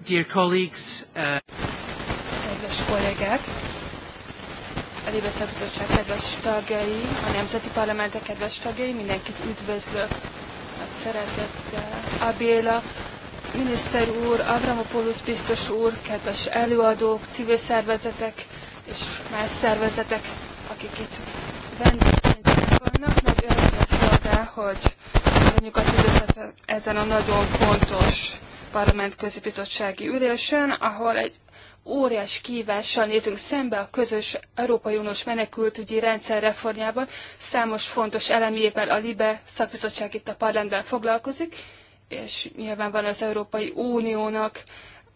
Dear colleagues, uh... Kedves kollégák, a Libe kedves tagjai, a Nemzeti Parlamentek kedves tagjai, mindenkit üdvözlök nagy szeretettel. Abéla, miniszter úr, Avramopoulos biztos úr, kedves előadók, civil szervezetek és más szervezetek, akik itt vendégként vannak, nagy örömet szolgál, hogy a nyugati ezen a nagyon fontos Parlament Közibizottsági Ülésen, ahol egy óriás kívással nézünk szembe a közös Európai Uniós menekültügyi rendszer reformjában. Számos fontos elemével a LIBE szakbizottság itt a parlamentben foglalkozik, és nyilvánvalóan az Európai Uniónak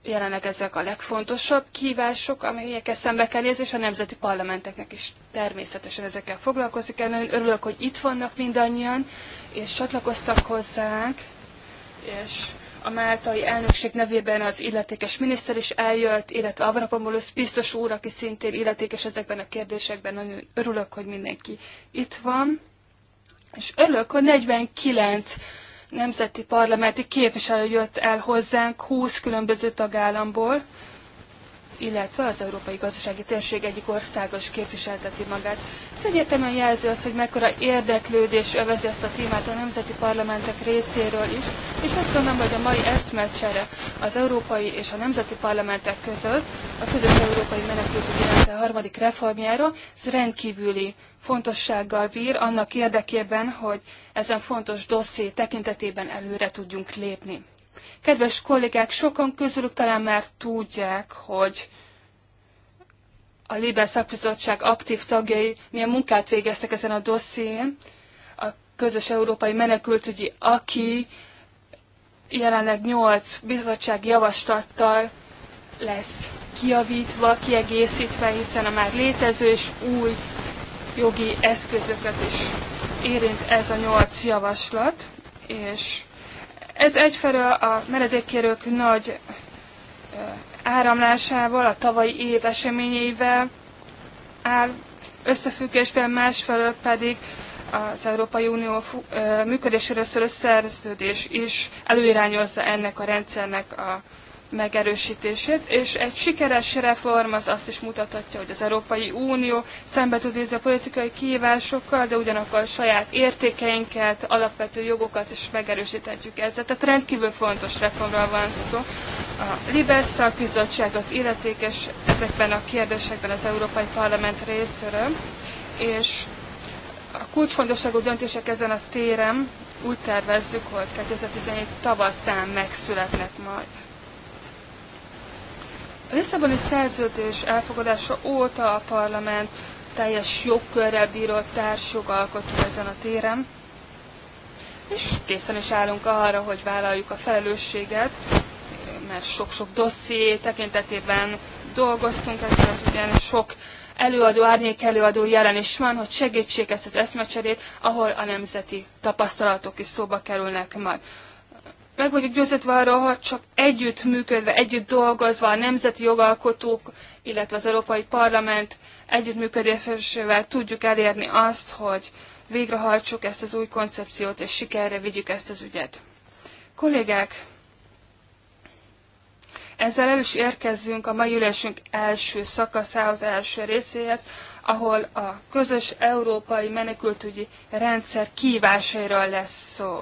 jelenleg ezek a legfontosabb kívások, amelyekkel szembe kell nézni, és a nemzeti parlamenteknek is természetesen ezekkel foglalkozik. Én nagyon örülök, hogy itt vannak mindannyian, és csatlakoztak hozzánk, és a máltai elnökség nevében az illetékes miniszter is eljött, illetve Avramopoulos biztos úr, aki szintén illetékes ezekben a kérdésekben. Nagyon örülök, hogy mindenki itt van. És örülök, hogy 49 nemzeti parlamenti képviselő jött el hozzánk 20 különböző tagállamból, illetve az Európai Gazdasági Térség egyik országos képviselteti magát. Ez egyértelműen jelzi azt, hogy mekkora érdeklődés övezi ezt a témát a nemzeti parlamentek részéről is, és azt gondolom, hogy a mai eszmecsere az európai és a nemzeti parlamentek között a közös európai menekültügyi rendszer harmadik reformjáról, ez rendkívüli fontossággal bír annak érdekében, hogy ezen fontos dosszé tekintetében előre tudjunk lépni. Kedves kollégák, sokan közülük talán már tudják, hogy a Libel Szakbizottság aktív tagjai milyen munkát végeztek ezen a dosszén, a közös európai menekültügyi, aki jelenleg nyolc bizottság javaslattal lesz kiavítva, kiegészítve, hiszen a már létező és új jogi eszközöket is érint ez a nyolc javaslat, és ez egyfelől a meredékkérők nagy áramlásával, a tavalyi év eseményeivel áll összefüggésben, másfelől pedig az Európai Unió működéséről szóló szerződés is előirányozza ennek a rendszernek a megerősítését, és egy sikeres reform az azt is mutatja, hogy az Európai Unió szembe tud nézni a politikai kihívásokkal, de ugyanakkor a saját értékeinket, alapvető jogokat is megerősíthetjük ezzel. Tehát rendkívül fontos reformról van szó. A Libes bizottság, az illetékes ezekben a kérdésekben az Európai Parlament részéről, és a kulcsfontosságú döntések ezen a téren úgy tervezzük, hogy 2017 tavaszán megszületnek majd. A Lisszaboni szerződés elfogadása óta a parlament teljes jogkörrel bíró társjogalkotó ezen a téren, és készen is állunk arra, hogy vállaljuk a felelősséget, mert sok-sok dosszié tekintetében dolgoztunk, ezzel az ugyan sok előadó, árnyék előadó jelen is van, hogy segítsék ezt az eszmecserét, ahol a nemzeti tapasztalatok is szóba kerülnek majd meg vagyok győzött arról, hogy csak együtt működve, együtt dolgozva a nemzeti jogalkotók, illetve az Európai Parlament együttműködésével tudjuk elérni azt, hogy végrehajtsuk ezt az új koncepciót, és sikerre vigyük ezt az ügyet. Kollégák, ezzel el is érkezzünk a mai ülésünk első szakaszához, első részéhez, ahol a közös európai menekültügyi rendszer kívásairól lesz szó.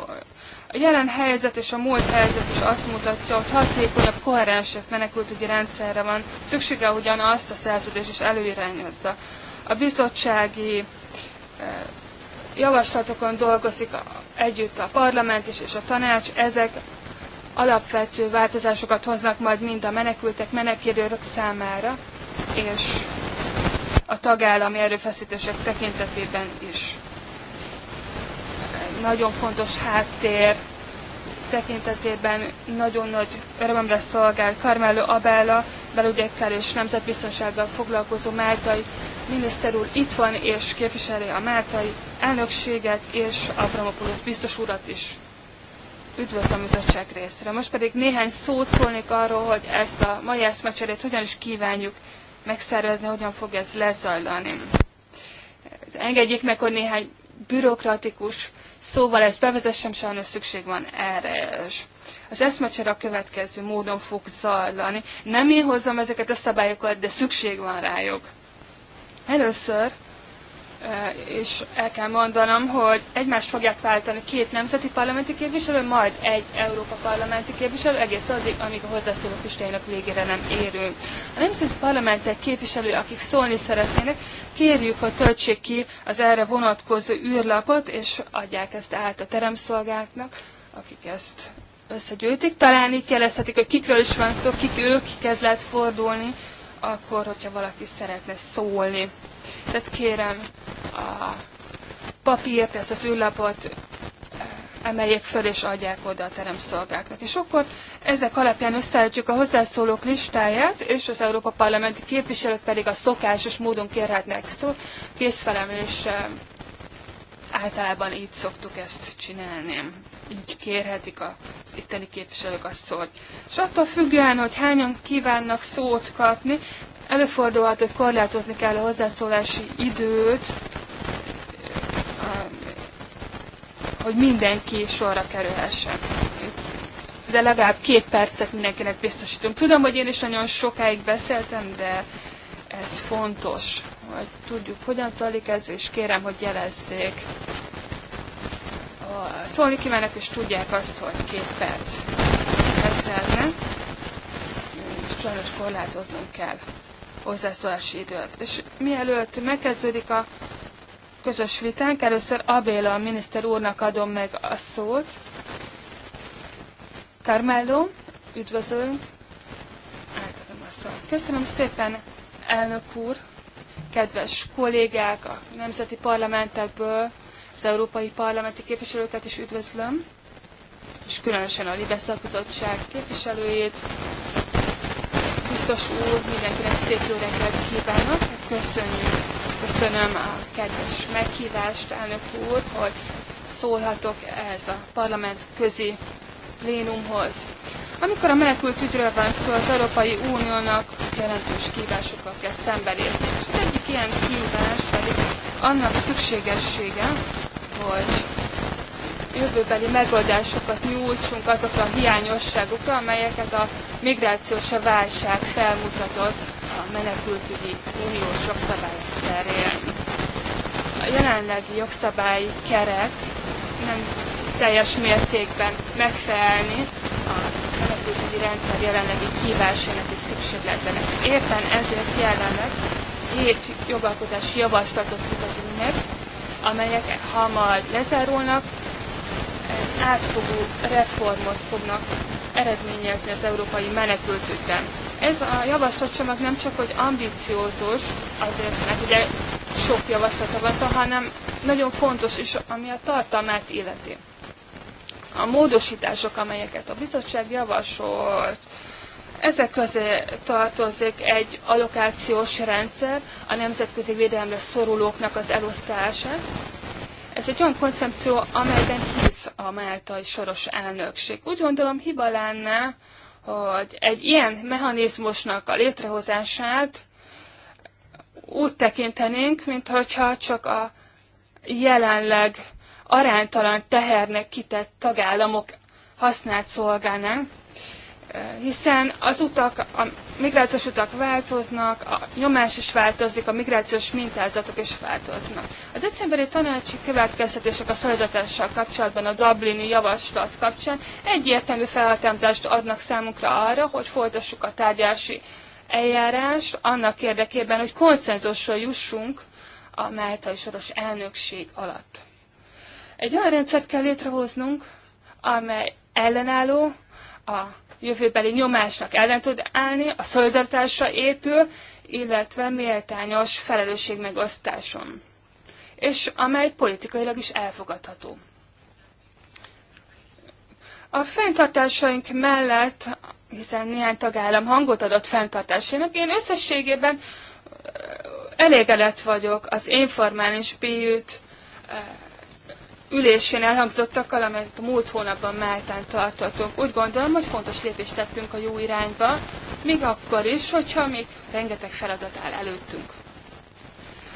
A jelen helyzet és a múlt helyzet is azt mutatja, hogy hatékonyabb, koherensebb menekültügyi rendszerre van szüksége, ahogyan azt a szerződés is előirányozza. A bizottsági eh, javaslatokon dolgozik együtt a parlament is és a tanács, ezek alapvető változásokat hoznak majd mind a menekültek, menekérőrök számára, és a tagállami erőfeszítések tekintetében is nagyon fontos háttér tekintetében nagyon nagy örömömre szolgál Carmelo Abella, belügyekkel és nemzetbiztonsággal foglalkozó máltai miniszter úr itt van, és képviseli a máltai elnökséget, és Abramopoulos biztos urat is. Üdvözlöm bizottság részre. Most pedig néhány szót szólnék arról, hogy ezt a mai eszmecserét hogyan is kívánjuk megszervezni, hogyan fog ez lezajlani. Engedjék meg, hogy néhány bürokratikus Szóval ezt bevezessem, sajnos szükség van erre is. Az eszmecsere a következő módon fog zajlani. Nem én hozzam ezeket a szabályokat, de szükség van rájuk. Először Eh, és el kell mondanom, hogy egymást fogják váltani két nemzeti parlamenti képviselő, majd egy Európa parlamenti képviselő, egész addig, amíg a hozzászóló listájának végére nem érünk. A nemzeti parlamentek képviselő, akik szólni szeretnének, kérjük, hogy töltsék ki az erre vonatkozó űrlapot, és adják ezt át a teremszolgáknak, akik ezt összegyűjtik. Talán itt jelezhetik, hogy kikről is van szó, kik ők, kikhez lehet fordulni, akkor, hogyha valaki szeretne szólni. Tehát kérem a papírt, ezt a füllapot, eh, emeljék föl és adják oda a teremszolgáknak. És akkor ezek alapján összeállítjuk a hozzászólók listáját, és az Európa Parlamenti képviselők pedig a szokásos módon kérhetnek szó, Készfelemeléssel általában így szoktuk ezt csinálni. Így kérhetik az itteni képviselők a szót. És attól függően, hogy hányan kívánnak szót kapni, Előfordulhat, hogy korlátozni kell a hozzászólási időt, hogy mindenki sorra kerülhessen. De legalább két percet mindenkinek biztosítunk. Tudom, hogy én is nagyon sokáig beszéltem, de ez fontos, hogy tudjuk, hogyan zajlik ez, és kérem, hogy jelezzék. Szólni kívánok, és tudják azt, hogy két perc. beszélne, és sajnos korlátoznom kell hozzászólási időt. És mielőtt megkezdődik a közös vitánk, először Abéla a miniszter úrnak adom meg a szót. Carmelo, üdvözlünk. Átadom a szót. Köszönöm szépen, elnök úr, kedves kollégák a nemzeti parlamentekből, az európai parlamenti képviselőket is üdvözlöm, és különösen a Libes szakbizottság képviselőjét, biztos úr, mindenkinek szép jó reggelt kívánok. Köszönjük, köszönöm a kedves meghívást, elnök úr, hogy szólhatok ez a parlament közi plénumhoz. Amikor a menekült ügyről van szó, az Európai Uniónak jelentős kívásokkal kell szembenézni. És az egyik ilyen kívás pedig annak szükségessége, hogy jövőbeli megoldásokat nyújtsunk azokra a hiányosságokra, amelyeket a migrációs válság felmutatott a menekültügyi uniós jogszabályok terén. A jelenlegi jogszabályi keret nem teljes mértékben megfelelni a menekültügyi rendszer jelenlegi kihívásainak és szükségletenek. Éppen ezért jelenleg hét jogalkotási javaslatot mutatunk meg, amelyek hamar lezárulnak, átfogó reformot fognak eredményezni az európai menekültügyben. Ez a javaslatcsomag nem csak, hogy ambiciózus, azért, mert ugye sok javaslata van, hanem nagyon fontos is, ami a tartalmát illeti. A módosítások, amelyeket a bizottság javasolt, ezek közé tartozik egy allokációs rendszer a nemzetközi védelemre szorulóknak az elosztása, ez egy olyan koncepció, amelyben hisz a máltai soros elnökség. Úgy gondolom hiba lenne, hogy egy ilyen mechanizmusnak a létrehozását úgy tekintenénk, mint csak a jelenleg aránytalan tehernek kitett tagállamok hasznát szolgálnánk, hiszen az utak, a migrációs utak változnak, a nyomás is változik, a migrációs mintázatok is változnak. A decemberi tanácsi következtetések a szolidaritással kapcsolatban, a Dublini javaslat kapcsán egyértelmű felhatalmazást adnak számunkra arra, hogy folytassuk a tárgyási eljárást annak érdekében, hogy konszenzusra jussunk a Máltai Soros elnökség alatt. Egy olyan rendszert kell létrehoznunk, amely ellenálló a jövőbeli nyomásnak ellen tud állni, a szolidaritásra épül, illetve méltányos felelősségmegosztáson, és amely politikailag is elfogadható. A fenntartásaink mellett, hiszen néhány tagállam hangot adott fenntartásainak, én összességében elégedett vagyok az informális péjűt ülésén elhangzottakkal, amelyet a múlt hónapban Máltán tartottunk. Úgy gondolom, hogy fontos lépést tettünk a jó irányba, még akkor is, hogyha még rengeteg feladat áll előttünk.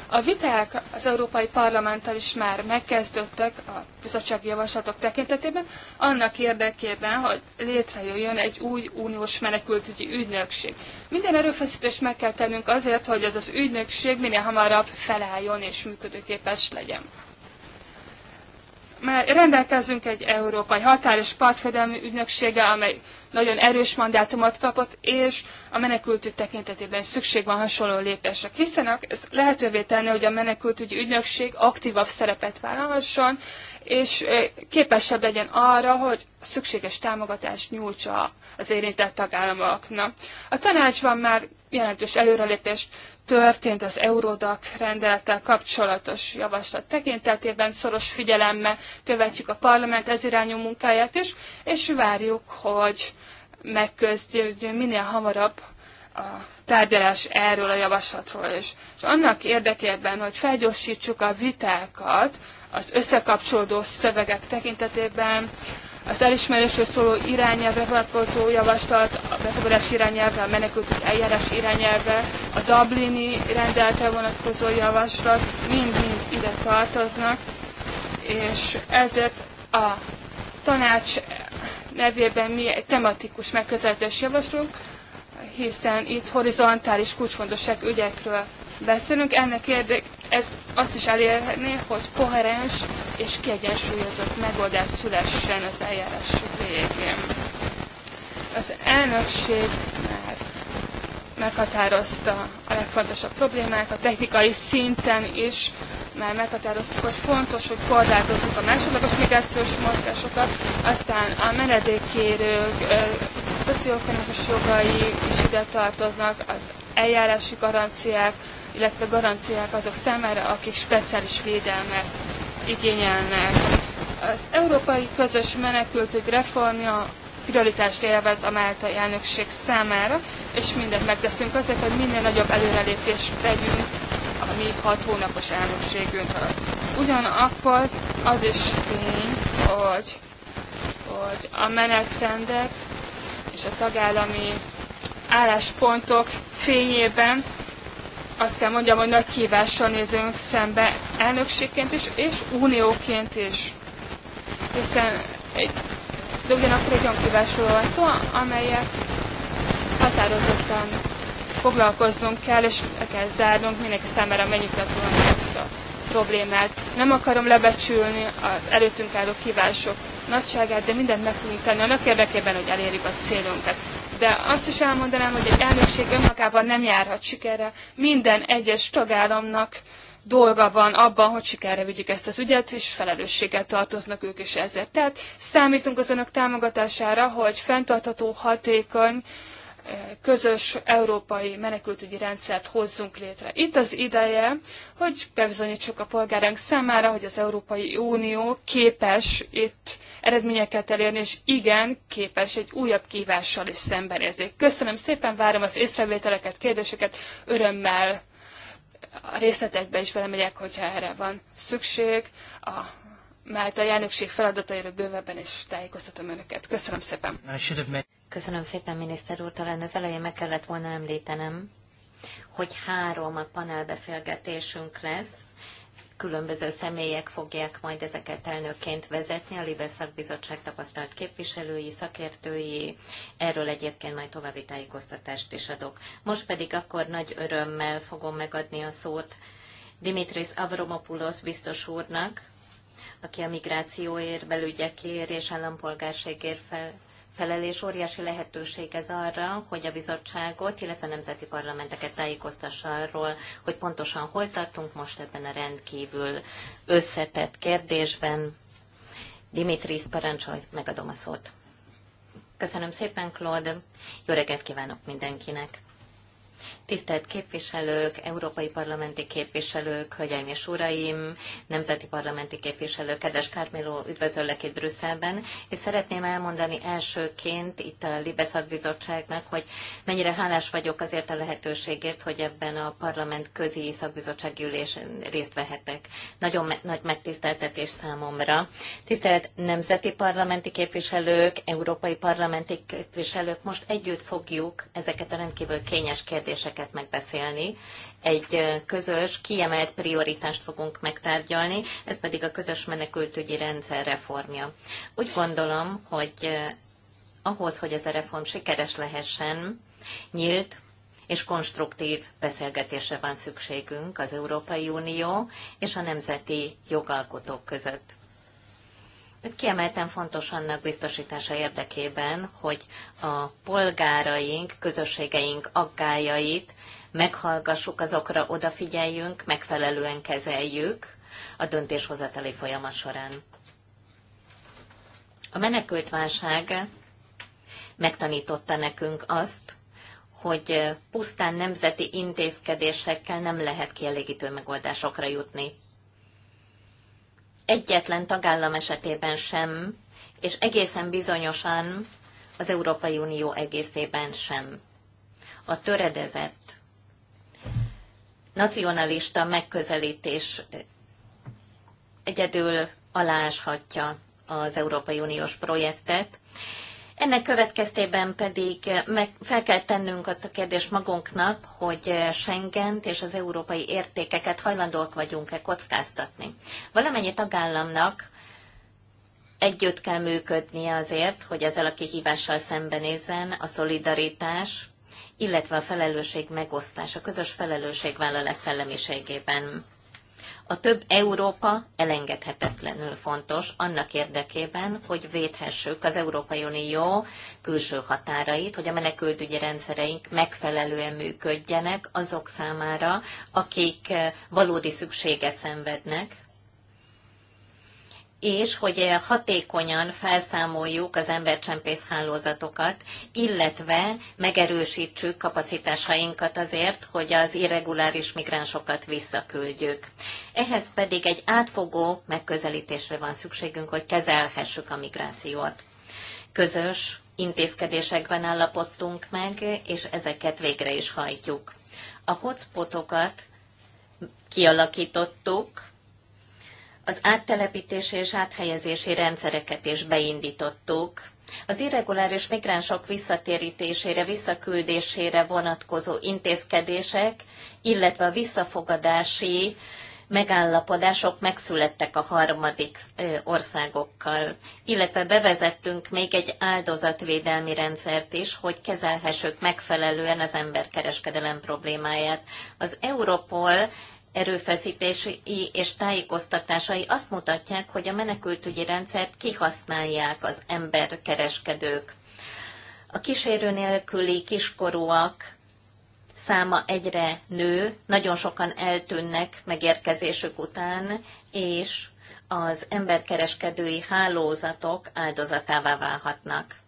A viták az Európai Parlamenttel is már megkezdődtek a bizottsági javaslatok tekintetében, annak érdekében, hogy létrejöjjön egy új uniós menekültügyi ügynökség. Minden erőfeszítést meg kell tennünk azért, hogy ez az ügynökség minél hamarabb felálljon és működőképes legyen már rendelkezünk egy európai határ és partfedelmi ügynöksége, amely nagyon erős mandátumot kapott, és a menekültügy tekintetében szükség van hasonló lépésre. Hiszen ez lehetővé tenni, hogy a menekültügyi ügynökség aktívabb szerepet vállalhasson, és képesebb legyen arra, hogy szükséges támogatást nyújtsa az érintett tagállamoknak. A tanácsban már jelentős előrelépést történt az Eurodac rendelettel kapcsolatos javaslat tekintetében. Szoros figyelemmel követjük a parlament ez irányú munkáját is, és várjuk, hogy megközdjük minél hamarabb a tárgyalás erről a javaslatról is. És annak érdekében, hogy felgyorsítsuk a vitákat, az összekapcsolódó szövegek tekintetében az elismerésről szóló irányelvre vonatkozó javaslat, a befogadás irányelve, a menekültek eljárás irányelve, a Dublini rendeletre vonatkozó javaslat mind-mind ide tartoznak, és ezért a tanács nevében mi egy tematikus megközelítés javaslunk, hiszen itt horizontális kulcsfontosság ügyekről beszélünk, ennek érdek, ez azt is elérhetné, hogy koherens és kiegyensúlyozott megoldás szülessen az eljárás végén. Az elnökség már meghatározta a legfontosabb problémák, a technikai szinten is már meghatároztuk, hogy fontos, hogy korlátozzuk a másodlagos migrációs mozgásokat, aztán a menedékkérők, szocioekonomikus jogai is ide tartoznak, az eljárási garanciák, illetve garanciák azok számára, akik speciális védelmet igényelnek. Az európai közös menekültügy reformja prioritást élvez a Málta elnökség számára, és mindent megteszünk azért, hogy minél nagyobb előrelépést tegyünk a mi hat hónapos elnökségünk alatt. Ugyanakkor az is tény, hogy, hogy a menetrendek és a tagállami álláspontok fényében azt kell mondjam, hogy nagy kívással nézünk szembe elnökségként is, és unióként is. Hiszen egy, de ugyanakkor egy olyan kívásról van szó, amelyet határozottan foglalkoznunk kell, és le kell zárnunk mindenki számára megnyugtatóan ezt a problémát. Nem akarom lebecsülni az előttünk álló kívások nagyságát, de mindent meg fogunk tenni annak érdekében, hogy elérjük a célunkat de azt is elmondanám, hogy egy elnökség önmagában nem járhat sikerre. Minden egyes tagállamnak dolga van abban, hogy sikerre vigyük ezt az ügyet, és felelősséggel tartoznak ők is ezért. Tehát számítunk az önök támogatására, hogy fenntartható, hatékony, közös európai menekültügyi rendszert hozzunk létre. Itt az ideje, hogy bebizonyítsuk a polgáránk számára, hogy az Európai Unió képes itt eredményeket elérni, és igen, képes egy újabb kívással is szembenézni. Köszönöm szépen, várom az észrevételeket, kérdéseket, örömmel a részletekbe is belemegyek, hogyha erre van szükség. A mert a elnökség feladatairól bővebben is tájékoztatom önöket. Köszönöm szépen. Köszönöm szépen, miniszter úr. Talán az elején meg kellett volna említenem, hogy három a panelbeszélgetésünk lesz. Különböző személyek fogják majd ezeket elnökként vezetni, a Libe szakbizottság tapasztalt képviselői, szakértői, erről egyébként majd további tájékoztatást is adok. Most pedig akkor nagy örömmel fogom megadni a szót Dimitris Avramopoulos biztos úrnak, aki a migrációért, belügyekért és állampolgárságért fel, felelés. óriási lehetőség ez arra, hogy a bizottságot, illetve a nemzeti parlamenteket tájékoztassa arról, hogy pontosan hol tartunk most ebben a rendkívül összetett kérdésben. Dimitris, parancsolj, megadom a szót. Köszönöm szépen, Claude. Jó reggelt kívánok mindenkinek. Tisztelt képviselők, európai parlamenti képviselők, hölgyeim és uraim, nemzeti parlamenti képviselők, kedves Kármelo, üdvözöllek itt Brüsszelben, és szeretném elmondani elsőként itt a Libe szakbizottságnak, hogy mennyire hálás vagyok azért a lehetőségért, hogy ebben a parlament közi szakbizottsági ülésen részt vehetek. Nagyon me- nagy megtiszteltetés számomra. Tisztelt nemzeti parlamenti képviselők, európai parlamenti képviselők, most együtt fogjuk ezeket a rendkívül kényes kérdéseket ezeket megbeszélni. Egy közös, kiemelt prioritást fogunk megtárgyalni, ez pedig a közös menekültügyi rendszer reformja. Úgy gondolom, hogy ahhoz, hogy ez a reform sikeres lehessen, nyílt, és konstruktív beszélgetésre van szükségünk az Európai Unió és a nemzeti jogalkotók között. Ez kiemelten fontos annak biztosítása érdekében, hogy a polgáraink, közösségeink aggájait meghallgassuk, azokra odafigyeljünk, megfelelően kezeljük a döntéshozatali folyamat során. A válság megtanította nekünk azt, hogy pusztán nemzeti intézkedésekkel nem lehet kielégítő megoldásokra jutni egyetlen tagállam esetében sem, és egészen bizonyosan az Európai Unió egészében sem. A töredezett nacionalista megközelítés egyedül aláshatja az Európai Uniós projektet, ennek következtében pedig meg fel kell tennünk azt a kérdést magunknak, hogy schengen és az európai értékeket hajlandóak vagyunk-e kockáztatni. Valamennyi tagállamnak együtt kell működnie azért, hogy ezzel a kihívással szembenézzen a szolidaritás, illetve a felelősség megosztása, közös felelősségvállalás szellemiségében. A több Európa elengedhetetlenül fontos annak érdekében, hogy védhessük az Európai Unió külső határait, hogy a menekültügyi rendszereink megfelelően működjenek azok számára, akik valódi szükséget szenvednek, és hogy eh, hatékonyan felszámoljuk az embercsempész hálózatokat, illetve megerősítsük kapacitásainkat azért, hogy az irreguláris migránsokat visszaküldjük. Ehhez pedig egy átfogó megközelítésre van szükségünk, hogy kezelhessük a migrációt. Közös intézkedésekben állapodtunk meg, és ezeket végre is hajtjuk. A hotspotokat kialakítottuk, az áttelepítési és áthelyezési rendszereket is beindítottuk. Az irreguláris migránsok visszatérítésére, visszaküldésére vonatkozó intézkedések, illetve a visszafogadási megállapodások megszülettek a harmadik országokkal, illetve bevezettünk még egy áldozatvédelmi rendszert is, hogy kezelhessük megfelelően az emberkereskedelem problémáját. Az Europol erőfeszítései és tájékoztatásai azt mutatják, hogy a menekültügyi rendszert kihasználják az emberkereskedők. A kísérő nélküli kiskorúak száma egyre nő, nagyon sokan eltűnnek megérkezésük után, és az emberkereskedői hálózatok áldozatává válhatnak.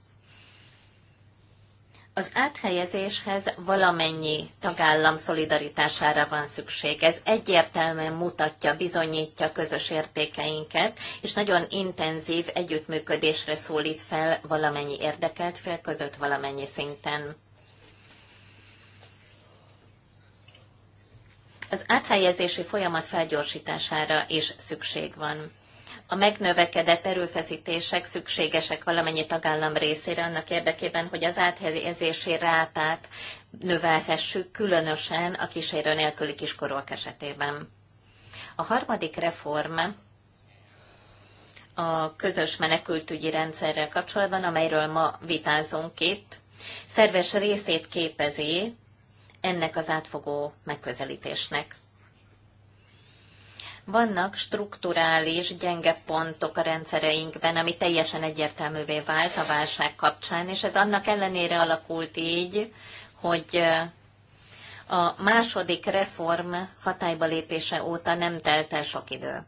Az áthelyezéshez valamennyi tagállam szolidaritására van szükség. Ez egyértelműen mutatja, bizonyítja közös értékeinket, és nagyon intenzív együttműködésre szólít fel valamennyi érdekelt fél között valamennyi szinten. Az áthelyezési folyamat felgyorsítására is szükség van a megnövekedett erőfeszítések szükségesek valamennyi tagállam részére annak érdekében, hogy az áthelyezési rátát növelhessük, különösen a kísérő nélküli kiskorúak esetében. A harmadik reform a közös menekültügyi rendszerrel kapcsolatban, amelyről ma vitázunk itt, szerves részét képezi ennek az átfogó megközelítésnek. Vannak strukturális gyenge pontok a rendszereinkben, ami teljesen egyértelművé vált a válság kapcsán, és ez annak ellenére alakult így, hogy a második reform hatályba lépése óta nem telt el sok idő.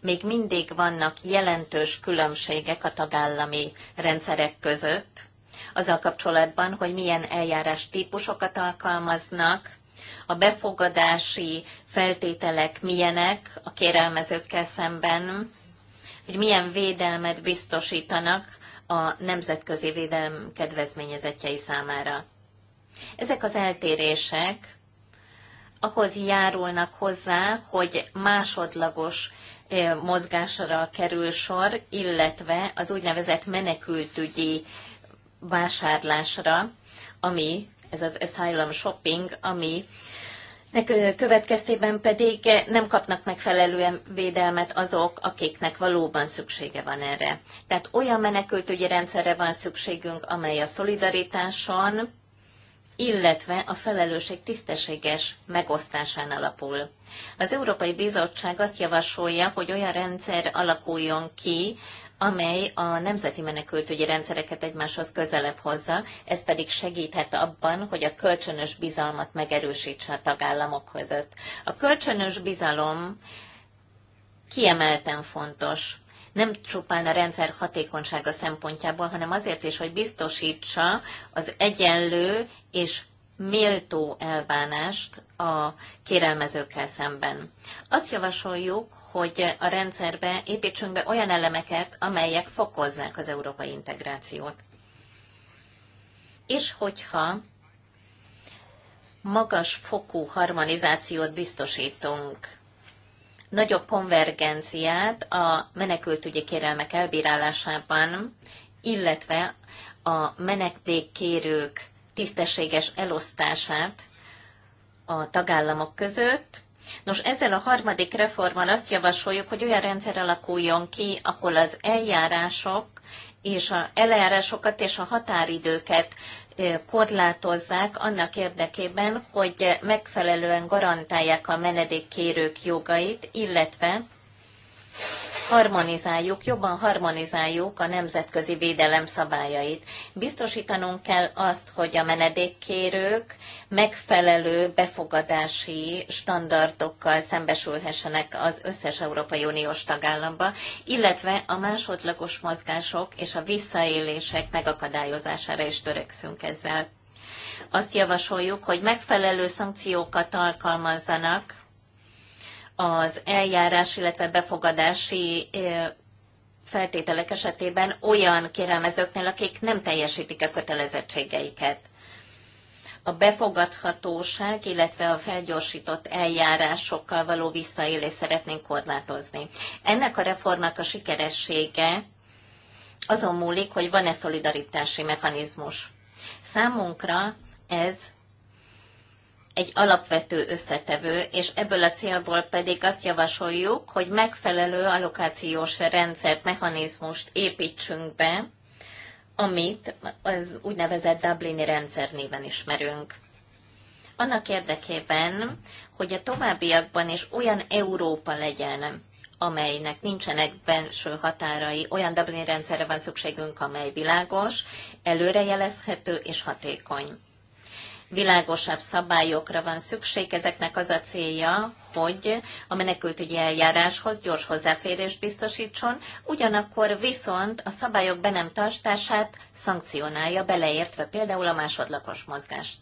Még mindig vannak jelentős különbségek a tagállami rendszerek között, azzal kapcsolatban, hogy milyen eljárás típusokat alkalmaznak, a befogadási feltételek milyenek a kérelmezőkkel szemben, hogy milyen védelmet biztosítanak a nemzetközi védelem kedvezményezettjei számára. Ezek az eltérések ahhoz járulnak hozzá, hogy másodlagos mozgásra kerül sor, illetve az úgynevezett menekültügyi vásárlásra, ami ez az asylum shopping, ami következtében pedig nem kapnak megfelelően védelmet azok, akiknek valóban szüksége van erre. Tehát olyan menekültügyi rendszerre van szükségünk, amely a szolidaritáson, illetve a felelősség tisztességes megosztásán alapul. Az Európai Bizottság azt javasolja, hogy olyan rendszer alakuljon ki, amely a nemzeti menekültügyi rendszereket egymáshoz közelebb hozza, ez pedig segíthet abban, hogy a kölcsönös bizalmat megerősítse a tagállamok között. A kölcsönös bizalom kiemelten fontos, nem csupán a rendszer hatékonysága szempontjából, hanem azért is, hogy biztosítsa az egyenlő és méltó elbánást a kérelmezőkkel szemben. Azt javasoljuk, hogy a rendszerbe építsünk be olyan elemeket, amelyek fokozzák az európai integrációt. És hogyha magas fokú harmonizációt biztosítunk, nagyobb konvergenciát a menekültügyi kérelmek elbírálásában, illetve a menekdékkérők tisztességes elosztását a tagállamok között. Nos, ezzel a harmadik reformmal azt javasoljuk, hogy olyan rendszer alakuljon ki, ahol az eljárások és a eljárásokat és a határidőket korlátozzák annak érdekében, hogy megfelelően garantálják a menedékkérők jogait, illetve harmonizáljuk, jobban harmonizáljuk a nemzetközi védelem szabályait. Biztosítanunk kell azt, hogy a menedékkérők megfelelő befogadási standardokkal szembesülhessenek az összes Európai Uniós tagállamba, illetve a másodlagos mozgások és a visszaélések megakadályozására is törekszünk ezzel. Azt javasoljuk, hogy megfelelő szankciókat alkalmazzanak az eljárás, illetve befogadási feltételek esetében olyan kérelmezőknél, akik nem teljesítik a kötelezettségeiket. A befogadhatóság, illetve a felgyorsított eljárásokkal való visszaélés szeretnénk korlátozni. Ennek a reformnak a sikeressége azon múlik, hogy van-e szolidaritási mechanizmus. Számunkra ez egy alapvető összetevő, és ebből a célból pedig azt javasoljuk, hogy megfelelő allokációs rendszert, mechanizmust építsünk be, amit az úgynevezett Dublini rendszer néven ismerünk. Annak érdekében, hogy a továbbiakban is olyan Európa legyen, amelynek nincsenek belső határai, olyan Dublin rendszerre van szükségünk, amely világos, előrejelezhető és hatékony világosabb szabályokra van szükség. Ezeknek az a célja, hogy a menekültügyi eljáráshoz gyors hozzáférést biztosítson, ugyanakkor viszont a szabályok be nem tartását szankcionálja, beleértve például a másodlagos mozgást.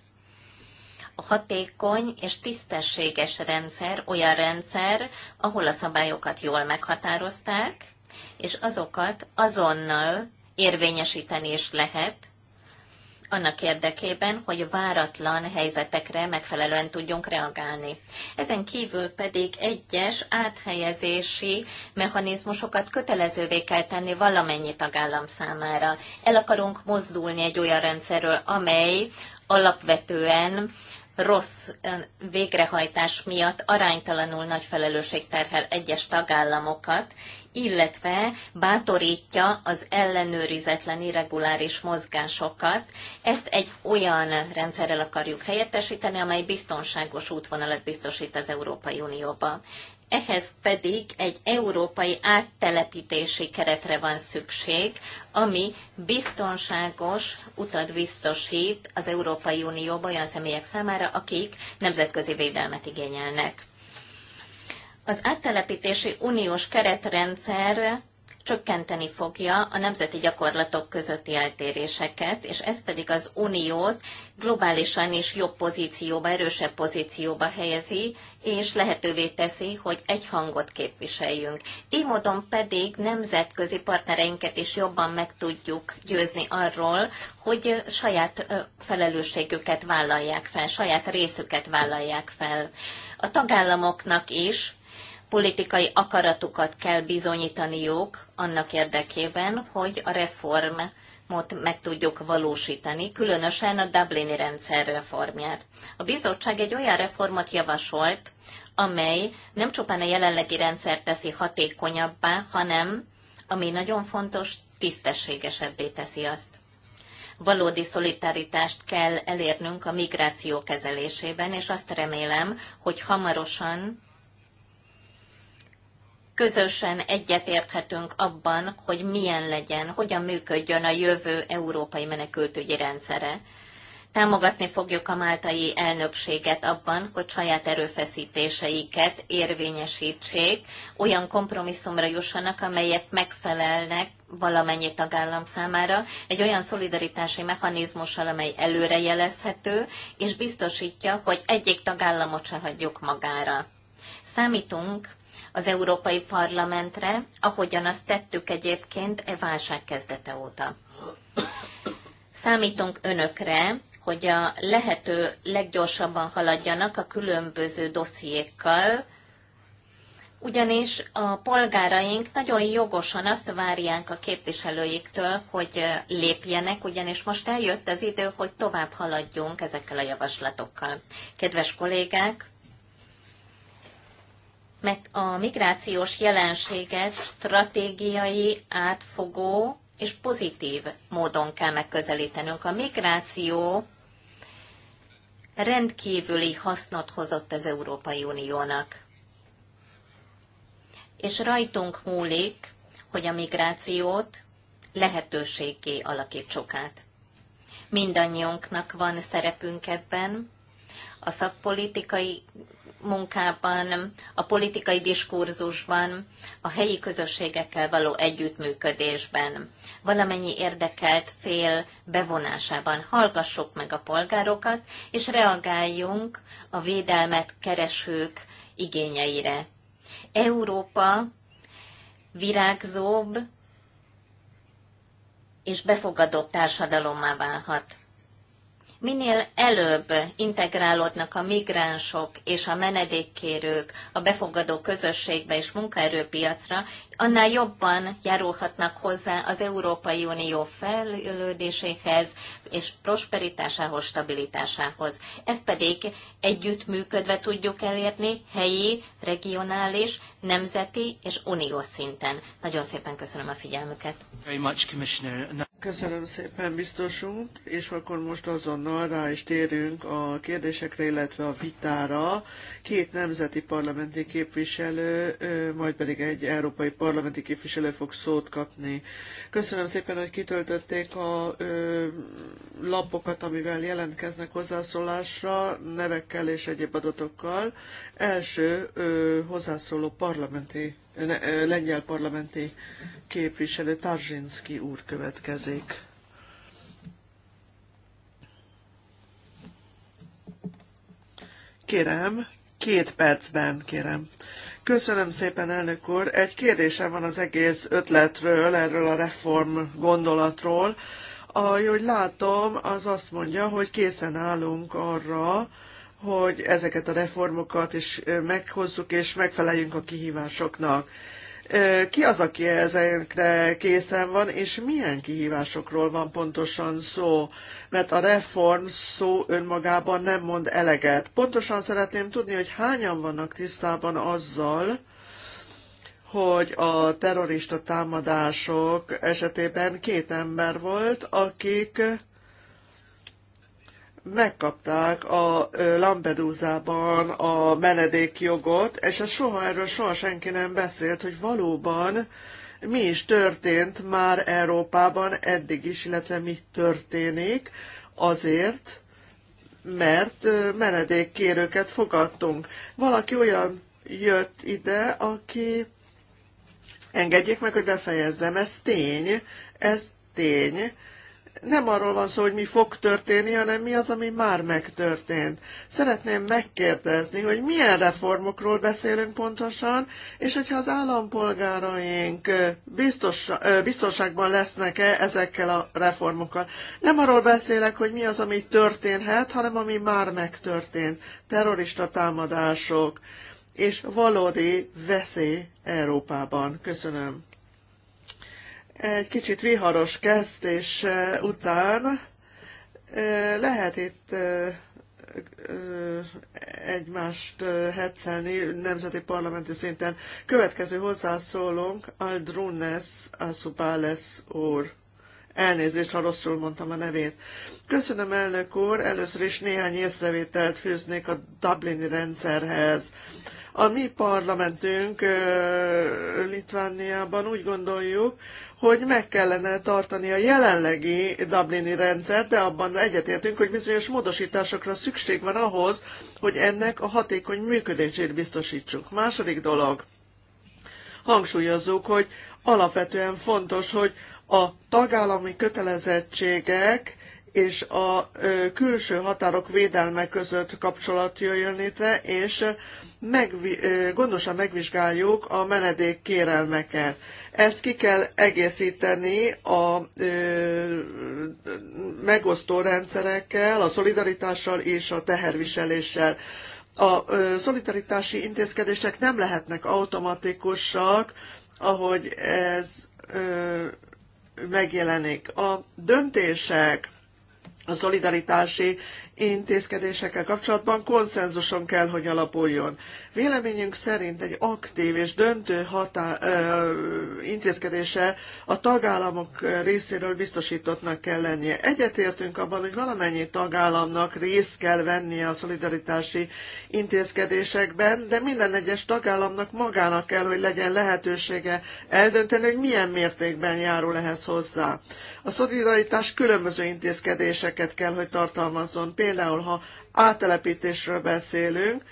A hatékony és tisztességes rendszer olyan rendszer, ahol a szabályokat jól meghatározták, és azokat azonnal érvényesíteni is lehet, annak érdekében, hogy váratlan helyzetekre megfelelően tudjunk reagálni. Ezen kívül pedig egyes áthelyezési mechanizmusokat kötelezővé kell tenni valamennyi tagállam számára. El akarunk mozdulni egy olyan rendszerről, amely alapvetően rossz végrehajtás miatt aránytalanul nagy felelősség terhel egyes tagállamokat, illetve bátorítja az ellenőrizetlen irreguláris mozgásokat. Ezt egy olyan rendszerrel akarjuk helyettesíteni, amely biztonságos útvonalat biztosít az Európai Unióba. Ehhez pedig egy európai áttelepítési keretre van szükség, ami biztonságos utat biztosít az Európai Unióban olyan személyek számára, akik nemzetközi védelmet igényelnek. Az áttelepítési uniós keretrendszer csökkenteni fogja a nemzeti gyakorlatok közötti eltéréseket, és ez pedig az uniót globálisan is jobb pozícióba, erősebb pozícióba helyezi, és lehetővé teszi, hogy egy hangot képviseljünk. Így módon pedig nemzetközi partnereinket is jobban meg tudjuk győzni arról, hogy saját felelősségüket vállalják fel, saját részüket vállalják fel. A tagállamoknak is politikai akaratukat kell bizonyítaniuk annak érdekében, hogy a reformot meg tudjuk valósítani, különösen a Dublini rendszer reformját. A bizottság egy olyan reformot javasolt, amely nem csupán a jelenlegi rendszer teszi hatékonyabbá, hanem, ami nagyon fontos, tisztességesebbé teszi azt. Valódi szolidaritást kell elérnünk a migráció kezelésében, és azt remélem, hogy hamarosan közösen egyetérthetünk abban, hogy milyen legyen, hogyan működjön a jövő európai menekültügyi rendszere. Támogatni fogjuk a máltai elnökséget abban, hogy saját erőfeszítéseiket érvényesítsék, olyan kompromisszumra jussanak, amelyek megfelelnek valamennyi tagállam számára, egy olyan szolidaritási mechanizmussal, amely előrejelezhető, és biztosítja, hogy egyik tagállamot se hagyjuk magára. Számítunk az Európai Parlamentre, ahogyan azt tettük egyébként e válság kezdete óta. Számítunk önökre, hogy a lehető leggyorsabban haladjanak a különböző dossziékkal, ugyanis a polgáraink nagyon jogosan azt várják a képviselőiktől, hogy lépjenek, ugyanis most eljött az idő, hogy tovább haladjunk ezekkel a javaslatokkal. Kedves kollégák, a migrációs jelenséget stratégiai, átfogó és pozitív módon kell megközelítenünk. A migráció rendkívüli hasznot hozott az Európai Uniónak. És rajtunk múlik, hogy a migrációt lehetőségé alakítsuk át. Mindannyiunknak van szerepünk ebben, a szakpolitikai munkában, a politikai diskurzusban, a helyi közösségekkel való együttműködésben, valamennyi érdekelt fél bevonásában. Hallgassuk meg a polgárokat, és reagáljunk a védelmet keresők igényeire. Európa virágzóbb és befogadóbb társadalommá válhat minél előbb integrálódnak a migránsok és a menedékkérők a befogadó közösségbe és munkaerőpiacra, annál jobban járulhatnak hozzá az Európai Unió fejlődéséhez és prosperitásához, stabilitásához. Ezt pedig együttműködve tudjuk elérni helyi, regionális, nemzeti és uniós szinten. Nagyon szépen köszönöm a figyelmüket. Köszönöm szépen, biztosunk, és akkor most azonnal rá is térünk a kérdésekre, illetve a vitára. Két nemzeti parlamenti képviselő, majd pedig egy európai parlamenti parlamenti képviselő fog szót kapni. Köszönöm szépen, hogy kitöltötték a ö, lapokat, amivel jelentkeznek hozzászólásra, nevekkel és egyéb adatokkal. Első ö, hozzászóló parlamenti, ne, ö, lengyel parlamenti képviselő Tarzsinski úr következik. Kérem, két percben, kérem. Köszönöm szépen, elnök úr. Egy kérdésem van az egész ötletről, erről a reform gondolatról. Ahogy látom, az azt mondja, hogy készen állunk arra, hogy ezeket a reformokat is meghozzuk és megfeleljünk a kihívásoknak. Ki az, aki ezekre készen van, és milyen kihívásokról van pontosan szó? Mert a reform szó önmagában nem mond eleget. Pontosan szeretném tudni, hogy hányan vannak tisztában azzal, hogy a terrorista támadások esetében két ember volt, akik megkapták a Lampedusában a menedékjogot, és ez soha erről soha senki nem beszélt, hogy valóban mi is történt már Európában eddig is, illetve mi történik azért, mert menedékkérőket fogadtunk. Valaki olyan jött ide, aki engedjék meg, hogy befejezzem, ez tény, ez tény, nem arról van szó, hogy mi fog történni, hanem mi az, ami már megtörtént. Szeretném megkérdezni, hogy milyen reformokról beszélünk pontosan, és hogyha az állampolgáraink biztos, biztonságban lesznek-e ezekkel a reformokkal. Nem arról beszélek, hogy mi az, ami történhet, hanem ami már megtörtént. Terrorista támadások és valódi veszély Európában. Köszönöm egy kicsit viharos kezdés után lehet itt egymást hetszelni nemzeti parlamenti szinten. Következő hozzászólónk Aldrunes Asupales úr. Elnézést, ha rosszul mondtam a nevét. Köszönöm, elnök úr. Először is néhány észrevételt fűznék a Dublini rendszerhez. A mi parlamentünk Litvániában úgy gondoljuk, hogy meg kellene tartani a jelenlegi Dublini rendszert, de abban egyetértünk, hogy bizonyos módosításokra szükség van ahhoz, hogy ennek a hatékony működését biztosítsuk. Második dolog, hangsúlyozzuk, hogy alapvetően fontos, hogy a tagállami kötelezettségek és a külső határok védelme között kapcsolat jöjjön létre, és megvi, gondosan megvizsgáljuk a menedék kérelmeket. Ezt ki kell egészíteni a ö, megosztó rendszerekkel, a szolidaritással és a teherviseléssel. A ö, szolidaritási intézkedések nem lehetnek automatikusak, ahogy ez ö, megjelenik. A döntések a szolidaritási intézkedésekkel kapcsolatban konszenzuson kell, hogy alapuljon. Véleményünk szerint egy aktív és döntő hatá, ö, intézkedése a tagállamok részéről biztosítottnak kell lennie. Egyetértünk abban, hogy valamennyi tagállamnak részt kell vennie a szolidaritási intézkedésekben, de minden egyes tagállamnak magának kell, hogy legyen lehetősége eldönteni, hogy milyen mértékben járul ehhez hozzá. A szolidaritás különböző intézkedéseket kell, hogy tartalmazzon például ha áttelepítésről beszélünk,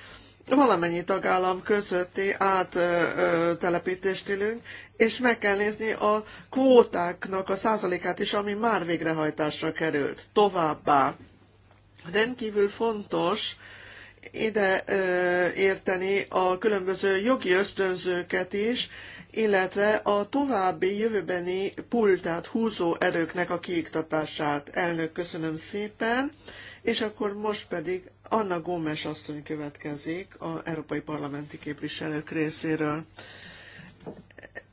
valamennyi tagállam közötti áttelepítést élünk, és meg kell nézni a kvótáknak a százalékát is, ami már végrehajtásra került. Továbbá rendkívül fontos ide ö, érteni a különböző jogi ösztönzőket is, illetve a további jövőbeni pultát húzó erőknek a kiiktatását. Elnök, köszönöm szépen! És akkor most pedig Anna Gómez asszony következik a Európai Parlamenti Képviselők részéről.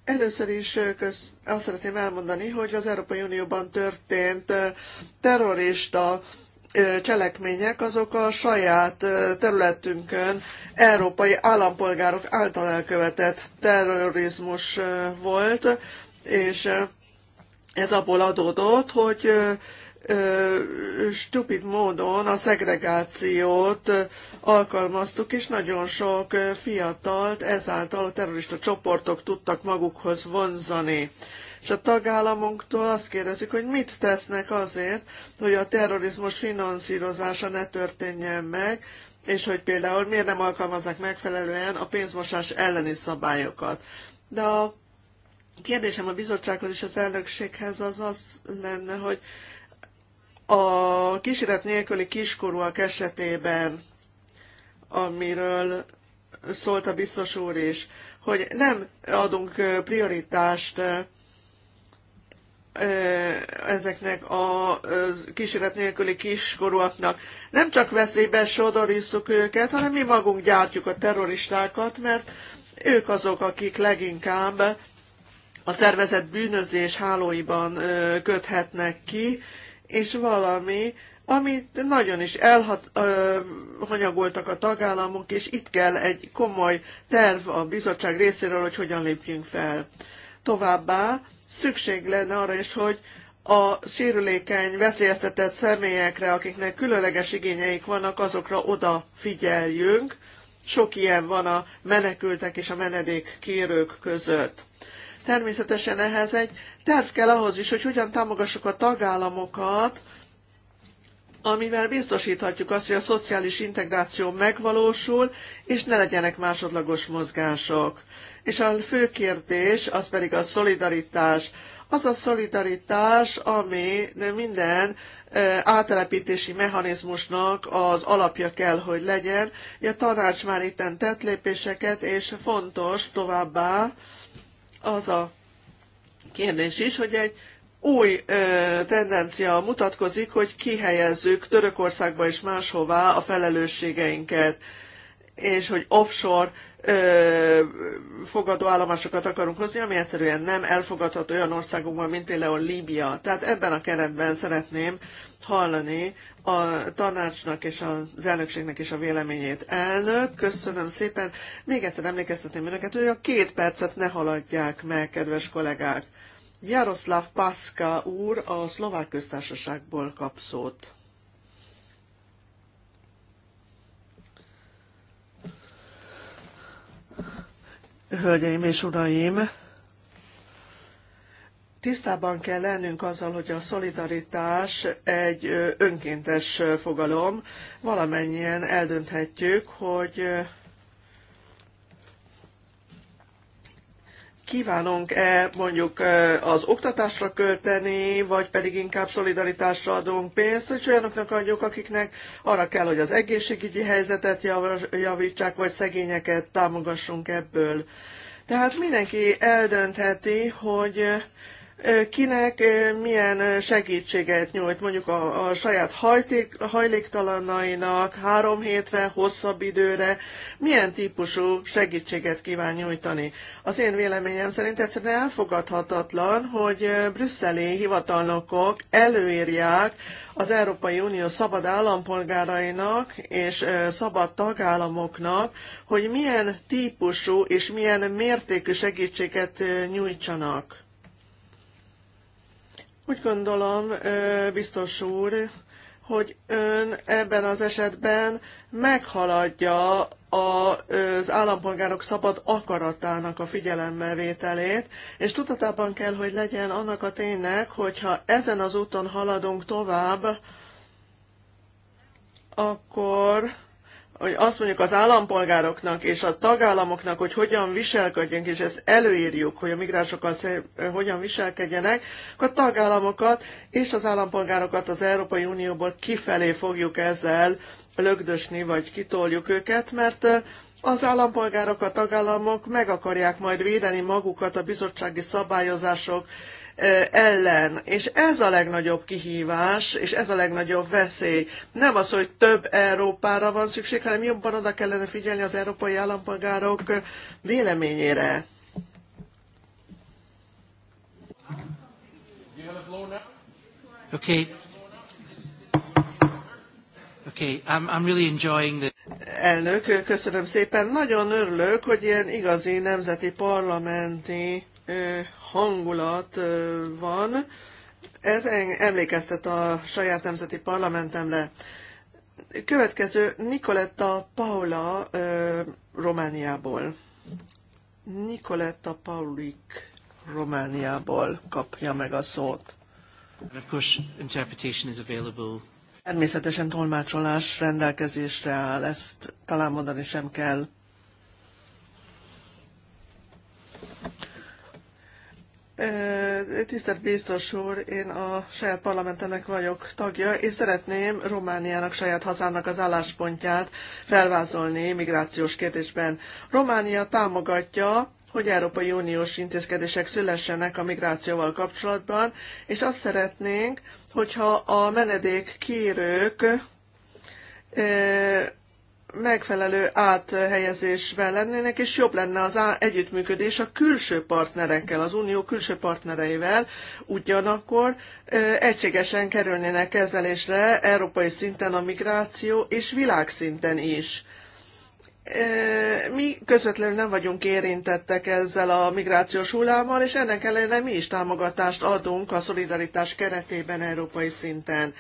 Először is köz, azt szeretném elmondani, hogy az Európai Unióban történt terrorista cselekmények azok a saját területünkön európai állampolgárok által elkövetett terrorizmus volt, és ez abból adódott, hogy stupid módon a szegregációt alkalmaztuk, és nagyon sok fiatalt ezáltal a terrorista csoportok tudtak magukhoz vonzani és a tagállamunktól azt kérdezik, hogy mit tesznek azért, hogy a terrorizmus finanszírozása ne történjen meg, és hogy például miért nem alkalmazzák megfelelően a pénzmosás elleni szabályokat. De a kérdésem a bizottsághoz és az elnökséghez az az lenne, hogy a kísérlet nélküli kiskorúak esetében, amiről szólt a biztos úr is, hogy nem adunk prioritást ezeknek a kísérlet nélküli kiskorúaknak. Nem csak veszélybe sodorítjuk őket, hanem mi magunk gyártjuk a terroristákat, mert ők azok, akik leginkább a szervezet bűnözés hálóiban köthetnek ki, és valami, amit nagyon is elhanyagoltak a tagállamok, és itt kell egy komoly terv a bizottság részéről, hogy hogyan lépjünk fel. Továbbá szükség lenne arra is, hogy a sérülékeny, veszélyeztetett személyekre, akiknek különleges igényeik vannak, azokra odafigyeljünk. Sok ilyen van a menekültek és a menedékkérők között. Természetesen ehhez egy terv kell ahhoz is, hogy hogyan támogassuk a tagállamokat, amivel biztosíthatjuk azt, hogy a szociális integráció megvalósul, és ne legyenek másodlagos mozgások. És a fő kérdés az pedig a szolidaritás. Az a szolidaritás, ami minden átelepítési mechanizmusnak az alapja kell, hogy legyen. A tanács már itten tett lépéseket, és fontos továbbá, az a kérdés is, hogy egy új ö, tendencia mutatkozik, hogy kihelyezzük Törökországba és máshová a felelősségeinket, és hogy offshore ö, állomásokat akarunk hozni, ami egyszerűen nem elfogadható olyan országokban, mint például Líbia. Tehát ebben a keretben szeretném hallani, a tanácsnak és az elnökségnek is a véleményét. Elnök, köszönöm szépen. Még egyszer emlékeztetném önöket, hogy a két percet ne haladják meg, kedves kollégák. Jaroszláv Paszka úr a Szlovák Köztársaságból kap szót. Hölgyeim és uraim! Tisztában kell lennünk azzal, hogy a szolidaritás egy önkéntes fogalom. Valamennyien eldönthetjük, hogy kívánunk-e mondjuk az oktatásra költeni, vagy pedig inkább szolidaritásra adunk pénzt, hogy olyanoknak adjuk, akiknek arra kell, hogy az egészségügyi helyzetet javítsák, vagy szegényeket támogassunk ebből. Tehát mindenki eldöntheti, hogy kinek milyen segítséget nyújt mondjuk a, a saját hajték, hajléktalanainak három hétre, hosszabb időre, milyen típusú segítséget kíván nyújtani. Az én véleményem szerint egyszerűen elfogadhatatlan, hogy brüsszeli hivatalnokok előírják az Európai Unió szabad állampolgárainak és szabad tagállamoknak, hogy milyen típusú és milyen mértékű segítséget nyújtsanak. Úgy gondolom, biztos úr, hogy ön ebben az esetben meghaladja az állampolgárok szabad akaratának a figyelembevételét, és tudatában kell, hogy legyen annak a ténynek, hogyha ezen az úton haladunk tovább, akkor hogy azt mondjuk az állampolgároknak és a tagállamoknak, hogy hogyan viselkedjünk, és ezt előírjuk, hogy a migránsokkal hogyan viselkedjenek, akkor a tagállamokat és az állampolgárokat az Európai Unióból kifelé fogjuk ezzel lögdösni, vagy kitoljuk őket, mert az állampolgárok, a tagállamok meg akarják majd védeni magukat a bizottsági szabályozások ellen. És ez a legnagyobb kihívás, és ez a legnagyobb veszély. Nem az, hogy több Európára van szükség, hanem jobban oda kellene figyelni az európai állampolgárok véleményére. Okay. Okay, I'm, I'm really enjoying the... Elnök, köszönöm szépen. Nagyon örülök, hogy ilyen igazi nemzeti parlamenti hangulat van. Ez emlékeztet a saját nemzeti parlamentemre. Következő Nicoletta Paula Romániából. Nicoletta Paulik Romániából kapja meg a szót. Természetesen tolmácsolás rendelkezésre áll, ezt talán mondani sem kell. Tisztelt biztos úr, én a saját parlamentemnek vagyok tagja, és szeretném Romániának, saját hazámnak az álláspontját felvázolni migrációs kérdésben. Románia támogatja hogy Európai Uniós intézkedések szülessenek a migrációval kapcsolatban, és azt szeretnénk, hogyha a menedék kérők megfelelő áthelyezésben lennének, és jobb lenne az együttműködés a külső partnerekkel, az unió külső partnereivel, ugyanakkor egységesen kerülnének kezelésre európai szinten a migráció, és világszinten is. Mi közvetlenül nem vagyunk érintettek ezzel a migrációs hullámmal, és ennek ellenére mi is támogatást adunk a szolidaritás keretében európai szinten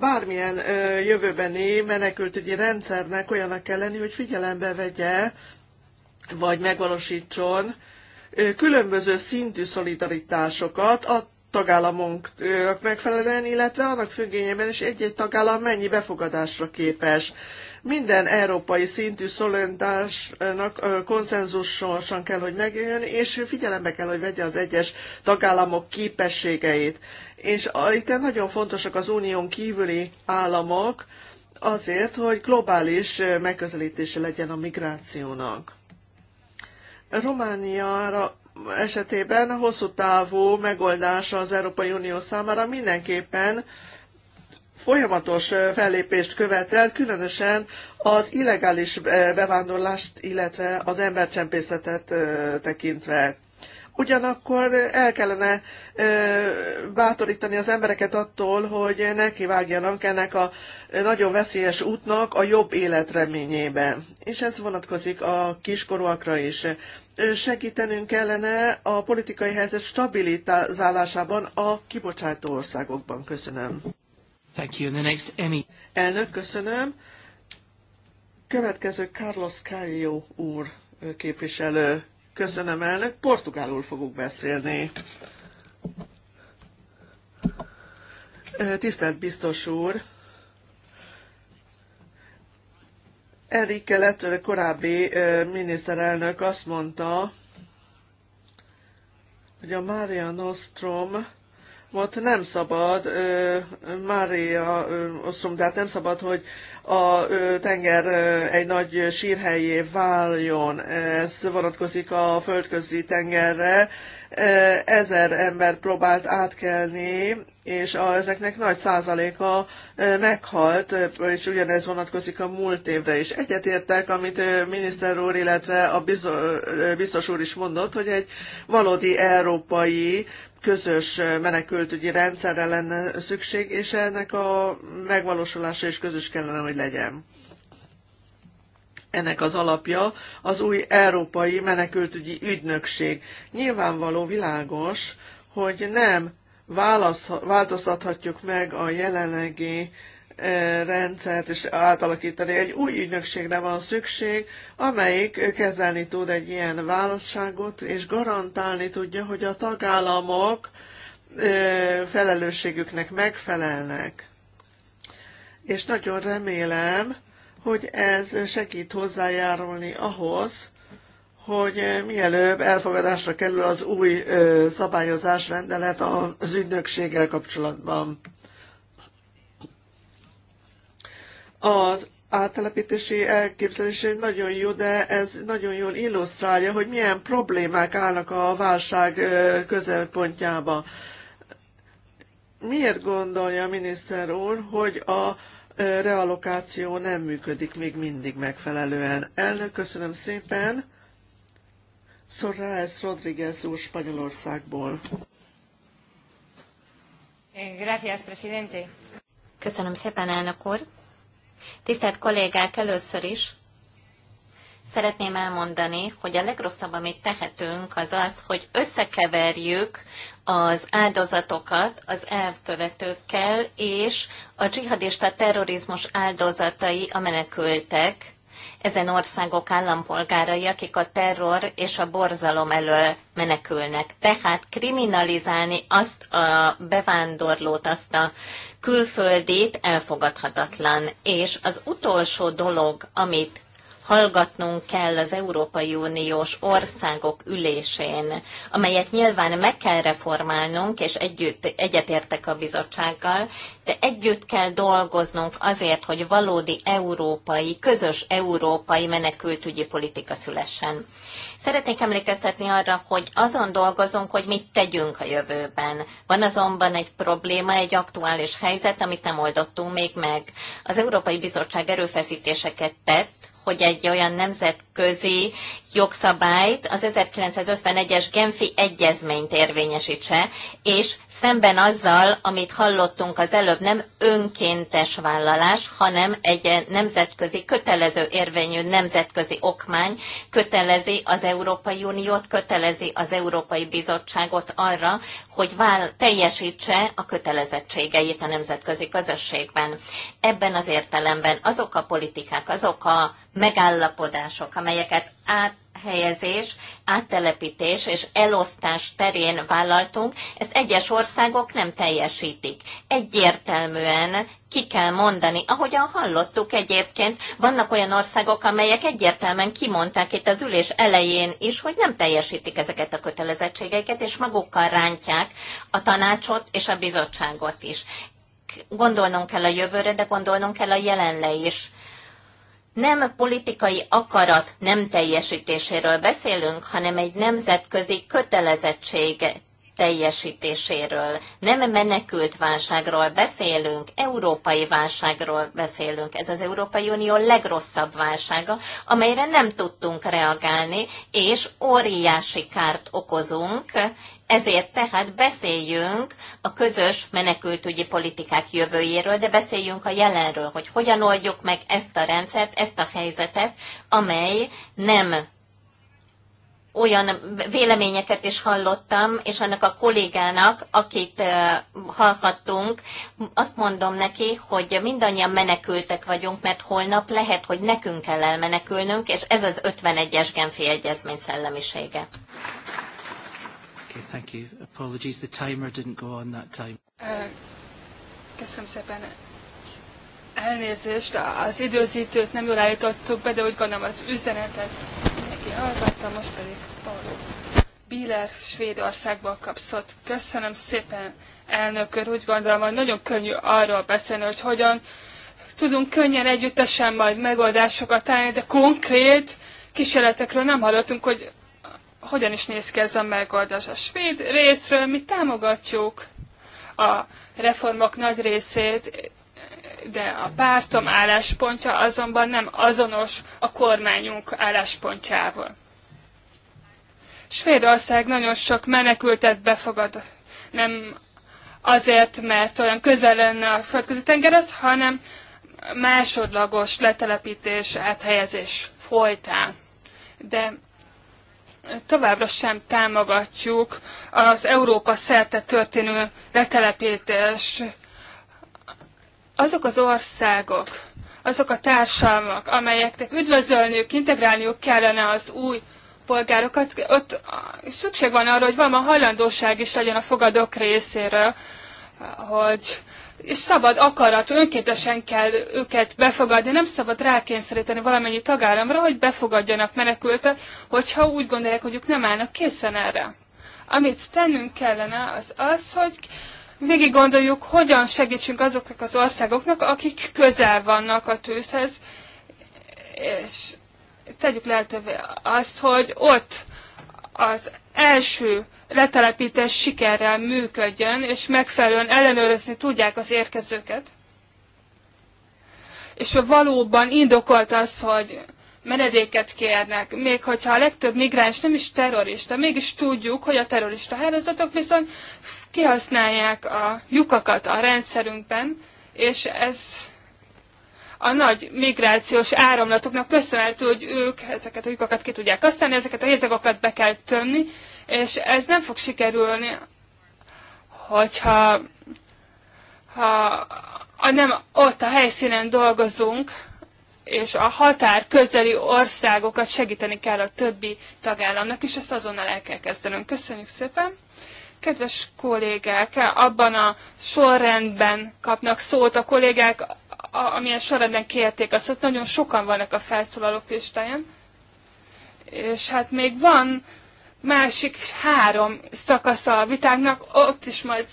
bármilyen jövőbeni menekültügyi rendszernek olyanak kell lenni, hogy figyelembe vegye, vagy megvalósítson különböző szintű szolidaritásokat a tagállamoknak megfelelően, illetve annak függvényében is egy-egy tagállam mennyi befogadásra képes. Minden európai szintű szolidaritásnak konszenzusosan kell, hogy megjön, és figyelembe kell, hogy vegye az egyes tagállamok képességeit. És itt nagyon fontosak az unión kívüli államok azért, hogy globális megközelítése legyen a migrációnak. Romániára esetében a hosszú távú megoldása az Európai Unió számára mindenképpen folyamatos fellépést követel, különösen az illegális bevándorlást, illetve az embercsempészetet tekintve. Ugyanakkor el kellene bátorítani az embereket attól, hogy ne kivágjanak ennek a nagyon veszélyes útnak a jobb élet reményébe. És ez vonatkozik a kiskorúakra is segítenünk kellene a politikai helyzet stabilizálásában a kibocsátó országokban. Köszönöm. Thank you. The next Emmy. Elnök, köszönöm. Következő Carlos Cayo úr képviselő. Köszönöm elnök, portugálul fogok beszélni. Tisztelt biztos úr! Enrique Lettőre korábbi miniszterelnök azt mondta, hogy a Mária Nostrom ott nem szabad, Mária osztrom, tehát nem szabad, hogy a tenger egy nagy sírhelyé váljon. Ez vonatkozik a földközi tengerre. Ezer ember próbált átkelni, és a, ezeknek nagy százaléka meghalt, és ugyanez vonatkozik a múlt évre is. Egyetértek, amit miniszter úr, illetve a biztos úr is mondott, hogy egy valódi európai közös menekültügyi rendszerre lenne szükség, és ennek a megvalósulása is közös kellene, hogy legyen. Ennek az alapja az új Európai Menekültügyi Ügynökség. Nyilvánvaló világos, hogy nem választ, változtathatjuk meg a jelenlegi rendszert is átalakítani. Egy új ügynökségre van szükség, amelyik kezelni tud egy ilyen válságot, és garantálni tudja, hogy a tagállamok felelősségüknek megfelelnek. És nagyon remélem, hogy ez segít hozzájárulni ahhoz, hogy mielőbb elfogadásra kerül az új szabályozás rendelet az ügynökséggel kapcsolatban. Az átelepítési elképzelés nagyon jó, de ez nagyon jól illusztrálja, hogy milyen problémák állnak a válság közelpontjába. Miért gondolja a miniszter úr, hogy a realokáció nem működik még mindig megfelelően? Elnök, köszönöm szépen. Sorraes Rodríguez úr Spanyolországból. Gracias, presidente. Köszönöm szépen, elnök úr. Tisztelt kollégák, először is szeretném elmondani, hogy a legrosszabb, amit tehetünk, az az, hogy összekeverjük az áldozatokat az elkövetőkkel, és a dzsihadista terrorizmus áldozatai a menekültek ezen országok állampolgárai, akik a terror és a borzalom elől menekülnek. Tehát kriminalizálni azt a bevándorlót, azt a külföldét elfogadhatatlan. És az utolsó dolog, amit hallgatnunk kell az Európai Uniós országok ülésén, amelyet nyilván meg kell reformálnunk, és együtt egyetértek a bizottsággal, de együtt kell dolgoznunk azért, hogy valódi európai, közös európai menekültügyi politika szülessen. Szeretnék emlékeztetni arra, hogy azon dolgozunk, hogy mit tegyünk a jövőben. Van azonban egy probléma, egy aktuális helyzet, amit nem oldottunk még meg. Az Európai Bizottság erőfeszítéseket tett, hogy egy olyan nemzetközi jogszabályt, az 1951-es Genfi egyezményt érvényesítse, és szemben azzal, amit hallottunk az előbb, nem önkéntes vállalás, hanem egy nemzetközi, kötelező érvényű nemzetközi okmány kötelezi az Európai Uniót, kötelezi az Európai Bizottságot arra, hogy vál, teljesítse a kötelezettségeit a nemzetközi közösségben. Ebben az értelemben azok a politikák, azok a megállapodások, amelyeket áthelyezés, áttelepítés és elosztás terén vállaltunk, ezt egyes országok nem teljesítik. Egyértelműen ki kell mondani, ahogyan hallottuk egyébként, vannak olyan országok, amelyek egyértelműen kimondták itt az ülés elején is, hogy nem teljesítik ezeket a kötelezettségeiket, és magukkal rántják a tanácsot és a bizottságot is. Gondolnunk kell a jövőre, de gondolnunk kell a jelenle is nem politikai akarat nem teljesítéséről beszélünk, hanem egy nemzetközi kötelezettség teljesítéséről, nem menekült válságról beszélünk, európai válságról beszélünk. Ez az Európai Unió legrosszabb válsága, amelyre nem tudtunk reagálni, és óriási kárt okozunk, ezért tehát beszéljünk a közös menekültügyi politikák jövőjéről, de beszéljünk a jelenről, hogy hogyan oldjuk meg ezt a rendszert, ezt a helyzetet, amely nem olyan véleményeket is hallottam, és annak a kollégának, akit hallhattunk, azt mondom neki, hogy mindannyian menekültek vagyunk, mert holnap lehet, hogy nekünk kell elmenekülnünk, és ez az 51-es Genfi Egyezmény szellemisége. Okay, thank you. köszönöm szépen. Elnézést, az időzítőt nem jól állítottuk be, de úgy gondolom az üzenetet aki hallgatta, most pedig Paulo Biller Svédországból kapszott. Köszönöm szépen, elnök úr, úgy gondolom, hogy nagyon könnyű arról beszélni, hogy hogyan tudunk könnyen együttesen majd megoldásokat állni, de konkrét kísérletekről nem hallottunk, hogy hogyan is néz ki ez a megoldás. A svéd részről mi támogatjuk a reformok nagy részét, de a pártom álláspontja azonban nem azonos a kormányunk álláspontjával. Svédország nagyon sok menekültet befogad, nem azért, mert olyan közel lenne a földközi tengerhez, hanem másodlagos letelepítés, áthelyezés folytán. De továbbra sem támogatjuk az Európa szerte történő letelepítés azok az országok, azok a társalmak, amelyeknek üdvözölniük, integrálniuk kellene az új polgárokat, ott szükség van arra, hogy valami hajlandóság is legyen a fogadók részéről, hogy és szabad akarat, önkéntesen kell őket befogadni, nem szabad rákényszeríteni valamennyi tagállamra, hogy befogadjanak menekültet, hogyha úgy gondolják, hogy ők nem állnak készen erre. Amit tennünk kellene, az az, hogy végig gondoljuk, hogyan segítsünk azoknak az országoknak, akik közel vannak a tűzhez, és tegyük lehetővé azt, hogy ott az első letelepítés sikerrel működjön, és megfelelően ellenőrizni tudják az érkezőket. És valóban indokolt az, hogy menedéket kérnek, még hogyha a legtöbb migráns nem is terrorista, mégis tudjuk, hogy a terrorista hálózatok viszont kihasználják a lyukakat a rendszerünkben, és ez a nagy migrációs áramlatoknak köszönhető, hogy ők ezeket a lyukakat ki tudják használni, ezeket a hézagokat be kell tömni, és ez nem fog sikerülni, hogyha ha, ha nem ott a helyszínen dolgozunk, és a határ közeli országokat segíteni kell a többi tagállamnak, és ezt azonnal el kell kezdenünk. Köszönjük szépen! Kedves kollégák, abban a sorrendben kapnak szót a kollégák, amilyen sorrendben kérték azt, hogy nagyon sokan vannak a felszólalók listáján. És hát még van másik három szakasza a vitáknak, ott is majd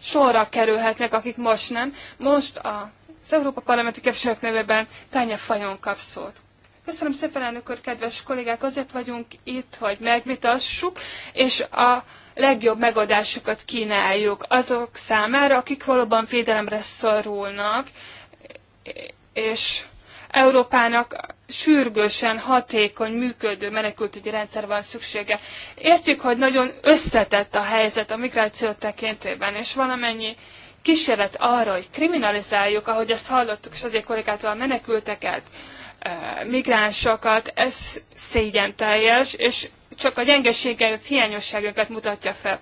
sorra kerülhetnek, akik most nem. Most a, az Európa Parlamenti Képviselők nevében Tánya Fajon kap szót. Köszönöm szépen, elnök úr, kedves kollégák, azért vagyunk itt, hogy megvitassuk, és a legjobb megoldásokat kínáljuk azok számára, akik valóban védelemre szorulnak, és Európának sürgősen, hatékony, működő menekültügyi rendszer van szüksége. Értjük, hogy nagyon összetett a helyzet a migráció tekintében, és valamennyi kísérlet arra, hogy kriminalizáljuk, ahogy ezt hallottuk és egyik kollégától a menekülteket, eh, migránsokat, ez szégyen teljes, és csak a gyengeségeket, hiányosságokat mutatja fel.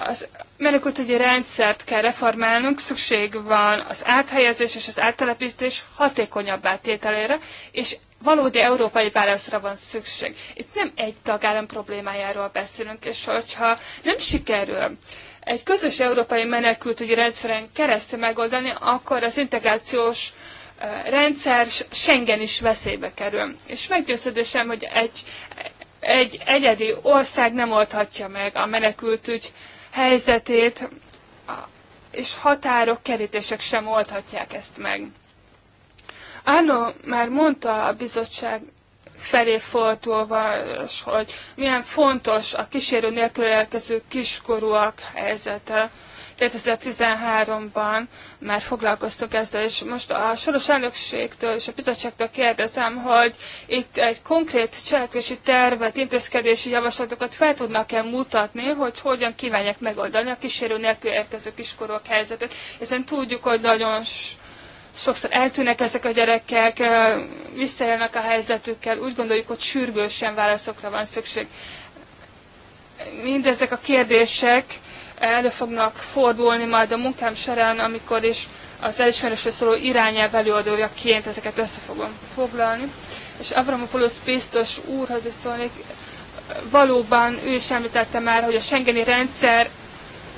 Az menekültügyi rendszert kell reformálnunk, szükség van az áthelyezés és az áttelepítés hatékonyabbá tételére, és valódi európai válaszra van szükség. Itt nem egy tagállam problémájáról beszélünk, és hogyha nem sikerül egy közös európai menekültügyi rendszeren keresztül megoldani, akkor az integrációs eh, rendszer Schengen is veszélybe kerül. És meggyőződésem, hogy egy egy egyedi ország nem oldhatja meg a menekültügy helyzetét, és határok, kerítések sem oldhatják ezt meg. Áno már mondta a bizottság felé fordulva, hogy milyen fontos a kísérő nélkül érkező kiskorúak helyzete. 2013-ban már foglalkoztuk ezzel, és most a soros elnökségtől és a bizottságtól kérdezem, hogy itt egy konkrét cselekvési tervet, intézkedési javaslatokat fel tudnak-e mutatni, hogy hogyan kívánják megoldani a kísérő nélkül érkező kiskorúak helyzetét, Ezen tudjuk, hogy nagyon sokszor eltűnnek ezek a gyerekek, visszaélnek a helyzetükkel, úgy gondoljuk, hogy sürgősen válaszokra van szükség. Mindezek a kérdések elő fognak fordulni majd a munkám során, amikor is az elismerésről szóló irányelv előadójaként ezeket össze fogom foglalni. És Avramopoulos biztos úrhoz is szólnék, valóban ő is említette már, hogy a Schengeni rendszer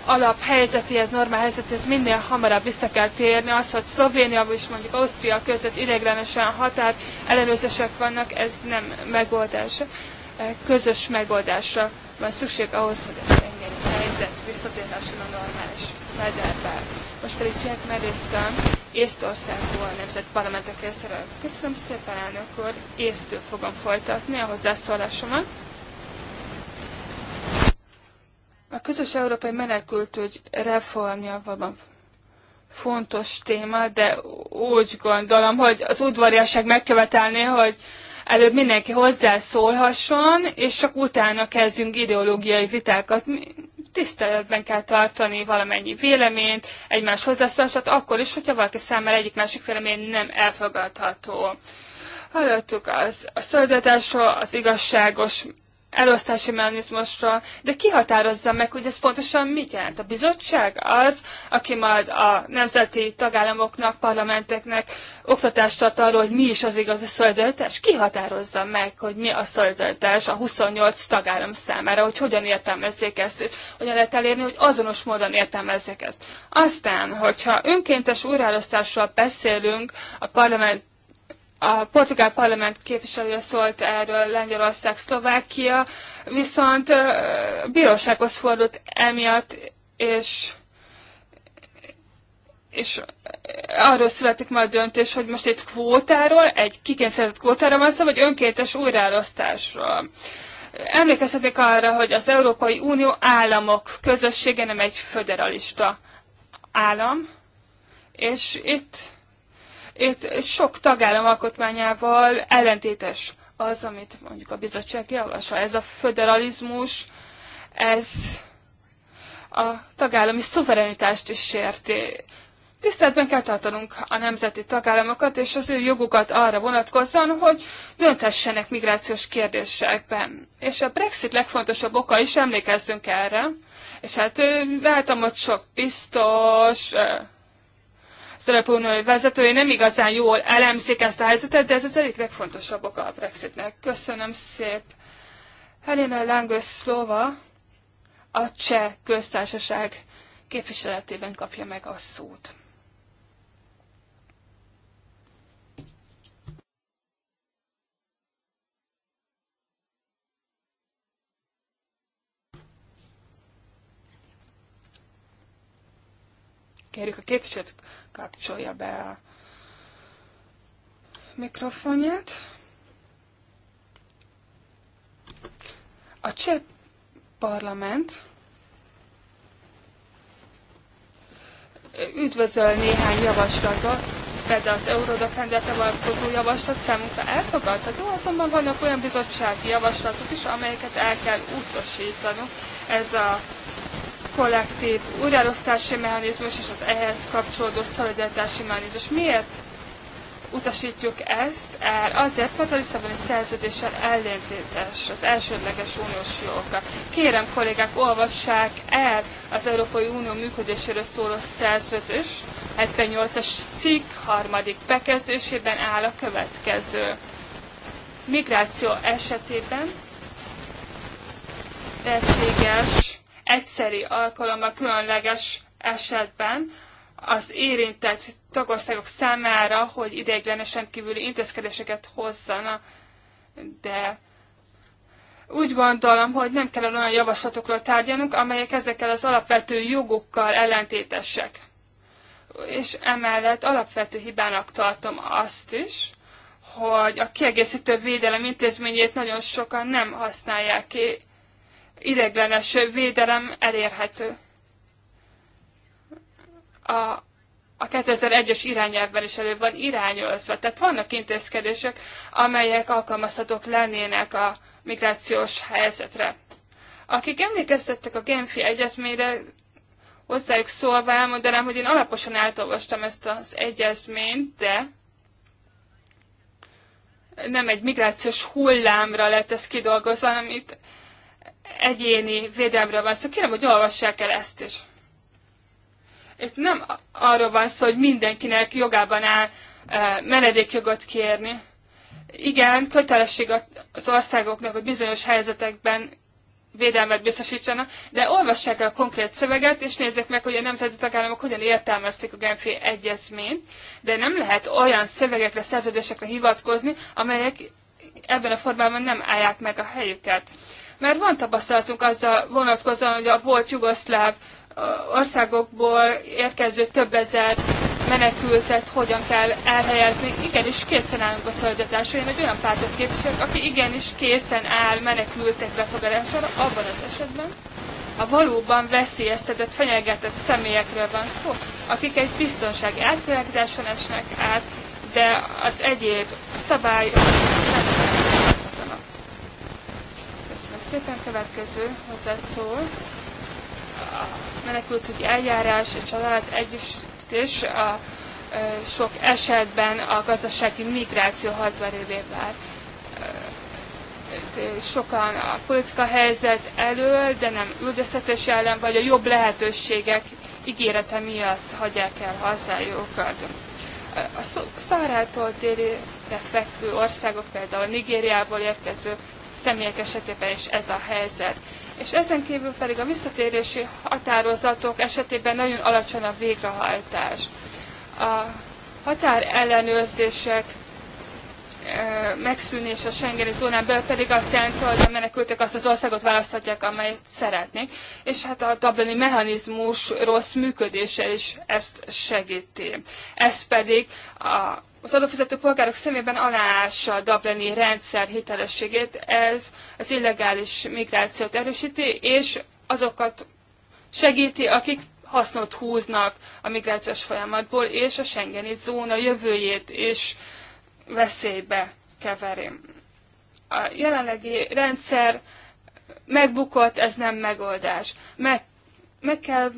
alaphelyzetéhez, normál helyzetéhez minél hamarabb vissza kell térni. Az, hogy Szlovénia és mondjuk Ausztria között ideiglenesen határ ellenőrzések vannak, ez nem megoldás. Közös megoldásra van szükség ahhoz, hogy ezt helyzet visszatérhessen a normális mederbe. Most pedig Jack Merészen, Észtországból nemzet parlamentek részéről. Köszönöm szépen, elnök úr, észtől fogom folytatni a hozzászólásomat. A közös európai menekültügy reformja valóban fontos téma, de úgy gondolom, hogy az udvariasság megkövetelné, hogy előbb mindenki hozzászólhasson, és csak utána kezdjünk ideológiai vitákat tiszteletben kell tartani valamennyi véleményt, egymás hozzászólását, akkor is, hogyha valaki számára egyik másik vélemény nem elfogadható. Hallottuk az, a szolidatásról, az igazságos elosztási mechanizmusra, de ki határozza meg, hogy ez pontosan mit jelent? A bizottság az, aki majd a nemzeti tagállamoknak, parlamenteknek oktatást ad arról, hogy mi is az igazi szolidaritás? Ki határozza meg, hogy mi a szolidaritás a 28 tagállam számára, hogy hogyan értelmezzék ezt, hogyan lehet elérni, hogy azonos módon értelmezzék ezt. Aztán, hogyha önkéntes újraelosztásról beszélünk a parlament a portugál parlament képviselője szólt erről Lengyelország, Szlovákia, viszont bírósághoz fordult emiatt, és és arról születik majd döntés, hogy most itt kvótáról, egy kikényszerített kvótára van szó, vagy önkéntes újraelosztásról. Emlékezhetnék arra, hogy az Európai Unió államok közössége nem egy föderalista állam, és itt itt sok tagállam alkotmányával ellentétes az, amit mondjuk a bizottság javasol. Ez a föderalizmus, ez a tagállami szuverenitást is sérti. Tiszteletben kell tartanunk a nemzeti tagállamokat és az ő jogukat arra vonatkozóan, hogy döntessenek migrációs kérdésekben. És a Brexit legfontosabb oka is, emlékezzünk erre. És hát láttam ott sok biztos, Európai vezetője nem igazán jól elemzik ezt a helyzetet, de ez az egyik legfontosabb oka a Brexitnek. Köszönöm szép. Helena Langos Szlova a Cseh köztársaság képviseletében kapja meg a szót. kérjük a képviselőt, kapcsolja be a mikrofonját. A cseh parlament üdvözöl néhány javaslatot, például az Eurodoc rendeletre vonatkozó javaslat számunkra elfogadható, azonban vannak olyan bizottsági javaslatok is, amelyeket el kell utasítanunk. Ez a kollektív újraelosztási mechanizmus és az ehhez kapcsolódó szolidaritási mechanizmus. Miért utasítjuk ezt el? Azért, mert a Lisszaboni szerződéssel ellentétes az elsődleges uniós jogokat. Kérem kollégák, olvassák el az Európai Unió működéséről szóló szerződés 78-as cikk harmadik bekezdésében áll a következő. Migráció esetében lehetséges egyszeri alkalommal különleges esetben az érintett tagországok számára, hogy ideiglenesen kívüli intézkedéseket hozzana, de úgy gondolom, hogy nem kell olyan javaslatokról tárgyalnunk, amelyek ezekkel az alapvető jogokkal ellentétesek. És emellett alapvető hibának tartom azt is, hogy a kiegészítő védelem intézményét nagyon sokan nem használják ki, ideglenes védelem elérhető. A, a 2001-es irányelvben is elő van irányozva. Tehát vannak intézkedések, amelyek alkalmazhatók lennének a migrációs helyzetre. Akik emlékeztettek a Genfi egyezményre, hozzájuk szólva elmondanám, hogy én alaposan átolvastam ezt az egyezményt, de nem egy migrációs hullámra lett ez kidolgozva, hanem itt egyéni védelmről van szó. Kérem, hogy olvassák el ezt is. Itt nem arról van szó, hogy mindenkinek jogában áll menedékjogot kérni. Igen, kötelesség az országoknak, hogy bizonyos helyzetekben védelmet biztosítsanak, de olvassák el a konkrét szöveget, és nézzék meg, hogy a nemzeti tagállamok hogyan értelmezték a Genfi egyezményt, de nem lehet olyan szövegekre, szerződésekre hivatkozni, amelyek ebben a formában nem állják meg a helyüket. Mert van tapasztalatunk azzal vonatkozóan, hogy a volt jugoszláv országokból érkező több ezer menekültet hogyan kell elhelyezni. Igenis készen állunk a szolidatásra. Én egy olyan pártot képviselek, aki igenis készen áll menekültek befogadására abban az esetben, ha valóban veszélyeztetett, fenyegetett személyekről van szó, akik egy biztonsági átvilágításon esnek át, de az egyéb szabályok nem szépen következő hozzászól. A menekültügyi eljárás, a család együttés a sok esetben a gazdasági migráció hajtóerővé vár. Sokan a politika helyzet elől, de nem üldöztetés ellen, vagy a jobb lehetőségek ígérete miatt hagyják el hazájukat. A Szarától délire fekvő országok, például Nigériából érkező személyek esetében is ez a helyzet. És ezen kívül pedig a visszatérési határozatok esetében nagyon alacsony a végrehajtás. A határellenőrzések e, megszűnés a Schengeni zónán belül pedig azt jelenti, hogy a menekültek azt az országot választhatják, amelyet szeretnék, és hát a dublini mechanizmus rossz működése is ezt segíti. Ez pedig a az adófizető polgárok szemében aláássa a Dublini rendszer hitelességét, ez az illegális migrációt erősíti, és azokat segíti, akik hasznot húznak a migrációs folyamatból, és a Schengeni zóna jövőjét is veszélybe keveri. A jelenlegi rendszer megbukott, ez nem megoldás. Meg, meg kell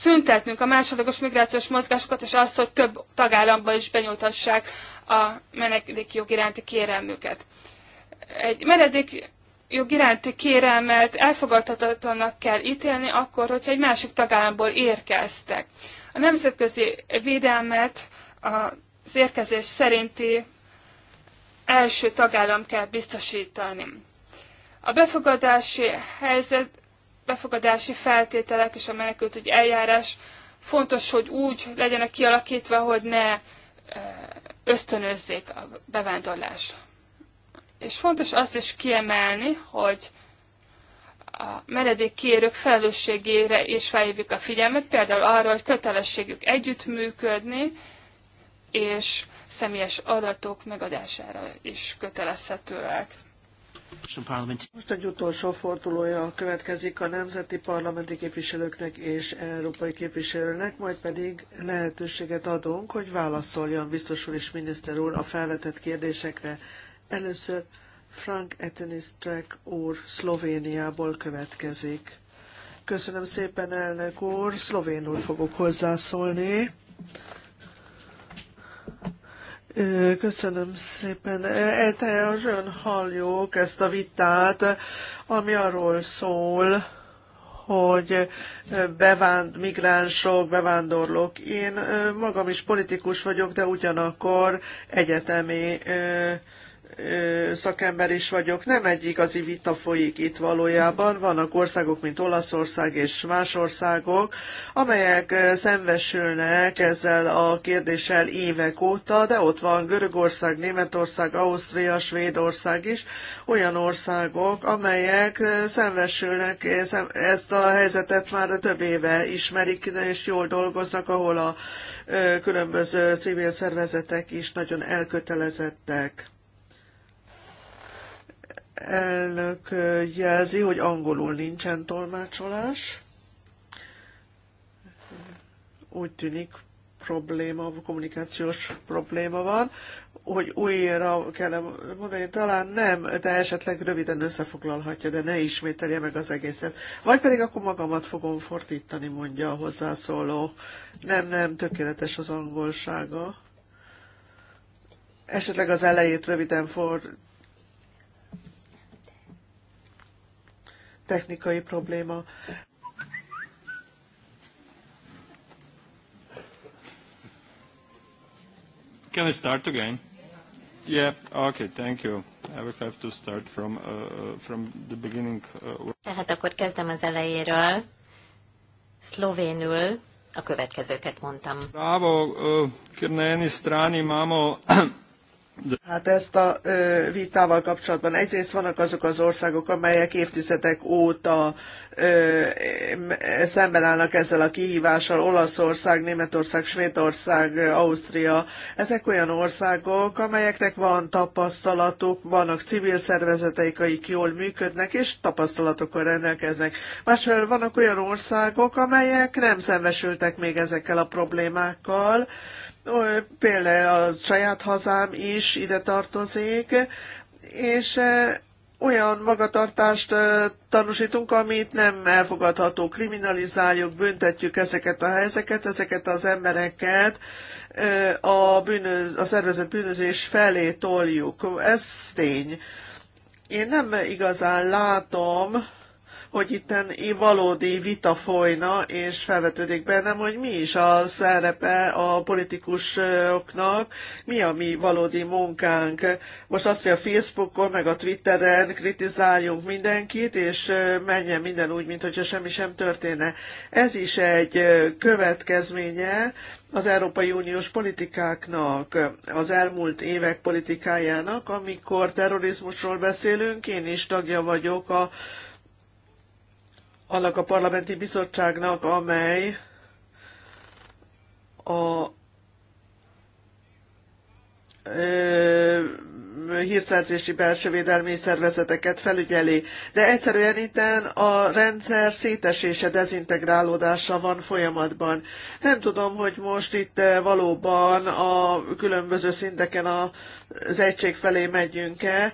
szüntetnünk a másodlagos migrációs mozgásokat, és azt, hogy több tagállamba is benyújtassák a menedékjog iránti kérelmüket. Egy menedék jog iránti kérelmet elfogadhatatlanak kell ítélni akkor, hogyha egy másik tagállamból érkeztek. A nemzetközi védelmet az érkezés szerinti első tagállam kell biztosítani. A befogadási helyzet befogadási feltételek és a menekültügyi eljárás fontos, hogy úgy legyenek kialakítva, hogy ne e, ösztönözzék a bevándorlás. És fontos azt is kiemelni, hogy a kérők felelősségére is felhívjuk a figyelmet, például arra, hogy kötelességük együttműködni, és személyes adatok megadására is kötelezhetőek. Most egy utolsó fordulója következik a nemzeti parlamenti képviselőknek és európai képviselőnek, majd pedig lehetőséget adunk, hogy válaszoljon biztos úr és miniszter úr a felvetett kérdésekre. Először Frank Etenistrek úr Szlovéniából következik. Köszönöm szépen, elnök úr, szlovénul fogok hozzászólni. Köszönöm szépen. E, e, Ön halljuk ezt a vitát, ami arról szól, hogy bevánd, migránsok, bevándorlók. Én magam is politikus vagyok, de ugyanakkor egyetemi szakember is vagyok, nem egy igazi vita folyik itt valójában. Vannak országok, mint Olaszország és más országok, amelyek szembesülnek ezzel a kérdéssel évek óta, de ott van Görögország, Németország, Ausztria, Svédország is, olyan országok, amelyek szembesülnek ezt a helyzetet már több éve ismerik, és jól dolgoznak, ahol a különböző civil szervezetek is nagyon elkötelezettek elnök jelzi, hogy angolul nincsen tolmácsolás. Úgy tűnik probléma, kommunikációs probléma van, hogy újra kell mondani, talán nem, de esetleg röviden összefoglalhatja, de ne ismételje meg az egészet. Vagy pedig akkor magamat fogom fordítani, mondja a hozzászóló. Nem, nem, tökéletes az angolsága. Esetleg az elejét röviden fordítani technikai probléma. Can I start again? Yeah, okay, thank you. I will have to start from, uh, from the beginning. Uh, Tehát akkor kezdem az elejéről. Szlovénül a következőket mondtam. Bravo, uh, na jednej strani Hát ezt a ö, vitával kapcsolatban egyrészt vannak azok az országok, amelyek évtizedek óta ö, szemben állnak ezzel a kihívással, Olaszország, Németország, Svédország, Ausztria. Ezek olyan országok, amelyeknek van tapasztalatuk, vannak civil szervezeteik, akik jól működnek, és tapasztalatokkal rendelkeznek. Másfelől vannak olyan országok, amelyek nem szembesültek még ezekkel a problémákkal, Például a saját hazám is ide tartozik, és olyan magatartást tanúsítunk, amit nem elfogadható. Kriminalizáljuk, büntetjük ezeket a helyzeket, ezeket az embereket, a, bűnöz, a szervezet bűnözés felé toljuk. Ez tény. Én nem igazán látom, hogy itten valódi vita folyna, és felvetődik bennem, hogy mi is a szerepe a politikusoknak, mi a mi valódi munkánk. Most azt, hogy a Facebookon, meg a Twitteren kritizáljunk mindenkit, és menjen minden úgy, mintha semmi sem történne. Ez is egy következménye, az Európai Uniós politikáknak, az elmúlt évek politikájának, amikor terrorizmusról beszélünk, én is tagja vagyok a annak a parlamenti bizottságnak, amely a hírszerzési belső védelmi szervezeteket felügyeli. De egyszerűen itten a rendszer szétesése, dezintegrálódása van folyamatban. Nem tudom, hogy most itt valóban a különböző szinteken az egység felé megyünk-e,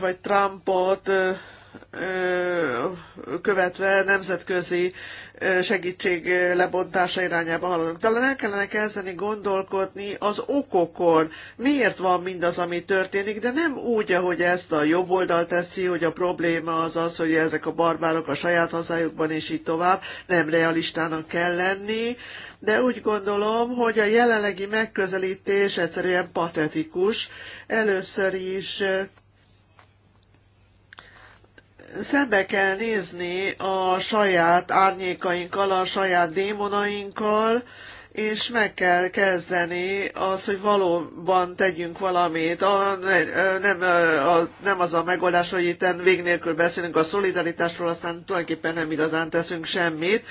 vagy Trumpot követve nemzetközi segítség lebontása irányába haladunk. Talán el kellene kezdeni gondolkodni az okokon, miért van mindaz, ami történik, de nem úgy, ahogy ezt a jobb oldal teszi, hogy a probléma az az, hogy ezek a barbárok a saját hazájukban és így tovább, nem realistának kell lenni, de úgy gondolom, hogy a jelenlegi megközelítés egyszerűen patetikus. Először is szembe kell nézni a saját árnyékainkkal, a saját démonainkkal, és meg kell kezdeni az, hogy valóban tegyünk valamit. A, nem, a, nem az a megoldás, hogy itt vég nélkül beszélünk a szolidaritásról, aztán tulajdonképpen nem igazán teszünk semmit,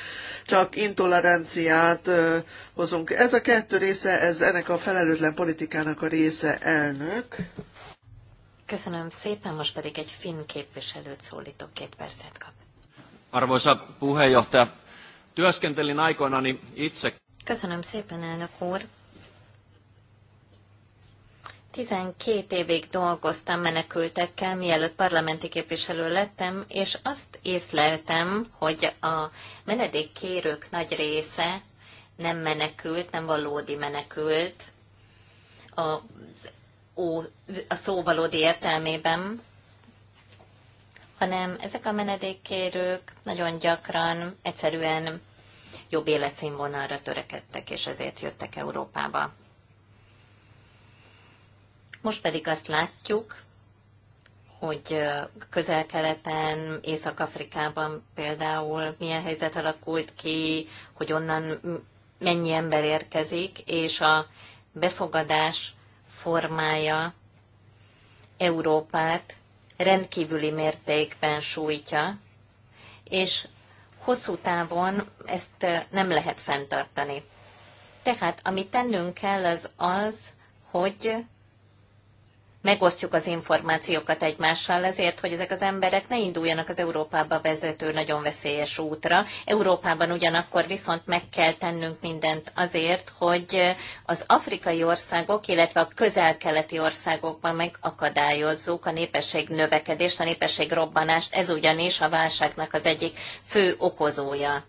csak intoleranciát ö, hozunk. Ez a kettő része, ez ennek a felelőtlen politikának a része elnök. Köszönöm szépen, most pedig egy finn képviselőt szólítok, két percet kap. Arvoisa puheenjohtaja, työskentelin aikoinani itse. Köszönöm szépen, elnök úr. 12 évig dolgoztam menekültekkel, mielőtt parlamenti képviselő lettem, és azt észleltem, hogy a menedékkérők nagy része nem menekült, nem valódi menekült. Az ó, a szó valódi értelmében, hanem ezek a menedékkérők nagyon gyakran egyszerűen jobb életszínvonalra törekedtek, és ezért jöttek Európába. Most pedig azt látjuk, hogy közel-keleten, Észak-Afrikában például milyen helyzet alakult ki, hogy onnan mennyi ember érkezik, és a befogadás formája Európát rendkívüli mértékben sújtja, és hosszú távon ezt nem lehet fenntartani. Tehát, amit tennünk kell, az az, hogy megosztjuk az információkat egymással azért, hogy ezek az emberek ne induljanak az Európába vezető nagyon veszélyes útra. Európában ugyanakkor viszont meg kell tennünk mindent azért, hogy az afrikai országok, illetve a közel-keleti országokban megakadályozzuk a népesség növekedést, a népesség robbanást, ez ugyanis a válságnak az egyik fő okozója.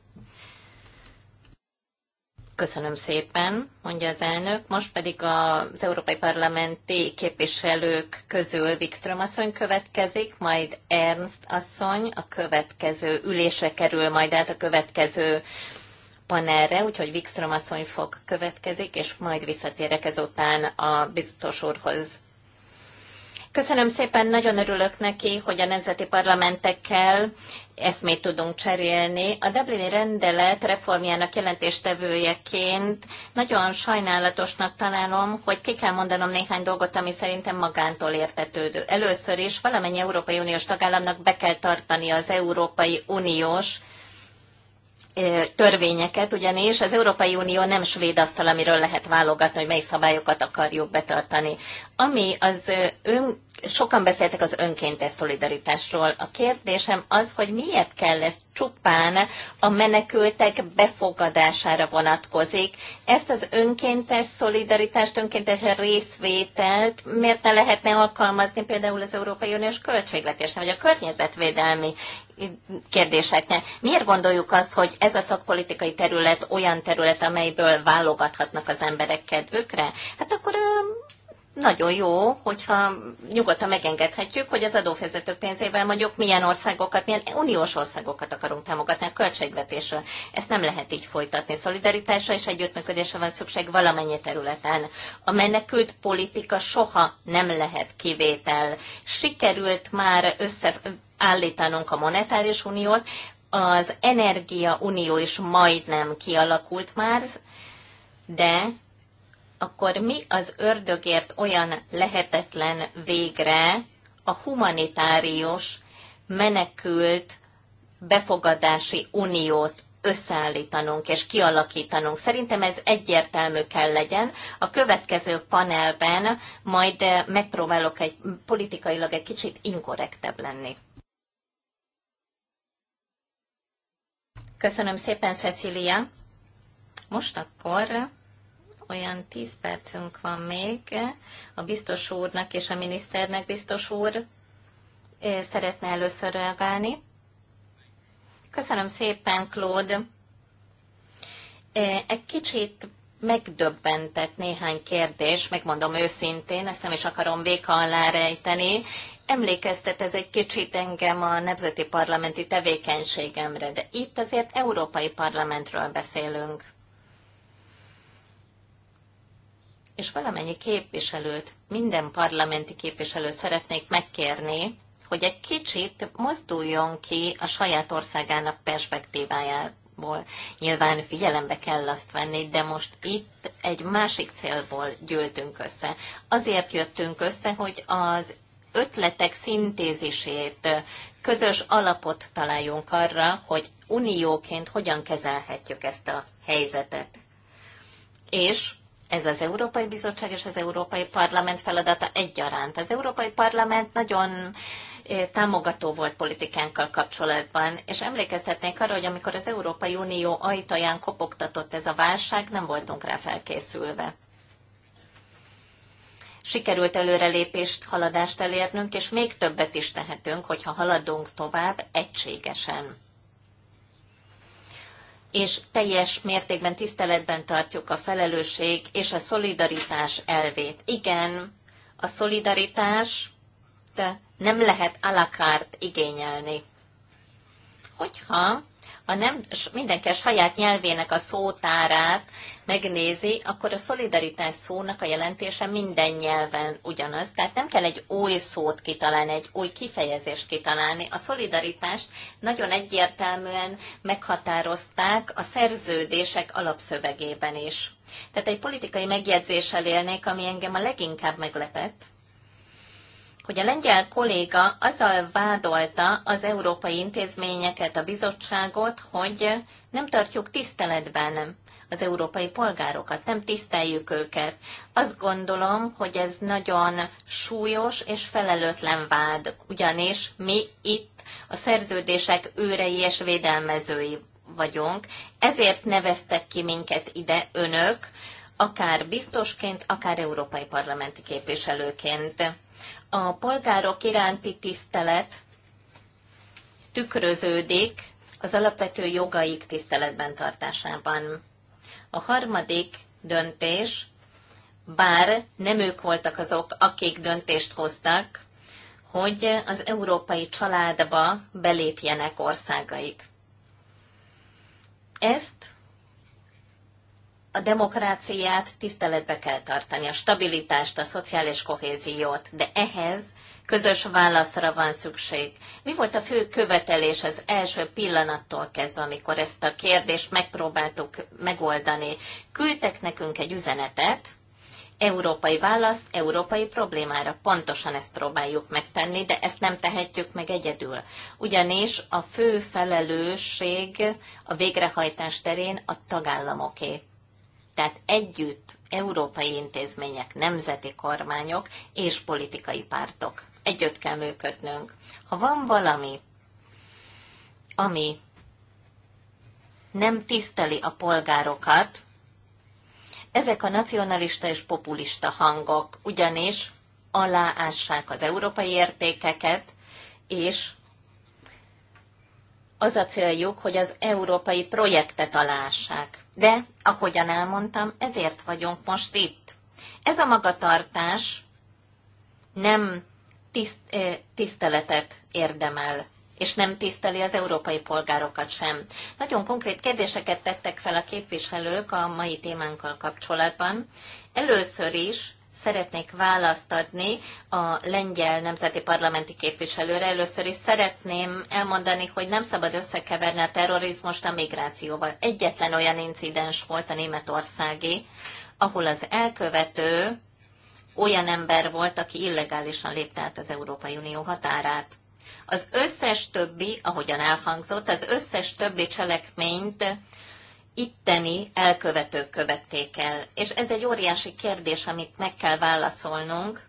Köszönöm szépen, mondja az elnök. Most pedig az európai parlamenti képviselők közül Wikström asszony következik, majd Ernst asszony a következő ülésre kerül, majd át a következő panelre, úgyhogy Wikström asszony fog következik, és majd visszatérek ezután a biztos úrhoz. Köszönöm szépen, nagyon örülök neki, hogy a nemzeti parlamentekkel eszmét tudunk cserélni. A Dublini rendelet reformjának jelentéstevőjeként nagyon sajnálatosnak találom, hogy ki kell mondanom néhány dolgot, ami szerintem magántól értetődő. Először is valamennyi Európai Uniós tagállamnak be kell tartani az Európai Uniós törvényeket, ugyanis az Európai Unió nem svéd asztal, amiről lehet válogatni, hogy melyik szabályokat akarjuk betartani. Ami az ön, sokan beszéltek az önkéntes szolidaritásról. A kérdésem az, hogy miért kell ez csupán a menekültek befogadására vonatkozik. Ezt az önkéntes szolidaritást, önkéntes részvételt miért ne lehetne alkalmazni például az Európai Uniós költségvetésnek, vagy a környezetvédelmi kérdéseknek. Miért gondoljuk azt, hogy ez a szakpolitikai terület olyan terület, amelyből válogathatnak az emberek kedvükre? Hát akkor nagyon jó, hogyha nyugodtan megengedhetjük, hogy az adófizetők pénzével mondjuk milyen országokat, milyen uniós országokat akarunk támogatni a költségvetésről. Ezt nem lehet így folytatni. Szolidaritásra és együttműködésre van szükség valamennyi területen. A menekült politika soha nem lehet kivétel. Sikerült már összeállítanunk a monetáris uniót, az energia is majdnem kialakult már, de akkor mi az ördögért olyan lehetetlen végre a humanitárius menekült befogadási uniót összeállítanunk és kialakítanunk. Szerintem ez egyértelmű kell legyen. A következő panelben majd eh, megpróbálok egy, politikailag egy kicsit inkorrektebb lenni. Köszönöm szépen, Cecilia. Most akkor olyan 10 percünk van még a biztos úrnak és a miniszternek biztos úr szeretne először reagálni. Köszönöm szépen, Claude. Egy kicsit megdöbbentett néhány kérdés, megmondom őszintén, ezt nem is akarom véka alá rejteni. Emlékeztet ez egy kicsit engem a nemzeti parlamenti tevékenységemre, de itt azért Európai Parlamentről beszélünk. és valamennyi képviselőt, minden parlamenti képviselőt szeretnék megkérni, hogy egy kicsit mozduljon ki a saját országának perspektívájából. Nyilván figyelembe kell azt venni, de most itt egy másik célból gyűltünk össze. Azért jöttünk össze, hogy az ötletek szintézisét, közös alapot találjunk arra, hogy unióként hogyan kezelhetjük ezt a helyzetet. És ez az Európai Bizottság és az Európai Parlament feladata egyaránt. Az Európai Parlament nagyon eh, támogató volt politikánkkal kapcsolatban, és emlékeztetnék arra, hogy amikor az Európai Unió ajtaján kopogtatott ez a válság, nem voltunk rá felkészülve. Sikerült előrelépést, haladást elérnünk, és még többet is tehetünk, hogyha haladunk tovább egységesen és teljes mértékben tiszteletben tartjuk a felelősség és a szolidaritás elvét. Igen, a szolidaritás, nem lehet alakárt igényelni. Hogyha a nem, mindenki a saját nyelvének a szótárát megnézi, akkor a szolidaritás szónak a jelentése minden nyelven ugyanaz. Tehát nem kell egy új szót kitalálni, egy új kifejezést kitalálni. A szolidaritást nagyon egyértelműen meghatározták a szerződések alapszövegében is. Tehát egy politikai megjegyzéssel élnék, ami engem a leginkább meglepett, hogy a lengyel kolléga azzal vádolta az európai intézményeket, a bizottságot, hogy nem tartjuk tiszteletben az európai polgárokat, nem tiszteljük őket. Azt gondolom, hogy ez nagyon súlyos és felelőtlen vád, ugyanis mi itt a szerződések őrei és védelmezői vagyunk, ezért neveztek ki minket ide önök, akár biztosként, akár európai parlamenti képviselőként a polgárok iránti tisztelet tükröződik az alapvető jogaik tiszteletben tartásában. A harmadik döntés, bár nem ők voltak azok, akik döntést hoztak, hogy az európai családba belépjenek országaik. Ezt a demokráciát tiszteletbe kell tartani, a stabilitást, a szociális kohéziót, de ehhez közös válaszra van szükség. Mi volt a fő követelés az első pillanattól kezdve, amikor ezt a kérdést megpróbáltuk megoldani? Küldtek nekünk egy üzenetet, európai választ európai problémára. Pontosan ezt próbáljuk megtenni, de ezt nem tehetjük meg egyedül. Ugyanis a fő felelősség a végrehajtás terén a tagállamoké. Tehát együtt európai intézmények, nemzeti kormányok és politikai pártok. Együtt kell működnünk. Ha van valami, ami nem tiszteli a polgárokat, ezek a nacionalista és populista hangok ugyanis aláássák az európai értékeket, és az a céljuk, hogy az európai projektet aláássák. De, ahogyan elmondtam, ezért vagyunk most itt. Ez a magatartás nem tiszt, tiszteletet érdemel, és nem tiszteli az európai polgárokat sem. Nagyon konkrét kérdéseket tettek fel a képviselők a mai témánkkal kapcsolatban. Először is szeretnék választ adni a lengyel nemzeti parlamenti képviselőre. Először is szeretném elmondani, hogy nem szabad összekeverni a terrorizmust a migrációval. Egyetlen olyan incidens volt a németországi, ahol az elkövető olyan ember volt, aki illegálisan lépte át az Európai Unió határát. Az összes többi, ahogyan elhangzott, az összes többi cselekményt itteni elkövetők követték el. És ez egy óriási kérdés, amit meg kell válaszolnunk,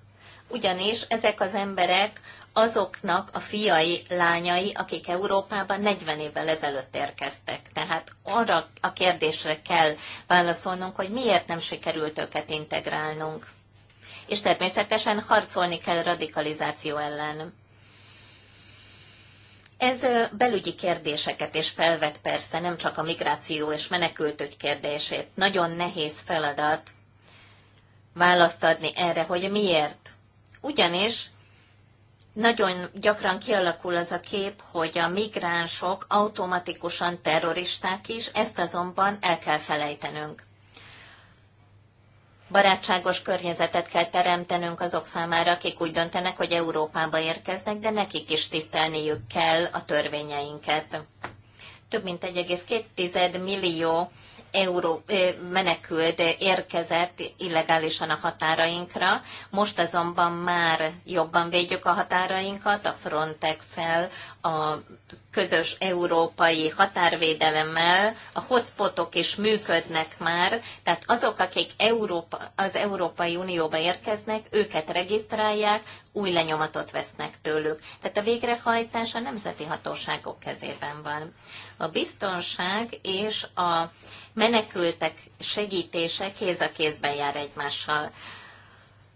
ugyanis ezek az emberek azoknak a fiai, lányai, akik Európában 40 évvel ezelőtt érkeztek. Tehát arra a kérdésre kell válaszolnunk, hogy miért nem sikerült őket integrálnunk. És természetesen harcolni kell radikalizáció ellen. Ez belügyi kérdéseket is felvet persze, nem csak a migráció és menekültügy kérdését. Nagyon nehéz feladat választ adni erre, hogy miért. Ugyanis nagyon gyakran kialakul az a kép, hogy a migránsok automatikusan terroristák is, ezt azonban el kell felejtenünk barátságos környezetet kell teremtenünk azok számára, akik úgy döntenek, hogy Európába érkeznek, de nekik is tisztelniük kell a törvényeinket. Több mint 1,2 millió euró menekült érkezett illegálisan a határainkra. Most azonban már jobban védjük a határainkat a Frontex-el, a közös európai határvédelemmel, a hotspotok is működnek már, tehát azok, akik Európa, az Európai Unióba érkeznek, őket regisztrálják, új lenyomatot vesznek tőlük. Tehát a végrehajtás a nemzeti hatóságok kezében van. A biztonság és a menekültek segítése kéz a kézben jár egymással.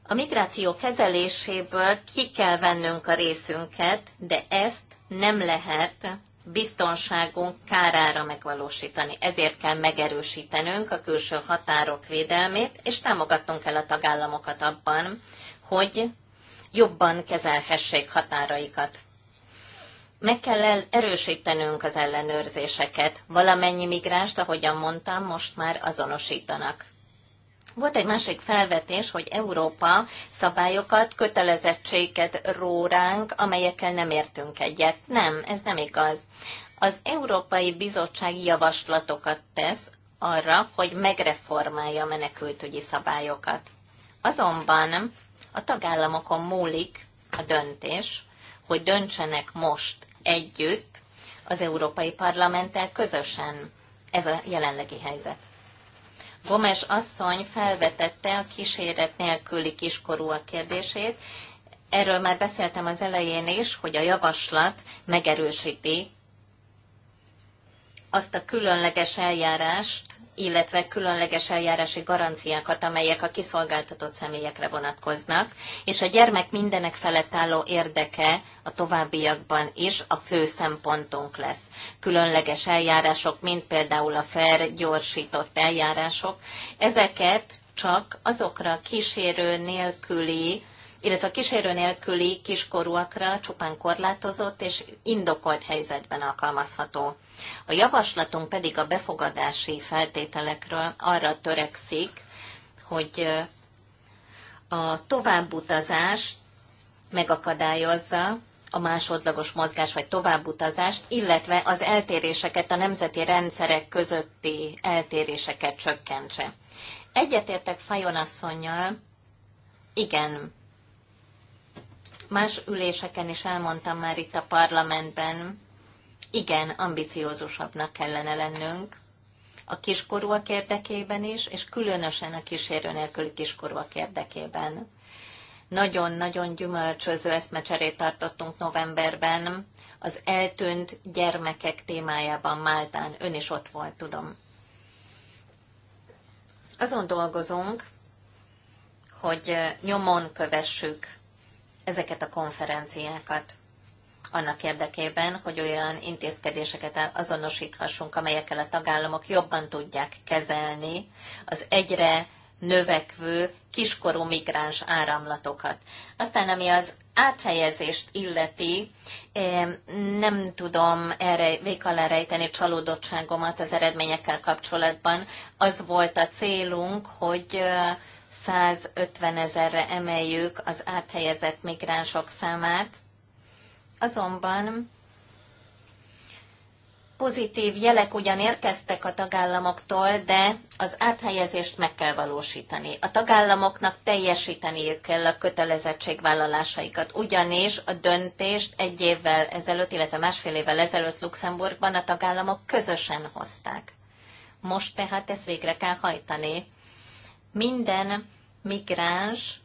A migráció kezeléséből ki kell vennünk a részünket, de ezt nem lehet biztonságunk kárára megvalósítani. Ezért kell megerősítenünk a külső határok védelmét, és támogatnunk kell a tagállamokat abban, hogy jobban kezelhessék határaikat. Meg kell erősítenünk az ellenőrzéseket. Valamennyi migránst, ahogyan mondtam, most már azonosítanak. Volt egy másik felvetés, hogy Európa szabályokat, kötelezettséget ró ránk, amelyekkel nem értünk egyet. Nem, ez nem igaz. Az Európai Bizottság javaslatokat tesz arra, hogy megreformálja menekültügyi szabályokat. Azonban a tagállamokon múlik a döntés, hogy döntsenek most együtt az Európai Parlamenttel közösen. Ez a jelenlegi helyzet. Gomes asszony felvetette a kíséret nélküli kiskorúak kérdését. Erről már beszéltem az elején is, hogy a javaslat megerősíti azt a különleges eljárást, illetve különleges eljárási garanciákat, amelyek a kiszolgáltatott személyekre vonatkoznak, és a gyermek mindenek felett álló érdeke a továbbiakban is a fő szempontunk lesz. Különleges eljárások, mint például a FER gyorsított eljárások, ezeket csak azokra kísérő nélküli illetve a kísérő nélküli kiskorúakra csupán korlátozott és indokolt helyzetben alkalmazható. A javaslatunk pedig a befogadási feltételekről arra törekszik, hogy a továbbutazás megakadályozza, a másodlagos mozgás vagy továbbutazást, illetve az eltéréseket, a nemzeti rendszerek közötti eltéréseket csökkentse. Egyetértek Fajon asszonynal, igen, más üléseken is elmondtam már itt a parlamentben, igen, ambiciózusabbnak kellene lennünk a kiskorúak érdekében is, és különösen a kísérő nélküli kiskorúak érdekében. Nagyon-nagyon gyümölcsöző eszmecserét tartottunk novemberben az eltűnt gyermekek témájában Máltán. Ön is ott volt, tudom. Azon dolgozunk, hogy nyomon kövessük ezeket a konferenciákat annak érdekében, hogy olyan intézkedéseket azonosíthassunk, amelyekkel a tagállamok jobban tudják kezelni az egyre növekvő kiskorú migráns áramlatokat. Aztán, ami az áthelyezést illeti, eh, nem tudom erre vék alá rejteni csalódottságomat az eredményekkel kapcsolatban. Az volt a célunk, hogy eh, 150 ezerre emeljük az áthelyezett migránsok számát, azonban pozitív jelek ugyan érkeztek a tagállamoktól, de az áthelyezést meg kell valósítani. A tagállamoknak teljesíteniük kell a kötelezettségvállalásaikat, ugyanis a döntést egy évvel ezelőtt, illetve másfél évvel ezelőtt Luxemburgban a tagállamok közösen hozták. Most tehát ezt végre kell hajtani minden migráns,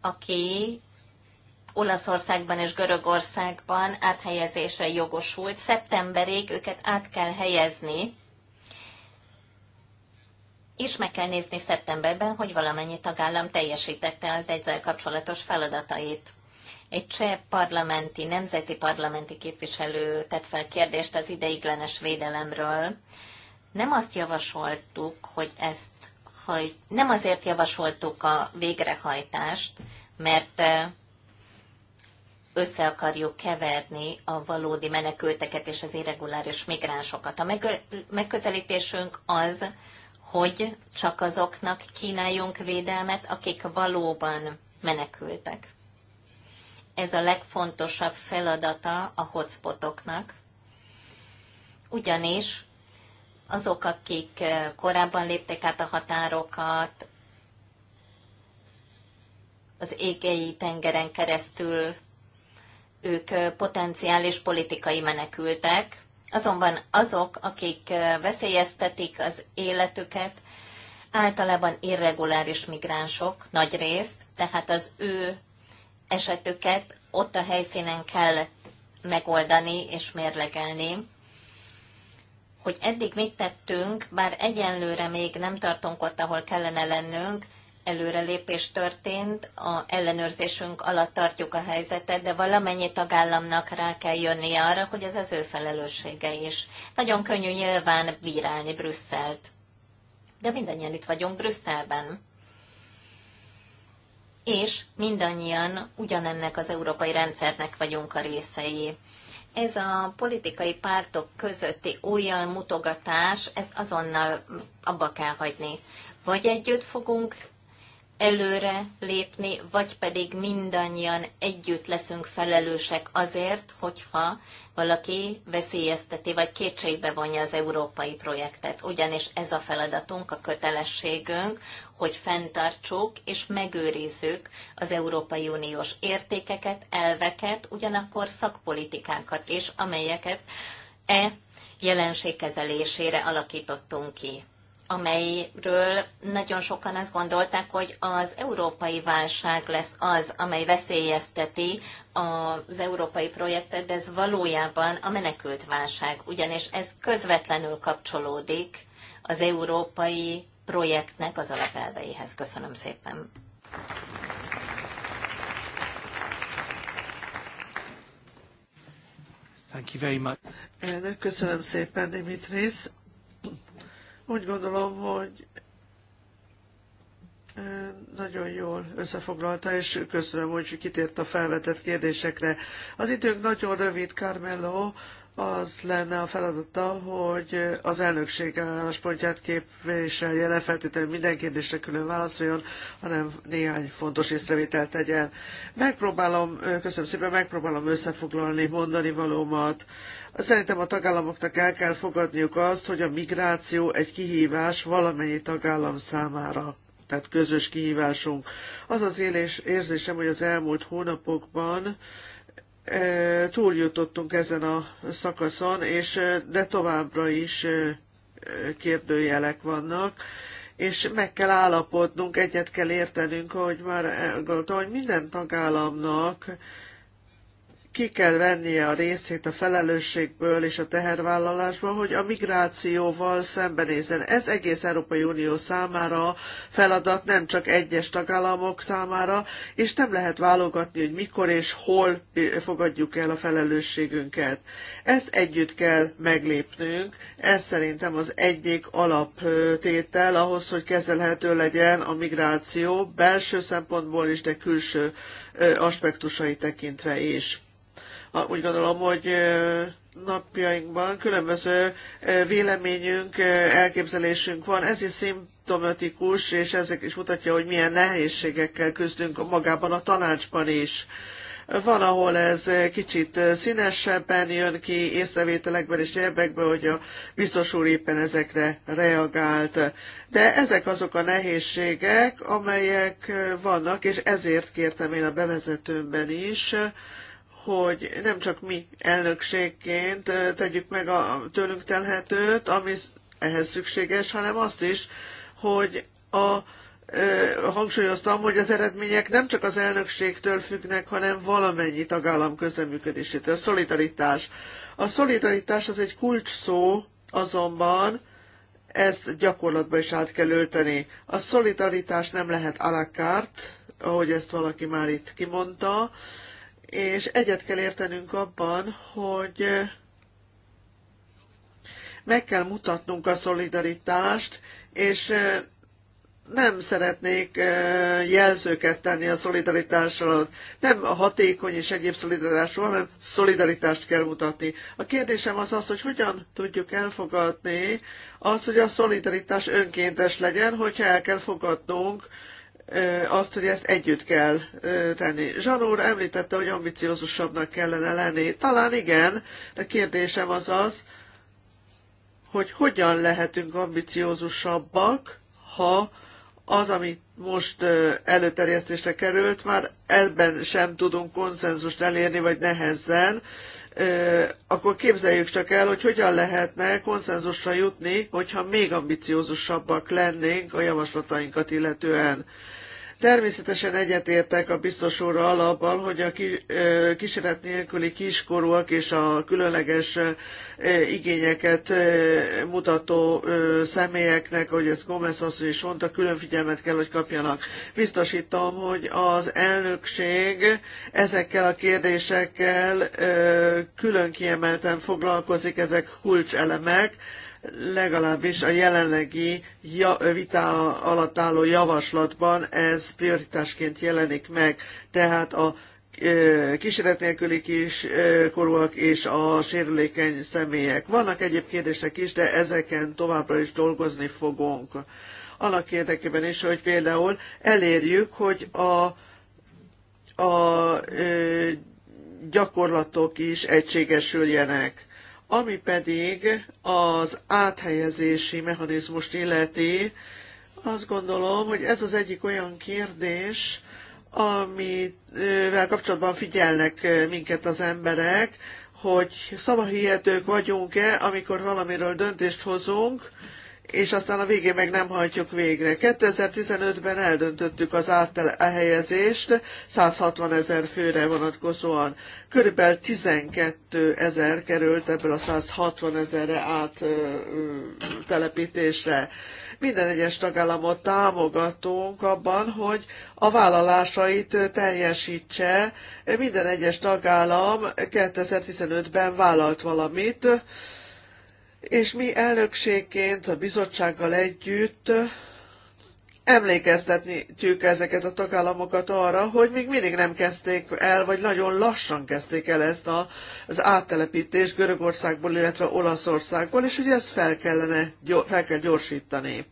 aki Olaszországban és Görögországban áthelyezésre jogosult, szeptemberig őket át kell helyezni, és meg kell nézni szeptemberben, hogy valamennyi tagállam teljesítette az ezzel kapcsolatos feladatait. Egy cseh parlamenti, nemzeti parlamenti képviselő tett fel kérdést az ideiglenes védelemről. Nem azt javasoltuk, hogy ezt hogy nem azért javasoltuk a végrehajtást, mert eh, össze akarjuk keverni a valódi menekülteket és az irreguláris migránsokat. A megközelítésünk az, hogy csak azoknak kínáljunk védelmet, akik valóban menekültek. Ez a legfontosabb feladata a hotspotoknak, ugyanis azok, akik eh, korábban lépték át a határokat, az égei tengeren keresztül ők eh, potenciális politikai menekültek, azonban azok, akik eh, veszélyeztetik az életüket, általában irreguláris migránsok nagy részt, tehát az ő esetüket ott a helyszínen kell megoldani és mérlegelni hogy eddig mit tettünk, bár egyenlőre még nem tartunk ott, ahol kellene lennünk, előrelépés történt, a ellenőrzésünk alatt tartjuk a helyzetet, de valamennyi tagállamnak rá kell jönni arra, hogy ez az ő felelőssége is. Nagyon könnyű nyilván bírálni Brüsszelt. De mindannyian itt vagyunk Brüsszelben. És mindannyian ugyanennek az európai rendszernek vagyunk a részei. Ez a politikai pártok közötti olyan mutogatás, ezt azonnal abba kell hagyni. Vagy együtt fogunk előre lépni, vagy pedig mindannyian együtt leszünk felelősek azért, hogyha valaki veszélyezteti vagy kétségbe vonja az európai projektet. Ugyanis ez a feladatunk, a kötelességünk, hogy fenntartsuk és megőrizzük az Európai Uniós értékeket, elveket, ugyanakkor szakpolitikákat is, amelyeket e jelenség kezelésére alakítottunk ki amelyről nagyon sokan azt gondolták, hogy az európai válság lesz az, amely veszélyezteti az európai projektet, de ez valójában a menekült válság, ugyanis ez közvetlenül kapcsolódik az európai projektnek az alapelveihez. Köszönöm szépen. Thank you very much. köszönöm szépen, Dimitris. Úgy gondolom, hogy nagyon jól összefoglalta, és köszönöm, hogy kitért a felvetett kérdésekre. Az időnk nagyon rövid, Carmelo, az lenne a feladata, hogy az elnökség álláspontját képviselje, nem feltétlenül minden kérdésre külön válaszoljon, hanem néhány fontos észrevételt tegyen. Megpróbálom, köszönöm szépen, megpróbálom összefoglalni mondani valómat. Szerintem a tagállamoknak el kell fogadniuk azt, hogy a migráció egy kihívás valamennyi tagállam számára tehát közös kihívásunk. Az az élés, érzésem, hogy az elmúlt hónapokban túljutottunk ezen a szakaszon, és de továbbra is kérdőjelek vannak, és meg kell állapodnunk, egyet kell értenünk, ahogy már elgondolta, hogy minden tagállamnak ki kell vennie a részét a felelősségből és a tehervállalásból, hogy a migrációval szembenézzen. Ez egész Európai Unió számára feladat, nem csak egyes tagállamok számára, és nem lehet válogatni, hogy mikor és hol fogadjuk el a felelősségünket. Ezt együtt kell meglépnünk, ez szerintem az egyik alaptétel ahhoz, hogy kezelhető legyen a migráció belső szempontból is, de külső aspektusai tekintve is úgy gondolom, hogy napjainkban különböző véleményünk, elképzelésünk van, ez is szimptomatikus, és ezek is mutatja, hogy milyen nehézségekkel küzdünk magában a tanácsban is. Van, ahol ez kicsit színesebben jön ki észrevételekben és érdekben, hogy a biztos úr éppen ezekre reagált. De ezek azok a nehézségek, amelyek vannak, és ezért kértem én a bevezetőmben is, hogy nem csak mi elnökségként tegyük meg a tőlünk telhetőt, ami ehhez szükséges, hanem azt is, hogy a hangsúlyoztam, hogy az eredmények nem csak az elnökségtől függnek, hanem valamennyi tagállam közleműködésétől. Szolidaritás. A szolidaritás az egy kulcs szó, azonban ezt gyakorlatba is át kell ölteni. A szolidaritás nem lehet alakárt, ahogy ezt valaki már itt kimondta, és egyet kell értenünk abban, hogy meg kell mutatnunk a szolidaritást, és nem szeretnék jelzőket tenni a szolidaritással, Nem a hatékony és egyéb szolidaritásról, hanem szolidaritást kell mutatni. A kérdésem az az, hogy hogyan tudjuk elfogadni azt, hogy a szolidaritás önkéntes legyen, hogyha el kell fogadnunk azt, hogy ezt együtt kell tenni. Zsan úr említette, hogy ambiciózusabbnak kellene lenni. Talán igen, de kérdésem az az, hogy hogyan lehetünk ambiciózusabbak, ha az, ami most előterjesztésre került, már ebben sem tudunk konszenzust elérni, vagy nehezen, akkor képzeljük csak el, hogy hogyan lehetne konszenzusra jutni, hogyha még ambiciózusabbak lennénk a javaslatainkat illetően. Természetesen egyetértek a biztos úrral abban, hogy a kísérlet nélküli kiskorúak és a különleges igényeket mutató személyeknek, ahogy ezt Gomez asszony is mondta, külön figyelmet kell, hogy kapjanak. Biztosítom, hogy az elnökség ezekkel a kérdésekkel külön kiemelten foglalkozik, ezek kulcselemek, legalábbis a jelenlegi vita alatt álló javaslatban ez prioritásként jelenik meg. Tehát a kísérlet nélküli korúak és a sérülékeny személyek. Vannak egyéb kérdések is, de ezeken továbbra is dolgozni fogunk. Annak érdekében is, hogy például elérjük, hogy a, a gyakorlatok is egységesüljenek. Ami pedig az áthelyezési mechanizmust illeti, azt gondolom, hogy ez az egyik olyan kérdés, amivel kapcsolatban figyelnek minket az emberek, hogy szavahihetők vagyunk-e, amikor valamiről döntést hozunk, és aztán a végén meg nem hajtjuk végre. 2015-ben eldöntöttük az áthelyezést 160 ezer főre vonatkozóan. Körülbelül 12 ezer került ebből a 160 ezerre áttelepítésre. Minden egyes tagállamot támogatunk abban, hogy a vállalásait teljesítse. Minden egyes tagállam 2015-ben vállalt valamit, és mi elnökségként a bizottsággal együtt emlékeztetjük ezeket a tagállamokat arra, hogy még mindig nem kezdték el, vagy nagyon lassan kezdték el ezt a, az áttelepítést Görögországból, illetve Olaszországból, és hogy ezt fel kellene, fel kell gyorsítani.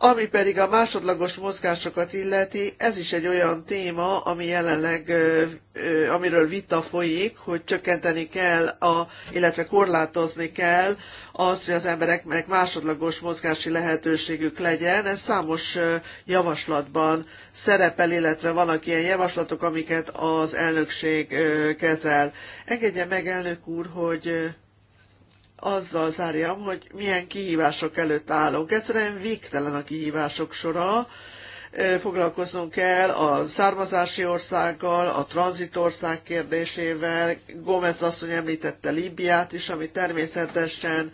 Ami pedig a másodlagos mozgásokat illeti, ez is egy olyan téma, ami jelenleg, amiről vita folyik, hogy csökkenteni kell, a, illetve korlátozni kell azt, hogy az embereknek másodlagos mozgási lehetőségük legyen. Ez számos javaslatban szerepel, illetve vannak ilyen javaslatok, amiket az elnökség kezel. Engedje meg, elnök úr, hogy azzal zárjam, hogy milyen kihívások előtt állunk. Egyszerűen végtelen a kihívások sora, foglalkoznunk kell a származási országgal, a tranzitország kérdésével. Gomez asszony említette Líbiát is, ami természetesen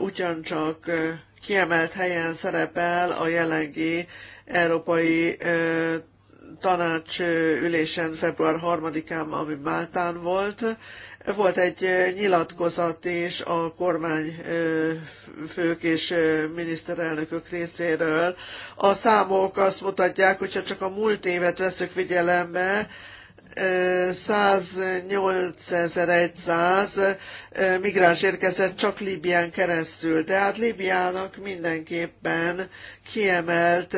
ugyancsak kiemelt helyen szerepel a jelenlegi Európai Tanács ülésen február 3-án, ami Máltán volt volt egy nyilatkozat is a kormányfők és miniszterelnökök részéről. A számok azt mutatják, hogyha csak a múlt évet veszük figyelembe, 108.100 migráns érkezett csak Líbián keresztül. de hát Líbiának mindenképpen kiemelt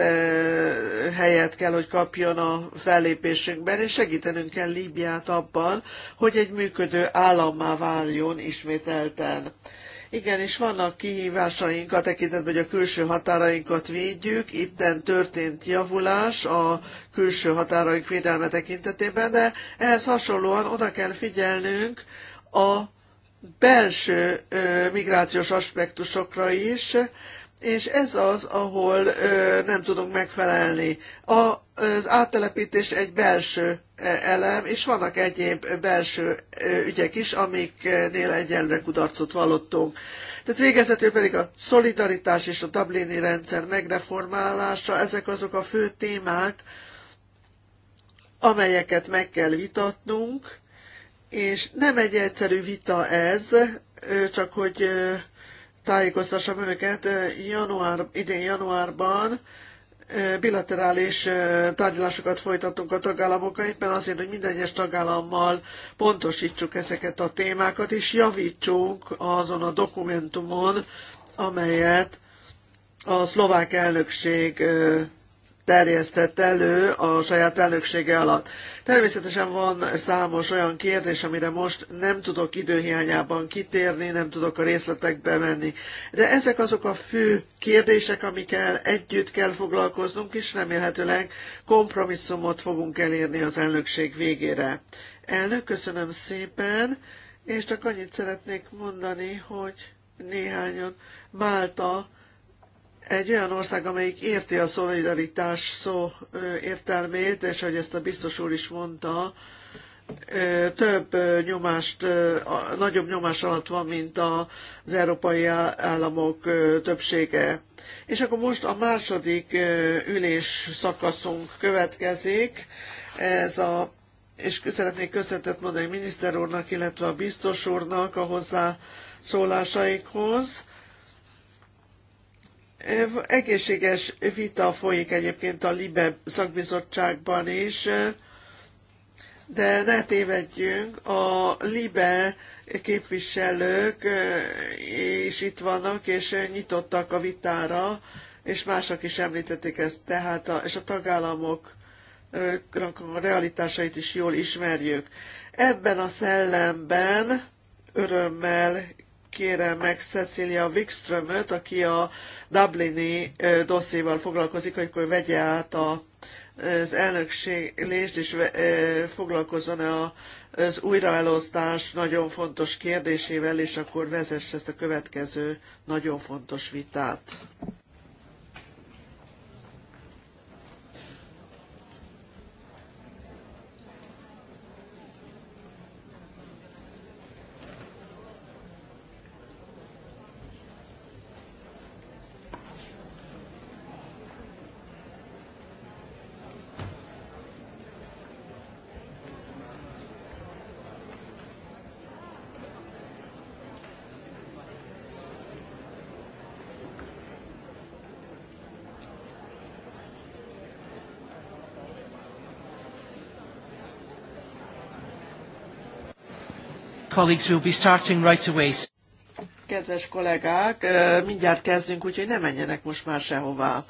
helyet kell, hogy kapjon a fellépésünkben, és segítenünk kell Líbiát abban, hogy egy működő állammá váljon ismételten. Igenis vannak kihívásaink a tekintetben, hogy a külső határainkat védjük. Itten történt javulás a külső határaink védelme tekintetében, de ehhez hasonlóan oda kell figyelnünk a belső migrációs aspektusokra is, és ez az, ahol ö, nem tudunk megfelelni. A, az áttelepítés egy belső e, elem, és vannak egyéb belső ügyek is, amiknél egyenlőre kudarcot vallottunk. Tehát végezetül pedig a szolidaritás és a Dublini rendszer megreformálása, ezek azok a fő témák, amelyeket meg kell vitatnunk, és nem egy egyszerű vita ez, csak hogy tájékoztassam önöket, január, idén januárban bilaterális tárgyalásokat folytattunk a tagállamokkal, éppen azért, hogy minden egyes tagállammal pontosítsuk ezeket a témákat, és javítsunk azon a dokumentumon, amelyet a szlovák elnökség terjesztett elő a saját elnöksége alatt. Természetesen van számos olyan kérdés, amire most nem tudok időhiányában kitérni, nem tudok a részletekbe menni. De ezek azok a fő kérdések, amikkel együtt kell foglalkoznunk, és remélhetőleg kompromisszumot fogunk elérni az elnökség végére. Elnök, köszönöm szépen, és csak annyit szeretnék mondani, hogy néhányan Málta egy olyan ország, amelyik érti a szolidaritás szó értelmét, és hogy ezt a biztos úr is mondta, több nyomást, nagyobb nyomás alatt van, mint az európai államok többsége. És akkor most a második ülés szakaszunk következik. Ez a, és szeretnék köszönetet mondani a miniszter úrnak, illetve a biztos úrnak a hozzá szólásaikhoz Egészséges vita folyik egyébként a LIBE szakbizottságban is, de ne tévedjünk, a LIBE képviselők is itt vannak, és nyitottak a vitára, és mások is említették ezt, tehát a, és a tagállamok a realitásait is jól ismerjük. Ebben a szellemben örömmel kérem meg Cecilia Wikströmöt, aki a Dublini dosszéval foglalkozik, hogy vegye át a, az elnökséglést, és foglalkozzon az újraelosztás nagyon fontos kérdésével, és akkor vezesse ezt a következő nagyon fontos vitát. colleagues, will be starting right away. Kedves kollégák, mindjárt kezdünk, úgyhogy ne menjenek most már sehová.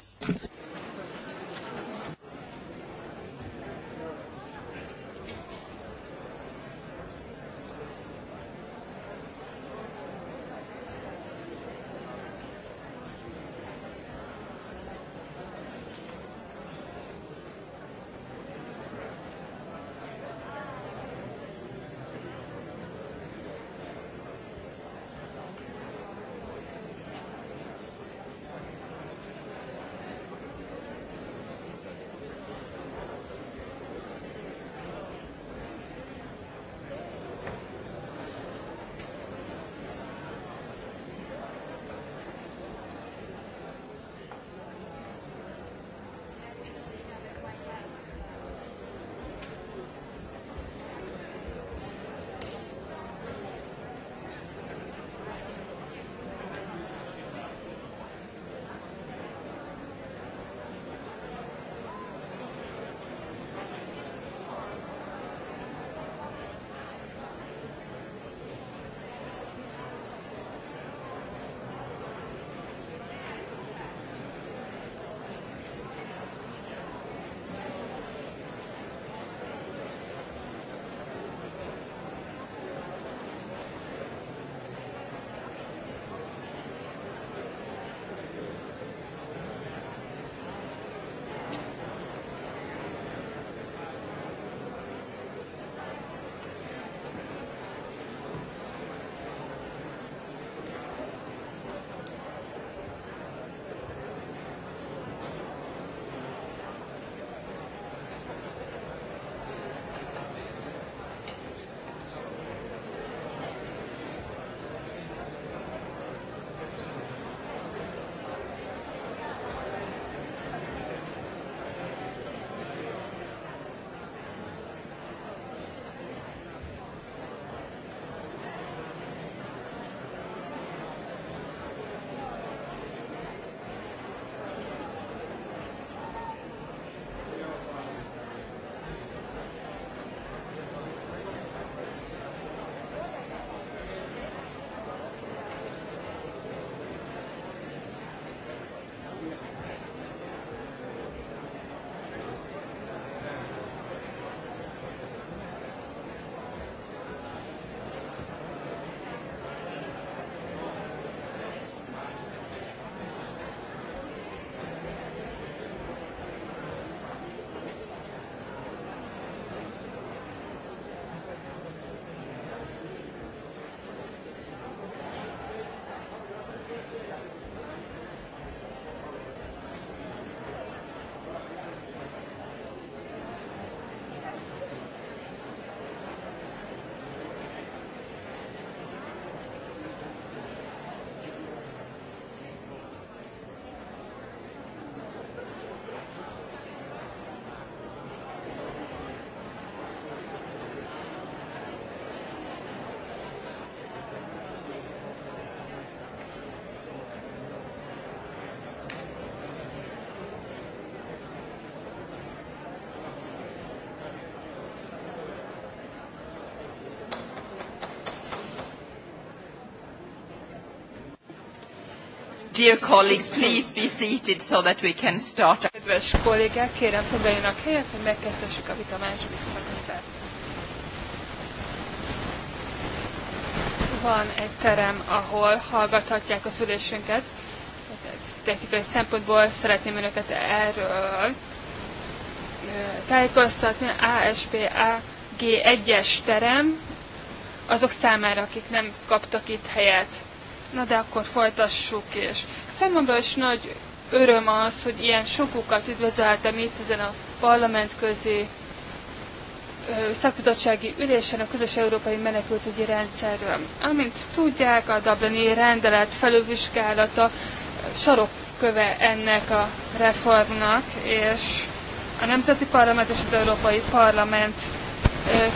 Dear colleagues, please be seated so that we can start. Kedves kollégák, kérem foglaljanak helyet, hogy megkezdessük a vita második szakaszát. Van egy terem, ahol hallgathatják a szülésünket. Technikai szempontból szeretném önöket erről tájékoztatni. ASPA G1-es terem azok számára, akik nem kaptak itt helyet Na de akkor folytassuk, és számomra is nagy öröm az, hogy ilyen sokukat üdvözöltem itt ezen a parlament közé szakbizottsági ülésen a közös európai menekültügyi rendszerről. Amint tudják, a Dublini rendelet felülvizsgálata sarokköve ennek a reformnak, és a Nemzeti Parlament és az Európai Parlament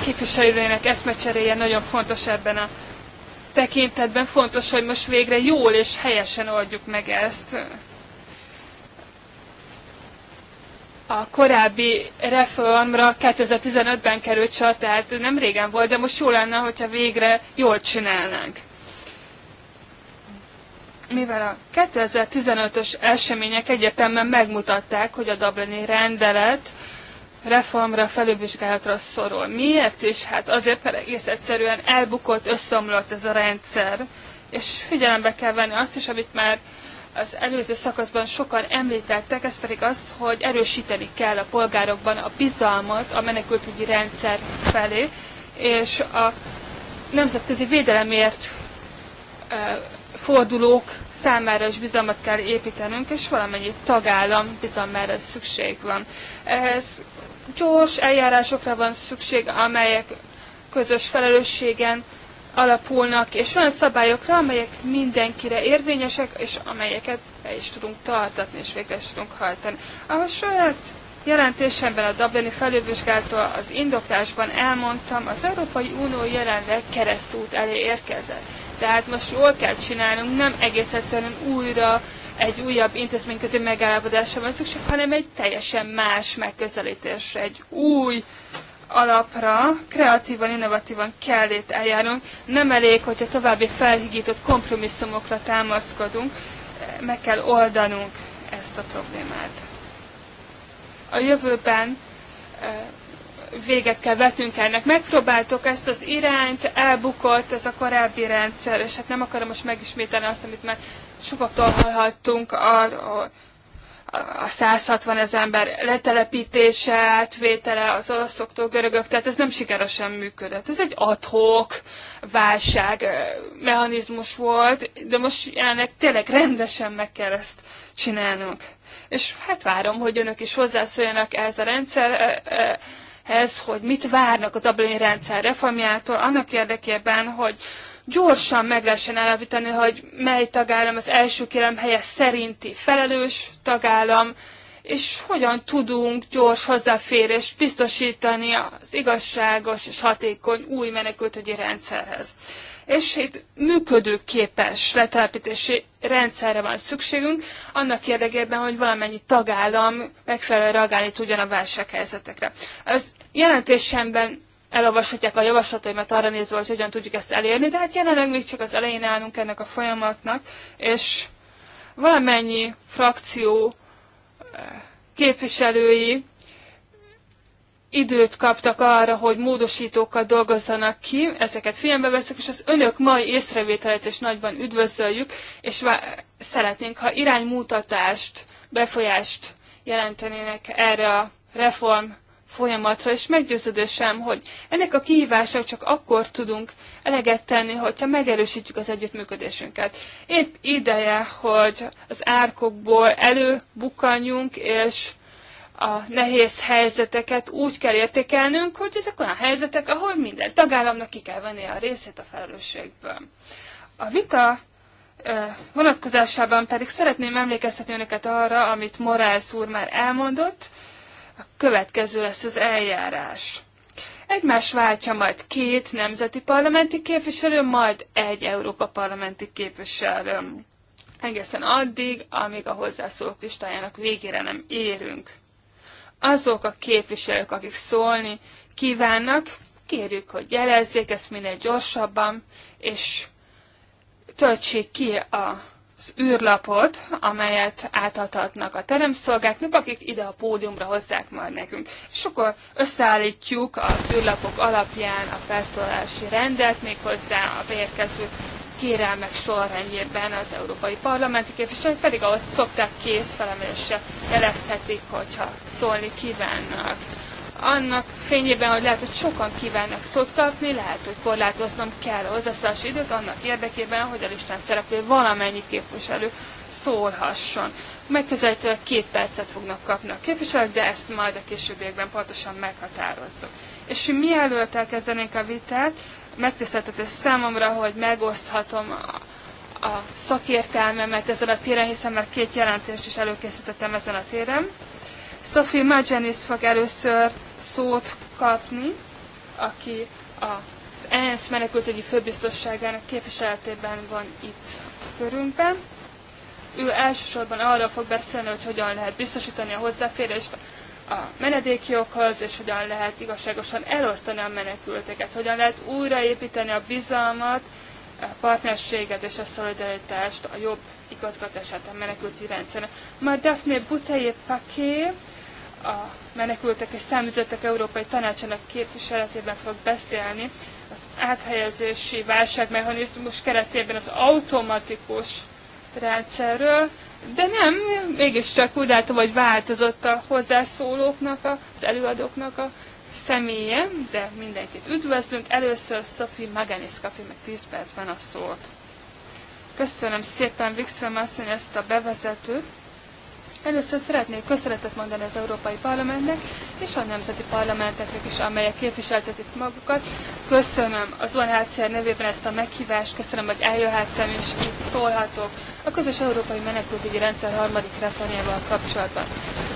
képviselőjének eszmecseréje nagyon fontos ebben a tekintetben fontos, hogy most végre jól és helyesen oldjuk meg ezt. A korábbi reformra 2015-ben került sor, tehát nem régen volt, de most jó lenne, hogyha végre jól csinálnánk. Mivel a 2015-ös események egyetemben megmutatták, hogy a Dublini rendelet reformra, felülvizsgálatra szorul. Miért is? Hát azért, mert egész egyszerűen elbukott, összeomlott ez a rendszer. És figyelembe kell venni azt is, amit már az előző szakaszban sokan említettek, ez pedig az, hogy erősíteni kell a polgárokban a bizalmat a menekültügyi rendszer felé, és a nemzetközi védelemért fordulók számára is bizalmat kell építenünk, és valamennyi tagállam bizalmára szükség van. Ehhez gyors eljárásokra van szükség, amelyek közös felelősségen alapulnak, és olyan szabályokra, amelyek mindenkire érvényesek, és amelyeket be is tudunk tartatni, és végre is tudunk hajtani. A saját jelentésemben a Dublini felülvizsgálatról az indoklásban elmondtam, az Európai Unió jelenleg keresztút elé érkezett. Tehát most jól kell csinálnunk, nem egész egyszerűen újra egy újabb intézményközi megállapodásra van szükség, hanem egy teljesen más megközelítésre, egy új alapra kreatívan, innovatívan kell itt eljárnunk. Nem elég, hogyha további felhigított kompromisszumokra támaszkodunk, meg kell oldanunk ezt a problémát. A jövőben eh, véget kell vetnünk ennek. Megpróbáltuk ezt az irányt, elbukott ez a korábbi rendszer, és hát nem akarom most megismételni azt, amit már sokaktól hallhattunk a, a 160 ezer ember letelepítése, átvétele az oroszoktól görögök, tehát ez nem sikeresen működött. Ez egy adhok válság mechanizmus volt, de most jelenleg tényleg rendesen meg kell ezt csinálnunk. És hát várom, hogy önök is hozzászóljanak ez a rendszer ez, hogy mit várnak a Dublini rendszer reformjától, annak érdekében, hogy gyorsan meg lehessen állapítani, hogy mely tagállam az első kérem helye szerinti felelős tagállam, és hogyan tudunk gyors hozzáférést biztosítani az igazságos és hatékony új menekültügyi rendszerhez és itt működőképes letelepítési rendszerre van szükségünk, annak érdekében, hogy valamennyi tagállam megfelelően reagálni tudjon a válsághelyzetekre. Az jelentésemben elolvashatják a javaslataimat arra nézve, hogy hogyan tudjuk ezt elérni, de hát jelenleg még csak az elején állunk ennek a folyamatnak, és valamennyi frakció eh, képviselői időt kaptak arra, hogy módosítókkal dolgozzanak ki, ezeket figyelembe veszük, és az önök mai észrevételét is nagyban üdvözöljük, és szeretnénk, ha iránymutatást, befolyást jelentenének erre a reform folyamatra, és meggyőződésem, hogy ennek a kihívásra csak akkor tudunk eleget tenni, hogyha megerősítjük az együttműködésünket. Épp ideje, hogy az árkokból előbukkanjunk, és a nehéz helyzeteket úgy kell értékelnünk, hogy ezek olyan helyzetek, ahol minden tagállamnak ki kell venni a részét a felelősségből. A vita vonatkozásában pedig szeretném emlékeztetni önöket arra, amit Morales úr már elmondott, a következő lesz az eljárás. Egymás váltja majd két nemzeti parlamenti képviselő, majd egy Európa parlamenti képviselő. Egészen addig, amíg a hozzászólók listájának végére nem érünk azok a képviselők, akik szólni kívánnak, kérjük, hogy jelezzék ezt minél gyorsabban, és töltsék ki az űrlapot, amelyet átadhatnak a teremszolgáknak, akik ide a pódiumra hozzák majd nekünk. És akkor összeállítjuk az űrlapok alapján a felszólalási rendet, méghozzá a beérkező kérelmek sorrendjében az európai parlamenti képviselők pedig ahogy szokták kézfelemeléssel jelezhetik, hogyha szólni kívánnak. Annak fényében, hogy lehet, hogy sokan kívánnak szót kapni, lehet, hogy korlátoznom kell hozzászólási időt annak érdekében, hogy a listán szereplő valamennyi képviselő szólhasson. Megközelítőleg két percet fognak kapni a képviselők, de ezt majd a későbbiekben pontosan meghatározzuk. És mielőtt elkezdenénk a vitát, megtiszteltetés számomra, hogy megoszthatom a, a szakértelmemet ezen a téren, hiszen már két jelentést is előkészítettem ezen a téren. Sophie Magenis fog először szót kapni, aki az ENSZ menekültügyi főbiztosságának képviseletében van itt körünkben. Ő elsősorban arról fog beszélni, hogy hogyan lehet biztosítani a hozzáférést a menedékjoghoz, és hogyan lehet igazságosan elosztani a menekülteket, hogyan lehet újraépíteni a bizalmat, a partnerséget és a szolidaritást a jobb igazgatását a menekülti rendszernek. Ma Daphne Butei Paké, a menekültek és száműzöttek Európai Tanácsának képviseletében fog beszélni az áthelyezési válságmechanizmus keretében az automatikus rendszerről, de nem, mégiscsak úgy látom, hogy változott a hozzászólóknak, az előadóknak a személye, de mindenkit üdvözlünk. Először Sophie Maganis kapja meg 10 percben a szót. Köszönöm szépen, Vixem asszony, ezt a bevezetőt. Először szeretnék köszönetet mondani az Európai Parlamentnek és a nemzeti parlamenteknek is, amelyek képviseltetik magukat. Köszönöm az UNHCR nevében ezt a meghívást, köszönöm, hogy eljöhettem és itt szólhatok a közös európai menekültügyi rendszer harmadik reformjával kapcsolatban.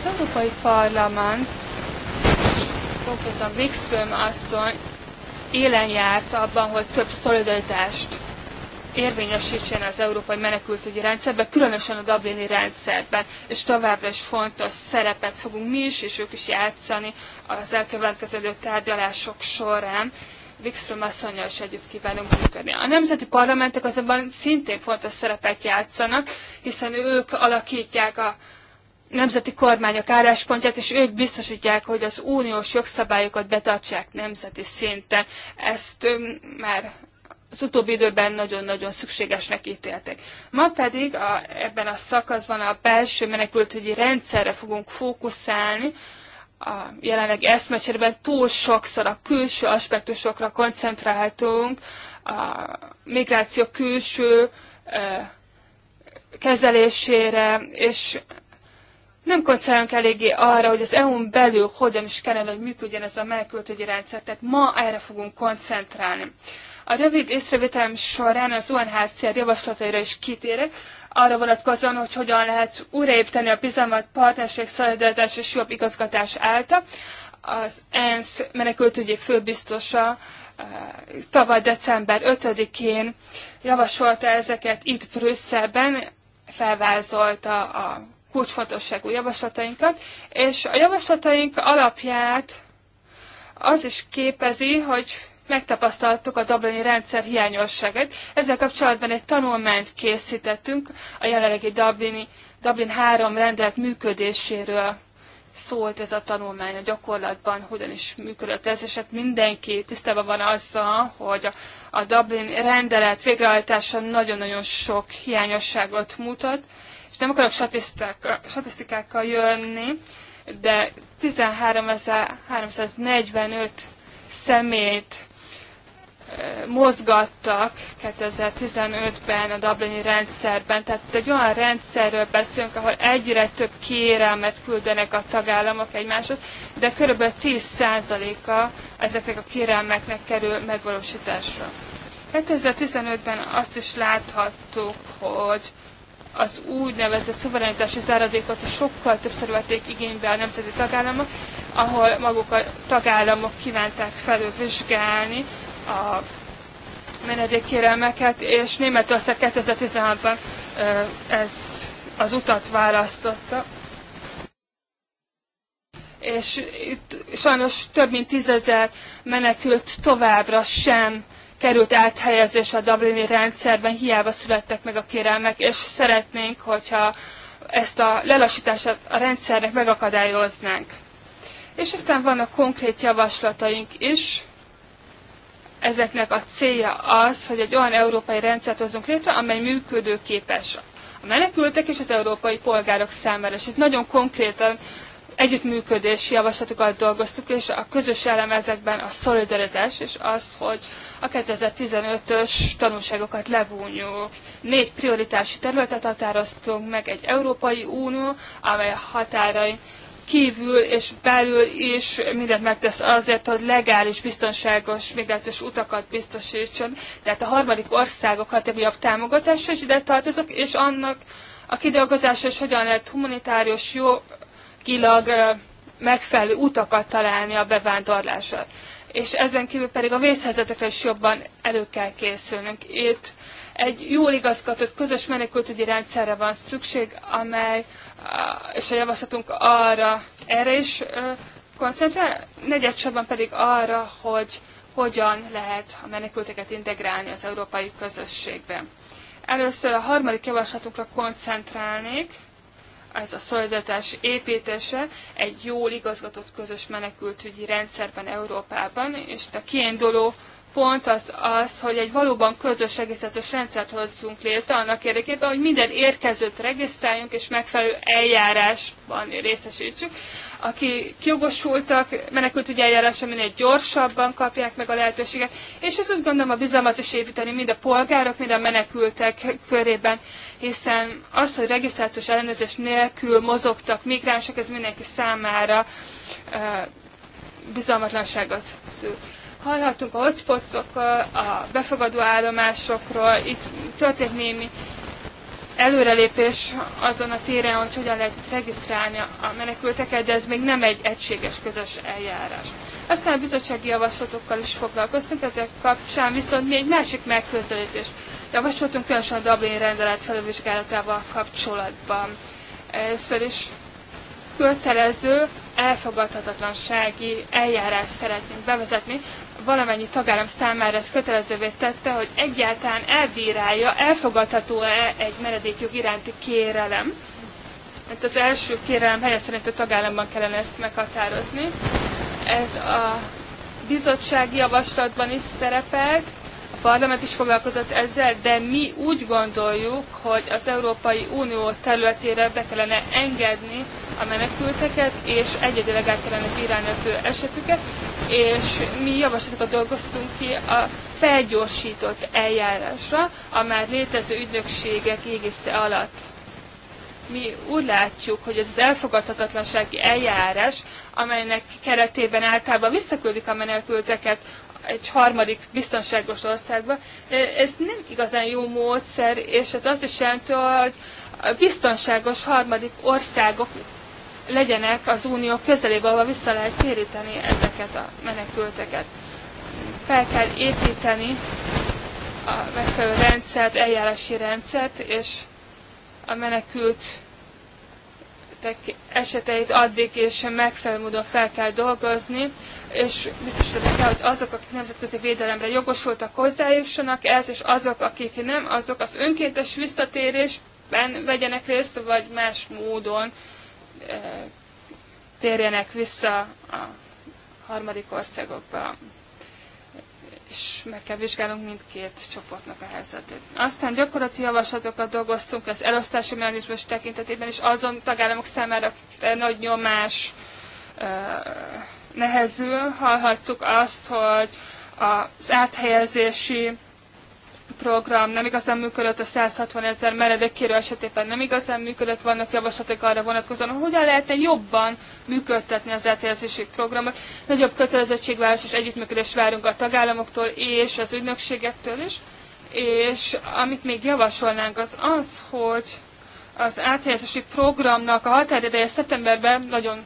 Az Európai Parlament konkrétan Wikström asszony élen járt abban, hogy több szolidaritást érvényesítsen az európai menekültügyi rendszerben, különösen a Dublini rendszerben, és továbbra is fontos szerepet fogunk mi is, és ők is játszani az elkövetkező tárgyalások során. Wikström asszonyal is együtt kívánunk működni. A nemzeti parlamentek azonban szintén fontos szerepet játszanak, hiszen ők alakítják a nemzeti kormányok álláspontját, és ők biztosítják, hogy az uniós jogszabályokat betartsák nemzeti szinten. Ezt már az utóbbi időben nagyon-nagyon szükségesnek ítélték. Ma pedig a, ebben a szakaszban a belső menekültügyi rendszerre fogunk fókuszálni, a jelenleg eszmecserben túl sokszor a külső aspektusokra koncentráltunk, a migráció külső kezelésére, és nem koncentrálunk eléggé arra, hogy az EU-n belül hogyan is kellene, hogy működjön ez a menekültügyi rendszer, tehát ma erre fogunk koncentrálni. A rövid észrevételem során az UNHCR javaslataira is kitérek, arra vonatkozóan, hogy hogyan lehet újraépíteni a bizalmat partnerség, szolidaritás és jobb igazgatás által. Az ENSZ menekültügyi főbiztosa eh, tavaly december 5-én javasolta ezeket itt Brüsszelben, felvázolta a kulcsfontosságú javaslatainkat, és a javaslataink alapját az is képezi, hogy megtapasztaltuk a Dublini rendszer hiányosságait. Ezzel kapcsolatban egy tanulmányt készítettünk a jelenlegi Dublini, Dublin 3 rendelet működéséről szólt ez a tanulmány a gyakorlatban, hogyan is működött ez, és hát mindenki tisztában van azzal, hogy a Dublin rendelet végrehajtása nagyon-nagyon sok hiányosságot mutat, és nem akarok statisztikákkal jönni, de 13.345 szemét mozgattak 2015-ben a Dublini rendszerben. Tehát egy olyan rendszerről beszélünk, ahol egyre több kérelmet küldenek a tagállamok egymáshoz, de kb. 10%-a ezeknek a kérelmeknek kerül megvalósításra. 2015-ben azt is láthattuk, hogy az úgynevezett szuverenitási záradékot is sokkal többször vették igénybe a nemzeti tagállamok, ahol maguk a tagállamok kívánták felülvizsgálni a menedékkérelmeket, és Németország 2016-ban ez az utat választotta. És itt sajnos több mint tízezer menekült továbbra sem került áthelyezés a Dublini rendszerben, hiába születtek meg a kérelmek, és szeretnénk, hogyha ezt a lelassítását a rendszernek megakadályoznánk. És aztán vannak konkrét javaslataink is, ezeknek a célja az, hogy egy olyan európai rendszert hozzunk létre, amely működőképes a menekültek és az európai polgárok számára. És itt nagyon konkrétan együttműködési javaslatokat dolgoztuk, és a közös elemezekben a szolidaritás, és az, hogy a 2015-ös tanulságokat levonjuk. Négy prioritási területet határoztunk meg, egy Európai Unió, amely határai kívül és belül is mindent megtesz azért, hogy legális, biztonságos migrációs utakat biztosítson. Tehát a harmadik országok hatékonyabb támogatása is ide tartozok, és annak a kidolgozása is hogyan lehet humanitárius, jogilag megfelelő utakat találni a bevándorlásra és ezen kívül pedig a vészhelyzetekre is jobban elő kell készülnünk. Itt egy jól igazgatott közös menekültügyi rendszerre van szükség, amely, és a javaslatunk arra, erre is koncentrál, negyedsorban pedig arra, hogy hogyan lehet a menekülteket integrálni az európai közösségbe. Először a harmadik javaslatunkra koncentrálnék, ez a szolidaritás építése egy jól igazgatott közös menekültügyi rendszerben Európában, és a kiinduló pont az, az, hogy egy valóban közös egészetes rendszert hozzunk létre annak érdekében, hogy minden érkezőt regisztráljunk és megfelelő eljárásban részesítsük. Aki kiogosultak, menekült ugye eljárása minél gyorsabban kapják meg a lehetőséget, és ez úgy gondolom a bizalmat is építeni mind a polgárok, mind a menekültek körében hiszen az, hogy regisztrációs ellenőrzés nélkül mozogtak migránsok, ez mindenki számára bizalmatlanságot szült. Hallhattunk a hotspotok, a befogadó állomásokról, itt történt némi előrelépés azon a téren, hogy hogyan lehet regisztrálni a menekülteket, de ez még nem egy egységes közös eljárás. Aztán a bizottsági javaslatokkal is foglalkoztunk, ezek kapcsán viszont mi egy másik megközelítést javasoltunk különösen a Dublin rendelet felülvizsgálatával kapcsolatban. Először is kötelező, elfogadhatatlansági eljárást szeretnénk bevezetni. Valamennyi tagállam számára ez kötelezővé tette, hogy egyáltalán elbírálja, elfogadható-e egy menedékjog iránti kérelem. Mert hát az első kérelem helye szerint a tagállamban kellene ezt meghatározni. Ez a bizottsági javaslatban is szerepelt, parlament is foglalkozott ezzel, de mi úgy gondoljuk, hogy az Európai Unió területére be kellene engedni a menekülteket, és egyedileg át kellene bírálni az ő esetüket, és mi javaslatokat dolgoztunk ki a felgyorsított eljárásra a már létező ügynökségek égisze alatt. Mi úgy látjuk, hogy ez az elfogadhatatlansági eljárás, amelynek keretében általában visszaküldik a menekülteket egy harmadik biztonságos országba. Ez nem igazán jó módszer, és ez az is jelenti, hogy biztonságos harmadik országok legyenek az unió közelében, ahol vissza lehet téríteni ezeket a menekülteket. Fel kell építeni a megfelelő rendszert, eljárási rendszert, és a menekült eseteit addig és megfelelő módon fel kell dolgozni, és biztosítani kell, hogy azok, akik nemzetközi védelemre jogosultak, hozzájussanak ez, és azok, akik nem, azok az önkéntes visszatérésben vegyenek részt, vagy más módon e, térjenek vissza a harmadik országokba. És meg kell vizsgálnunk mindkét csoportnak a helyzetét. Aztán gyakorlati javaslatokat dolgoztunk az elosztási mechanizmus tekintetében, és azon tagállamok számára nagy nyomás e, nehezül. Hallhattuk azt, hogy az áthelyezési program nem igazán működött, a 160 ezer kérő esetében nem igazán működött, vannak javaslatok arra vonatkozóan, hogy hogyan lehetne jobban működtetni az áthelyezési programot. Nagyobb kötelezettségvállalás és együttműködés várunk a tagállamoktól és az ügynökségektől is, és amit még javasolnánk az az, hogy az áthelyezési programnak a határideje szeptemberben nagyon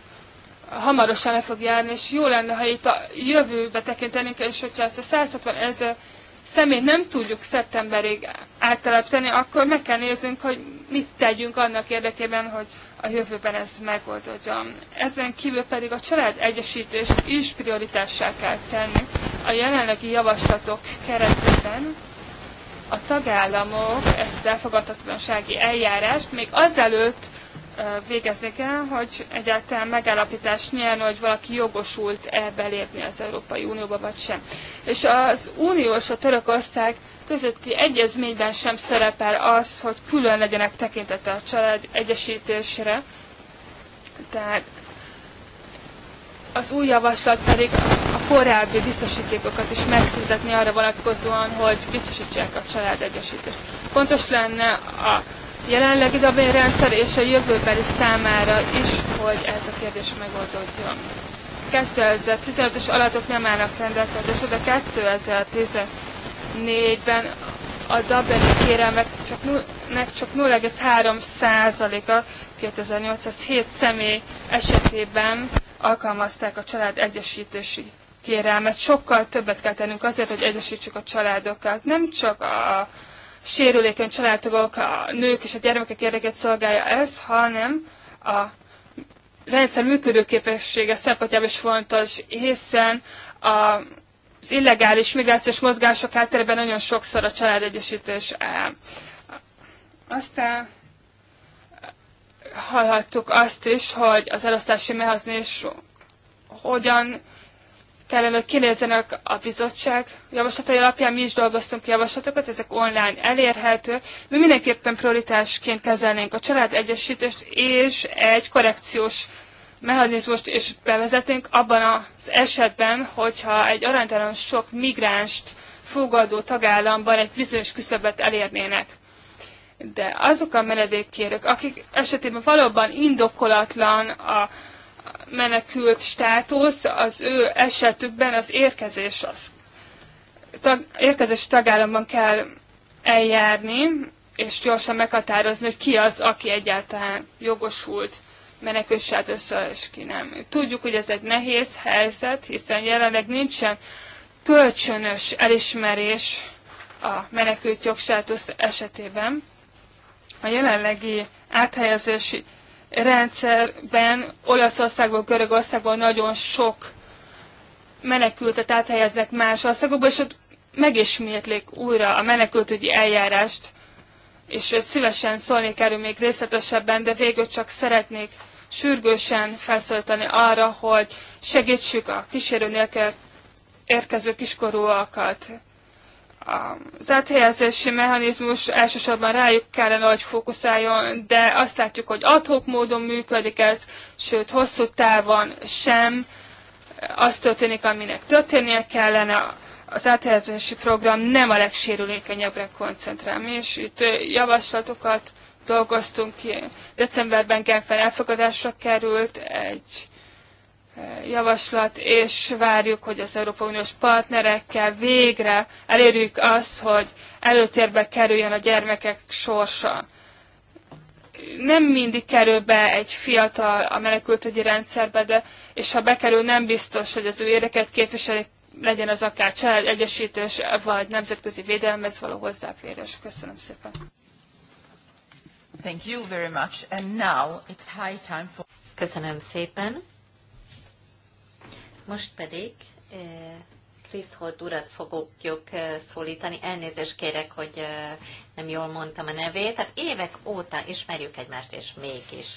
hamarosan le fog járni, és jó lenne, ha itt a jövőbe tekintenénk, és hogyha ezt a 160 ezer személyt nem tudjuk szeptemberig áttelepteni, akkor meg kell néznünk, hogy mit tegyünk annak érdekében, hogy a jövőben ez megoldódjon. Ezen kívül pedig a család egyesítést is prioritássá kell tenni. A jelenlegi javaslatok keretében a tagállamok ezt az elfogadhatósági eljárást még azelőtt végeznek el, hogy egyáltalán megállapítás nyerni, hogy valaki jogosult-e belépni az Európai Unióba, vagy sem. És az uniós, a török osztály közötti egyezményben sem szerepel az, hogy külön legyenek tekintete a család egyesítésre. Tehát az új javaslat pedig a korábbi biztosítékokat is megszüntetni arra vonatkozóan, hogy biztosítsák a családegyesítést. Fontos lenne a jelenlegi rendszer és a jövőbeli számára is, hogy ez a kérdés megoldódjon. 2015-ös adatok nem állnak rendelkezésre, de 2014-ben a Dublin kérelmek csak, csak 0,3%-a 2807 személy esetében alkalmazták a család egyesítési kérelmet. Sokkal többet kell tennünk azért, hogy egyesítsük a családokat. Nem csak a sérülékeny családtagok, a nők és a gyermekek érdeket szolgálja ez, hanem a rendszer működőképessége szempontjából is fontos, hiszen a az illegális migrációs mozgások átterében nagyon sokszor a családegyesítés áll. Aztán hallhattuk azt is, hogy az elosztási mechanizmus hogyan kellene, kinézzenek a bizottság javaslatai alapján. Mi is dolgoztunk javaslatokat, ezek online elérhető. Mi mindenképpen prioritásként kezelnénk a család egyesítést és egy korrekciós mechanizmust is bevezetnénk abban az esetben, hogyha egy aránytalan sok migránst fogadó tagállamban egy bizonyos küszöbet elérnének. De azok a menedékkérők, akik esetében valóban indokolatlan a menekült státusz, az ő esetükben az érkezés az tag, érkezés tagállamban kell eljárni, és gyorsan meghatározni, hogy ki az, aki egyáltalán jogosult menekült státuszra, és ki nem. Tudjuk, hogy ez egy nehéz helyzet, hiszen jelenleg nincsen kölcsönös elismerés a menekült jogstátusz esetében. A jelenlegi áthelyezési rendszerben Olaszországból, Görögországból nagyon sok menekültet áthelyeznek más országokba, és ott megismétlik újra a menekültügyi eljárást, és szívesen szólnék erről még részletesebben, de végül csak szeretnék sürgősen felszólítani arra, hogy segítsük a kísérő nélkül érkező kiskorúakat, az áthelyezési mechanizmus elsősorban rájuk kellene, hogy fókuszáljon, de azt látjuk, hogy adhok módon működik ez, sőt hosszú távon sem az történik, aminek történnie kellene. Az áthelyezési program nem a legsérülékenyebbre koncentrál. Mi is itt javaslatokat dolgoztunk ki. Decemberben Genfen elfogadásra került egy javaslat, és várjuk, hogy az Európai Uniós partnerekkel végre elérjük azt, hogy előtérbe kerüljön a gyermekek sorsa. Nem mindig kerül be egy fiatal a menekültügyi rendszerbe, de és ha bekerül, nem biztos, hogy az ő éreket képviselik, legyen az akár egyesítés, vagy nemzetközi védelmez való hozzáférés. Köszönöm szépen. Thank you very much. And now it's high time for... Köszönöm szépen. Most pedig Krisz Holt urat fogjuk szólítani. Elnézést kérek, hogy nem jól mondtam a nevét. Tehát évek óta ismerjük egymást, és mégis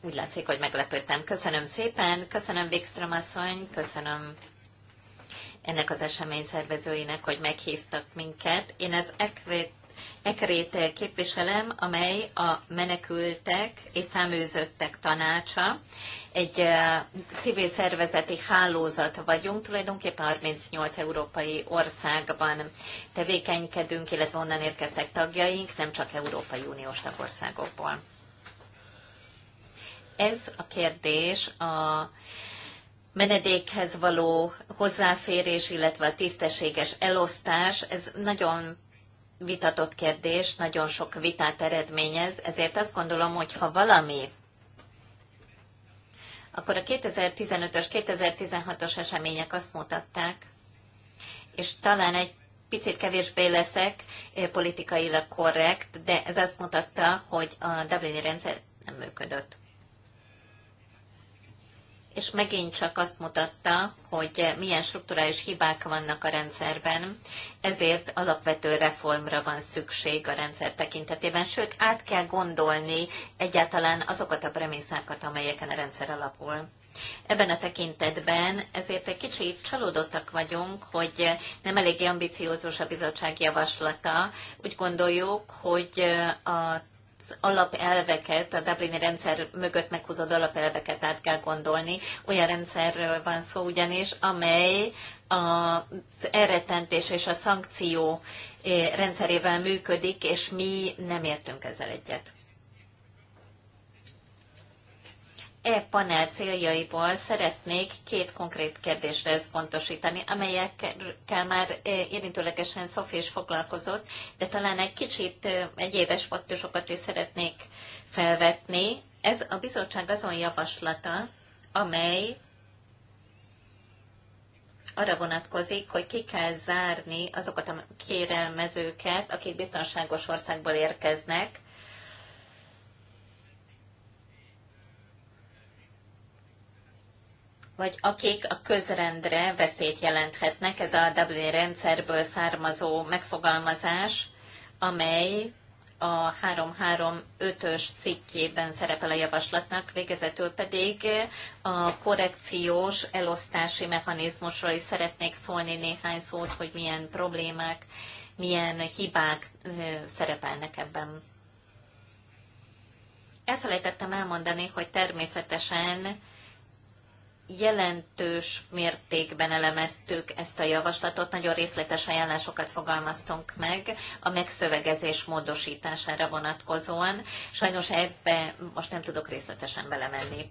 úgy látszik, hogy meglepődtem. Köszönöm szépen, köszönöm Wikström asszony, köszönöm ennek az esemény szervezőinek, hogy meghívtak minket. Én az Equit Ekrét képviselem, amely a menekültek és száműzöttek tanácsa. Egy civil szervezeti hálózat vagyunk, tulajdonképpen 38 európai országban tevékenykedünk, illetve onnan érkeztek tagjaink, nem csak Európai Uniós tagországokból. Ez a kérdés a menedékhez való hozzáférés, illetve a tisztességes elosztás, ez nagyon vitatott kérdés, nagyon sok vitát eredményez, ezért azt gondolom, hogy ha valami akkor a 2015-ös, 2016-os események azt mutatták, és talán egy picit kevésbé leszek eh, politikailag korrekt, de ez azt mutatta, hogy a Dublini rendszer nem működött és megint csak azt mutatta, hogy milyen strukturális hibák vannak a rendszerben, ezért alapvető reformra van szükség a rendszer tekintetében, sőt át kell gondolni egyáltalán azokat a premisszákat, amelyeken a rendszer alapul. Ebben a tekintetben ezért egy kicsit csalódottak vagyunk, hogy nem eléggé ambiciózus a bizottság javaslata. Úgy gondoljuk, hogy a alapelveket, a Dublini rendszer mögött meghúzott alapelveket át kell gondolni. Olyan rendszerről van szó ugyanis, amely az elrettentés és a szankció eh, rendszerével működik, és mi nem értünk ezzel egyet. e-panel céljaiból szeretnék két konkrét kérdésre összpontosítani, amelyekkel már e, érintőlegesen Szofi is foglalkozott, de talán egy kicsit e, egyéb aspektusokat is szeretnék felvetni. Ez a bizottság azon javaslata, amely arra vonatkozik, hogy ki kell zárni azokat a kérelmezőket, akik biztonságos országból érkeznek, vagy akik a közrendre veszélyt jelenthetnek, ez a Dublin rendszerből származó megfogalmazás, amely a 335-ös cikkében szerepel a javaslatnak, végezetül pedig a korrekciós elosztási mechanizmusról is szeretnék szólni néhány szót, hogy milyen problémák, milyen hibák szerepelnek ebben. Elfelejtettem elmondani, hogy természetesen jelentős mértékben elemeztük ezt a javaslatot, nagyon részletes ajánlásokat fogalmaztunk meg a megszövegezés módosítására vonatkozóan. Sajnos ebbe most nem tudok részletesen belemenni.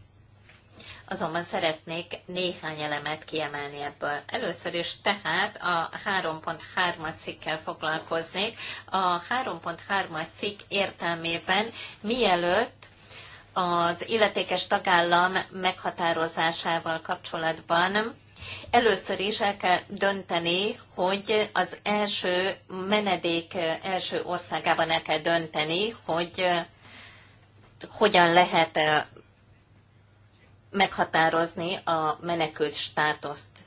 Azonban szeretnék néhány elemet kiemelni ebből. Először is tehát a 3.3-as cikkkel foglalkoznék. A 3.3-as cikk értelmében mielőtt az illetékes tagállam meghatározásával kapcsolatban először is el kell dönteni, hogy az első menedék első országában el kell dönteni, hogy eh, hogyan lehet eh, meghatározni a menekült státuszt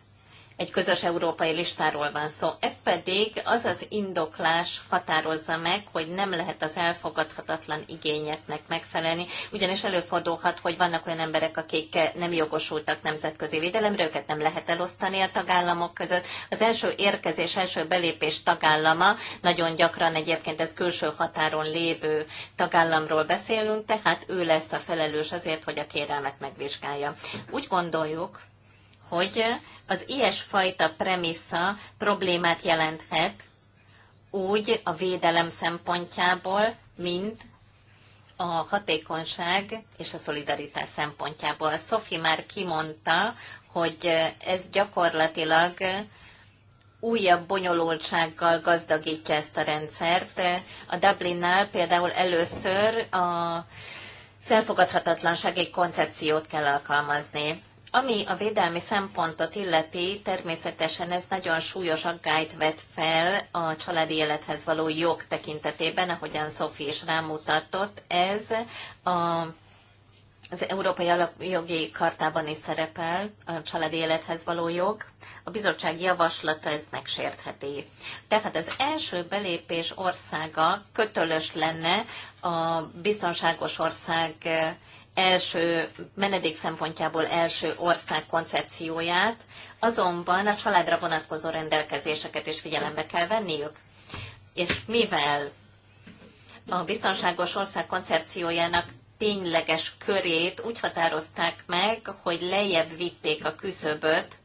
egy közös európai listáról van szó. Ez pedig az az indoklás határozza meg, hogy nem lehet az elfogadhatatlan igényeknek megfelelni, ugyanis előfordulhat, hogy vannak olyan emberek, akik nem jogosultak nemzetközi védelemre, őket nem lehet elosztani a tagállamok között. Az első érkezés, első belépés tagállama, nagyon gyakran egyébként ez külső határon lévő tagállamról beszélünk, tehát ő lesz a felelős azért, hogy a kérelmet megvizsgálja. Úgy gondoljuk, hogy az ilyesfajta premissza problémát jelenthet úgy a védelem szempontjából, mint a hatékonyság és a szolidaritás szempontjából. Szofi már kimondta, hogy ez gyakorlatilag újabb bonyolultsággal gazdagítja ezt a rendszert. A Dublinnál például először a elfogadhatatlanság egy koncepciót kell alkalmazni. Ami a védelmi szempontot illeti, természetesen ez nagyon súlyos aggályt vet fel a családi élethez való jog tekintetében, ahogyan Szofi is rámutatott. Ez a az Európai Alapjogi Kartában is szerepel a családi élethez való jog. A bizottság javaslata ez megsértheti. Tehát hát az első belépés országa kötölös lenne a biztonságos ország első menedék szempontjából első ország koncepcióját, azonban a családra vonatkozó rendelkezéseket is figyelembe kell venniük. És mivel a biztonságos ország koncepciójának tényleges körét úgy határozták meg, hogy lejjebb vitték a küszöböt,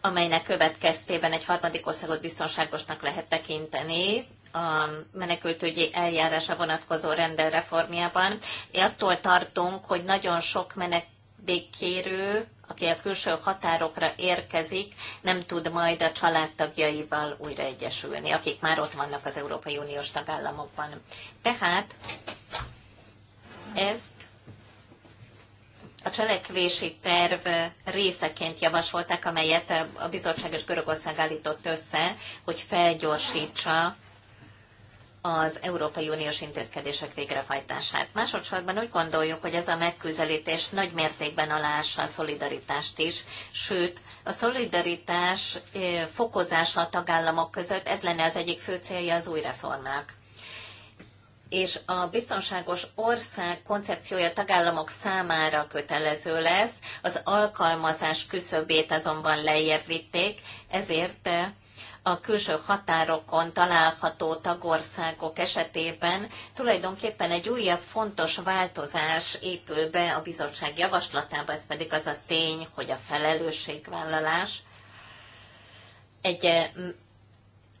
amelynek következtében egy harmadik országot biztonságosnak lehet tekinteni, a menekültügyi eljárása vonatkozó rendelreformjában. reformjában. Attól tartunk, hogy nagyon sok menedékkérő, aki a külső határokra érkezik, nem tud majd a családtagjaival újra egyesülni, akik már ott vannak az Európai Uniós tagállamokban. Tehát ezt a cselekvési terv részeként javasolták, amelyet a bizottság és Görögország állított össze, hogy felgyorsítsa az Európai Uniós intézkedések végrehajtását. Másodszorban úgy gondoljuk, hogy ez a megközelítés nagy mértékben alássa a szolidaritást is, sőt, a szolidaritás fokozása a tagállamok között, ez lenne az egyik fő célja az új reformnak és a biztonságos ország koncepciója tagállamok számára kötelező lesz, az alkalmazás küszöbét azonban lejjebb vitték, ezért a külső határokon található tagországok esetében tulajdonképpen egy újabb fontos változás épül be a bizottság javaslatába, ez pedig az a tény, hogy a felelősségvállalás egy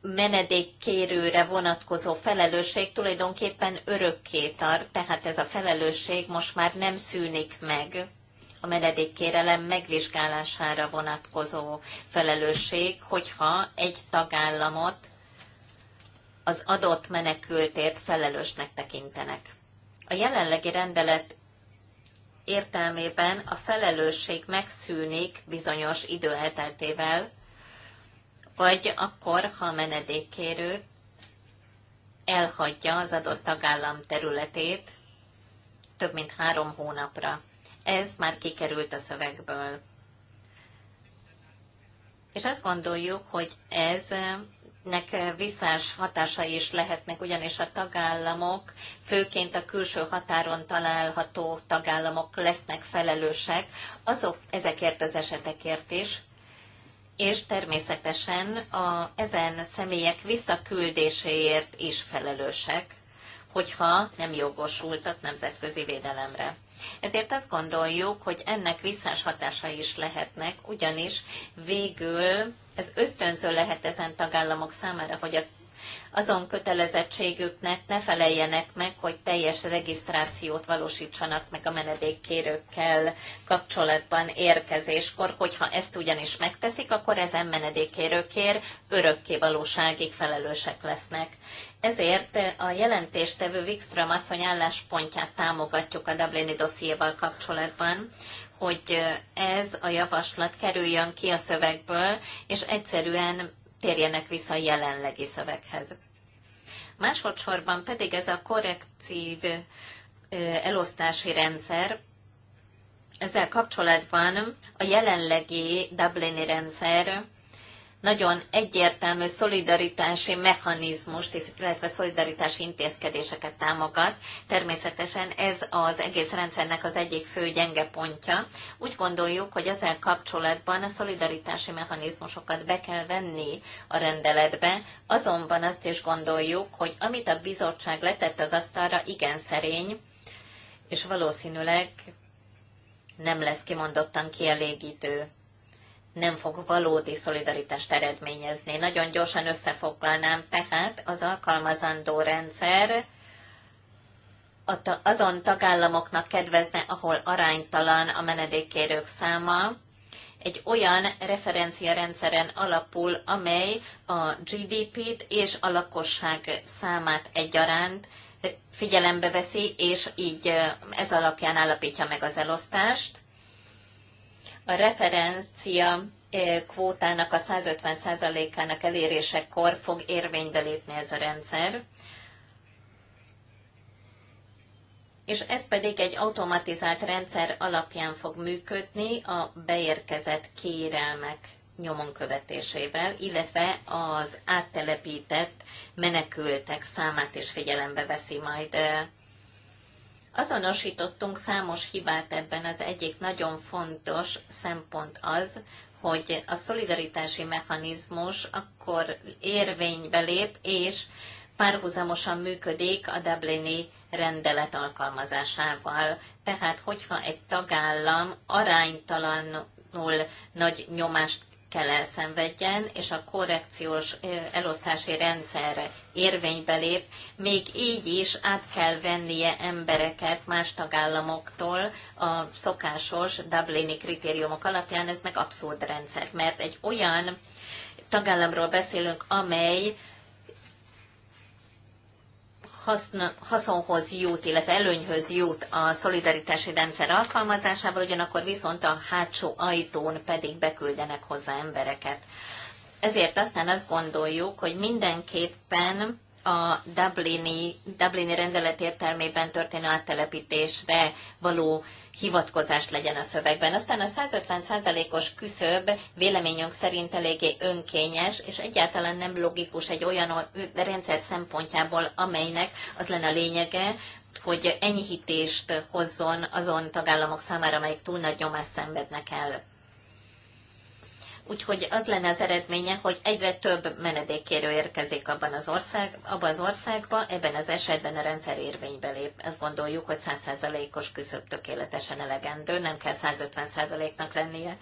menedékkérőre vonatkozó felelősség tulajdonképpen örökké tart, tehát ez a felelősség most már nem szűnik meg a menedékkérelem megvizsgálására vonatkozó felelősség, hogyha egy tagállamot az adott menekültért felelősnek tekintenek. A jelenlegi rendelet értelmében a felelősség megszűnik bizonyos idő elteltével, vagy akkor, ha a menedékkérő elhagyja az adott tagállam területét több mint három hónapra ez már kikerült a szövegből. És azt gondoljuk, hogy ez nek visszás hatásai is lehetnek, ugyanis a tagállamok, főként a külső határon található tagállamok lesznek felelősek azok ezekért az esetekért is, és természetesen a, ezen személyek visszaküldéséért is felelősek, hogyha nem jogosultak nemzetközi védelemre. Ezért azt gondoljuk, hogy ennek visszás hatása is lehetnek, ugyanis végül ez ösztönző lehet ezen tagállamok számára, hogy a azon kötelezettségüknek ne feleljenek meg, hogy teljes regisztrációt valósítsanak meg a menedékkérőkkel kapcsolatban érkezéskor, hogyha ezt ugyanis megteszik, akkor ezen menedékkérőkért örökké valóságig felelősek lesznek. Ezért a jelentéstevő Wikström asszony álláspontját támogatjuk a Dublini dossziéval kapcsolatban, hogy ez a javaslat kerüljön ki a szövegből, és egyszerűen térjenek vissza a jelenlegi szöveghez. Másodszorban pedig ez a korrektív elosztási rendszer, ezzel kapcsolatban a jelenlegi Dublini rendszer nagyon egyértelmű szolidaritási mechanizmust, illetve szolidaritási intézkedéseket támogat. Természetesen ez az egész rendszernek az egyik fő gyenge pontja. Úgy gondoljuk, hogy ezzel kapcsolatban a szolidaritási mechanizmusokat be kell venni a rendeletbe, azonban azt is gondoljuk, hogy amit a bizottság letett az asztalra, igen szerény, és valószínűleg nem lesz kimondottan kielégítő nem fog valódi szolidaritást eredményezni. Nagyon gyorsan összefoglalnám, tehát az alkalmazandó rendszer azon tagállamoknak kedvezne, ahol aránytalan a menedékkérők száma, egy olyan referenciarendszeren alapul, amely a GDP-t és a lakosság számát egyaránt figyelembe veszi, és így ez alapján állapítja meg az elosztást a referencia eh, kvótának a 150%-ának elérésekor fog érvénybe lépni ez a rendszer. És ez pedig egy automatizált rendszer alapján fog működni a beérkezett kérelmek nyomon követésével, illetve az áttelepített menekültek számát is figyelembe veszi majd eh, Azonosítottunk számos hibát ebben, az egyik nagyon fontos szempont az, hogy a szolidaritási mechanizmus akkor érvénybe lép, és párhuzamosan működik a Dublini rendelet alkalmazásával. Tehát, hogyha egy tagállam aránytalanul nagy nyomást kell elszenvedjen, és a korrekciós elosztási rendszerre érvénybe lép, még így is át kell vennie embereket más tagállamoktól a szokásos Dublini kritériumok alapján, ez meg abszurd rendszer, mert egy olyan tagállamról beszélünk, amely haszna, haszonhoz jut, illetve előnyhöz jut a szolidaritási rendszer alkalmazásával, ugyanakkor viszont a hátsó ajtón pedig beküldenek hozzá embereket. Ezért aztán azt gondoljuk, hogy mindenképpen a Dublini, Dublini rendelet értelmében történő áttelepítésre való hivatkozás legyen a szövegben. Aztán a 150%-os küszöb véleményünk szerint eléggé önkényes, és egyáltalán nem logikus egy olyan rendszer szempontjából, amelynek az lenne a lényege, hogy enyhítést hozzon azon tagállamok számára, amelyek túl nagy nyomást szenvednek el. Úgyhogy az lenne az eredménye, hogy egyre több menedékkérő érkezik abban az ország, abban az országba, ebben az esetben a rendszer érvénybe lép. Azt gondoljuk, hogy 100%-os küszöb tökéletesen elegendő, nem kell 150%-nak lennie.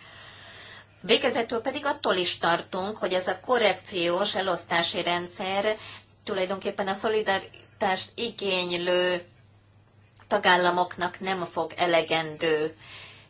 Végezetül pedig attól is tartunk, hogy ez a korrekciós elosztási rendszer tulajdonképpen a szolidaritást igénylő tagállamoknak nem fog elegendő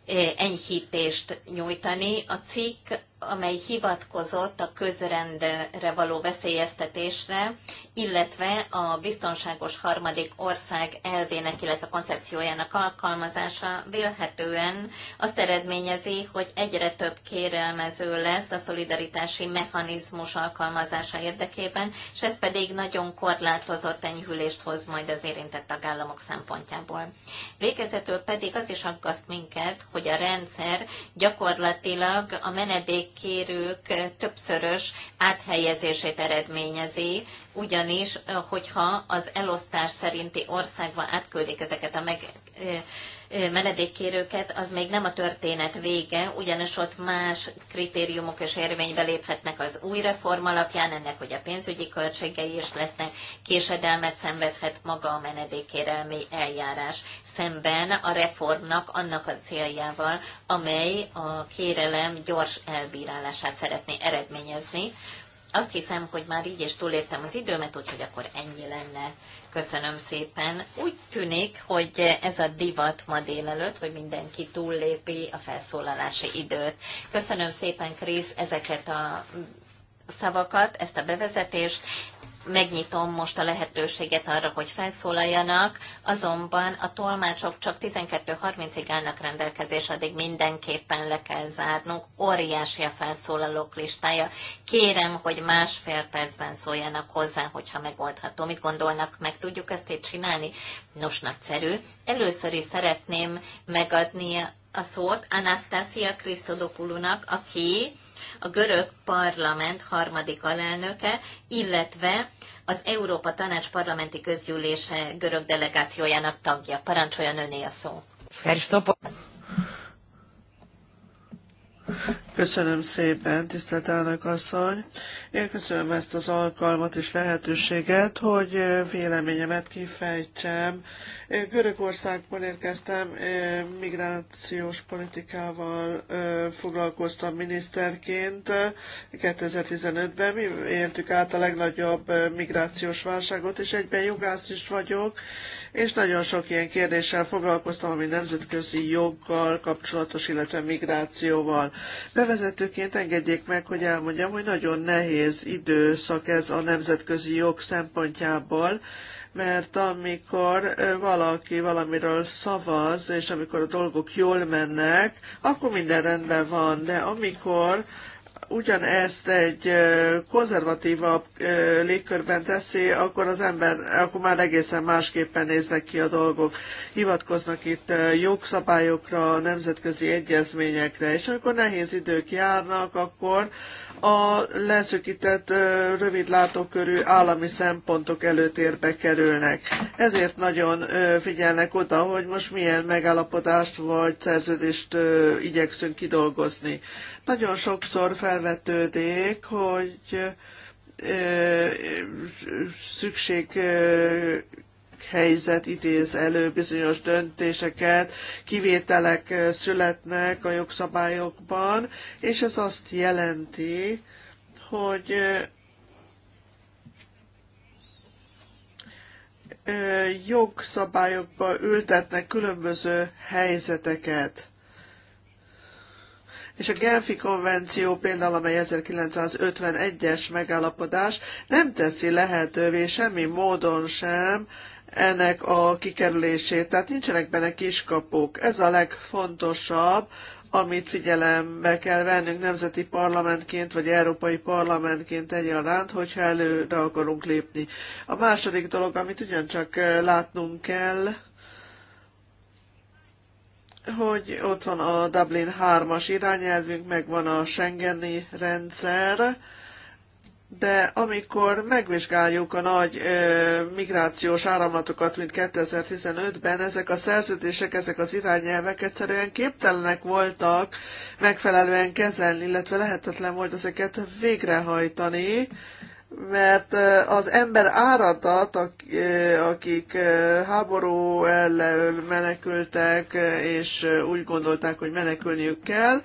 eh, enyhítést nyújtani. A cikk amely hivatkozott a közrendre való veszélyeztetésre, illetve a biztonságos harmadik ország elvének, illetve koncepciójának alkalmazása vélhetően azt eredményezi, hogy egyre több kérelmező lesz a szolidaritási mechanizmus alkalmazása érdekében, és ez pedig nagyon korlátozott enyhülést hoz majd az érintett tagállamok szempontjából. Végezetül pedig az is aggaszt minket, hogy a rendszer gyakorlatilag a menedékkérők többszörös áthelyezését eredményezi, ugyanis, eh, hogyha az elosztás szerinti országba átküldik ezeket a meg, eh, eh, menedékkérőket, az még nem a történet vége, ugyanis ott más kritériumok és érvénybe léphetnek az új reform alapján, ennek hogy a pénzügyi költségei is lesznek, késedelmet szenvedhet maga a menedékkérelmi eljárás szemben a reformnak annak a céljával, amely a kérelem gyors elbírálását szeretné eredményezni, azt hiszem, hogy már így is túléltem az időmet, úgyhogy akkor ennyi lenne. Köszönöm szépen. Úgy tűnik, hogy ez a divat ma délelőtt, hogy mindenki túllépi a felszólalási időt. Köszönöm szépen, Krisz, ezeket a szavakat, ezt a bevezetést megnyitom most a lehetőséget arra, hogy felszólaljanak, azonban a tolmácsok csak 12.30-ig állnak rendelkezés, addig mindenképpen le kell zárnunk. Óriási a felszólalók listája. Kérem, hogy másfél percben szóljanak hozzá, hogyha megoldható. Mit gondolnak, meg tudjuk ezt így csinálni? Nos, nagyszerű. Először is szeretném megadni a szót Anastasia Christodopoulunak, aki a görög parlament harmadik alelnöke, illetve az Európa Tanács parlamenti közgyűlése görög delegációjának tagja. Parancsoljon öné a szó. Köszönöm szépen, tisztelt elnök asszony. Én köszönöm ezt az alkalmat és lehetőséget, hogy véleményemet kifejtsem. Én Görögországból érkeztem, migrációs politikával foglalkoztam miniszterként 2015-ben. Mi éltük át a legnagyobb migrációs válságot, és egyben jogász is vagyok, és nagyon sok ilyen kérdéssel foglalkoztam, ami nemzetközi joggal kapcsolatos, illetve migrációval. Bevezetőként engedjék meg, hogy elmondjam, hogy nagyon nehéz időszak ez a nemzetközi jog szempontjából, mert amikor valaki valamiről szavaz, és amikor a dolgok jól mennek, akkor minden rendben van, de amikor ugyanezt egy konzervatívabb légkörben teszi, akkor az ember, akkor már egészen másképpen néznek ki a dolgok. Hivatkoznak itt jogszabályokra, nemzetközi egyezményekre, és amikor nehéz idők járnak, akkor a leszűkített rövid látókörű állami szempontok előtérbe kerülnek. Ezért nagyon figyelnek oda, hogy most milyen megállapodást vagy szerződést igyekszünk kidolgozni. Nagyon sokszor felvetődik, hogy szükség helyzet idéz elő bizonyos döntéseket, kivételek eh, születnek a jogszabályokban, és ez azt jelenti, hogy eh, eh, jogszabályokba ültetnek különböző helyzeteket. És a Genfi konvenció például, amely 1951-es megállapodás nem teszi lehetővé semmi módon sem, ennek a kikerülését. Tehát nincsenek benne kiskapuk. Ez a legfontosabb, amit figyelembe kell vennünk nemzeti parlamentként, vagy európai parlamentként egyaránt, hogyha előre akarunk lépni. A második dolog, amit ugyancsak eh, látnunk kell, hogy ott van a Dublin 3-as irányelvünk, meg van a Schengeni rendszer, de amikor megvizsgáljuk a nagy ö, migrációs áramlatokat, mint 2015-ben, ezek a szerződések, ezek az irányelvek egyszerűen képtelenek voltak megfelelően kezelni, illetve lehetetlen volt ezeket végrehajtani, mert az ember áradat, akik háború ellen menekültek, és úgy gondolták, hogy menekülniük kell,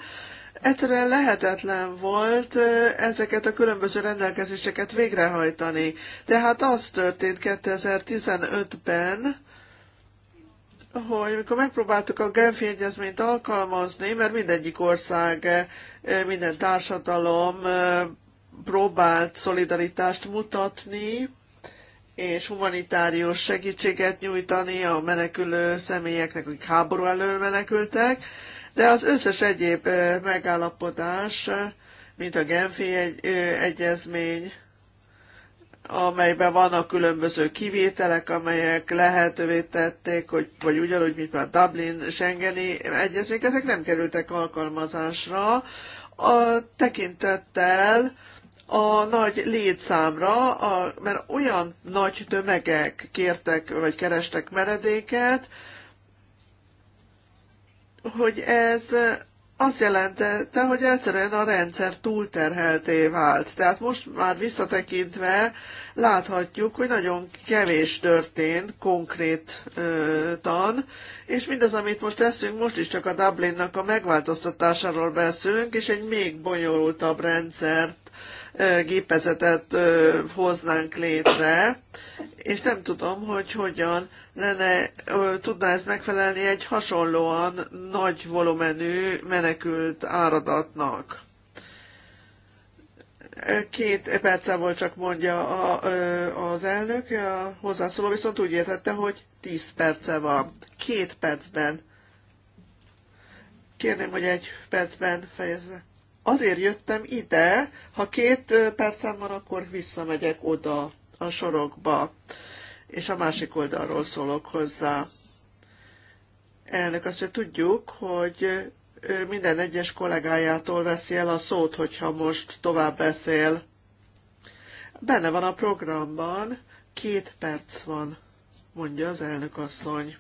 Egyszerűen lehetetlen volt ezeket a különböző rendelkezéseket végrehajtani. Tehát az történt 2015-ben, hogy mikor megpróbáltuk a Genfi Egyezményt alkalmazni, mert mindegyik ország, minden társadalom próbált szolidaritást mutatni, és humanitárius segítséget nyújtani a menekülő személyeknek, akik háború elől menekültek, de az összes egyéb megállapodás, mint a Genfi egy, egyezmény, amelyben vannak különböző kivételek, amelyek lehetővé tették, hogy, vagy ugyanúgy, mint a Dublin Schengeni egyezmény, ezek nem kerültek alkalmazásra a tekintettel a nagy létszámra, a, mert olyan nagy tömegek kértek vagy kerestek meredéket, hogy ez azt jelentette, hogy egyszerűen a rendszer túlterhelté vált. Tehát most már visszatekintve láthatjuk, hogy nagyon kevés történt konkrétan, és mindaz, amit most teszünk, most is csak a Dublinnak a megváltoztatásáról beszélünk, és egy még bonyolultabb rendszert gépezetet hoznánk létre, és nem tudom, hogy hogyan lenne, tudná ez megfelelni egy hasonlóan nagy volumenű menekült áradatnak. Két perce volt csak mondja a, az elnök, a hozzászóló viszont úgy értette, hogy 10 perce van. Két percben. Kérném, hogy egy percben fejezve azért jöttem ide, ha két percem van, akkor visszamegyek oda a sorokba, és a másik oldalról szólok hozzá. Elnök azt, hogy tudjuk, hogy ő minden egyes kollégájától veszi el a szót, hogyha most tovább beszél. Benne van a programban, két perc van, mondja az elnök asszony.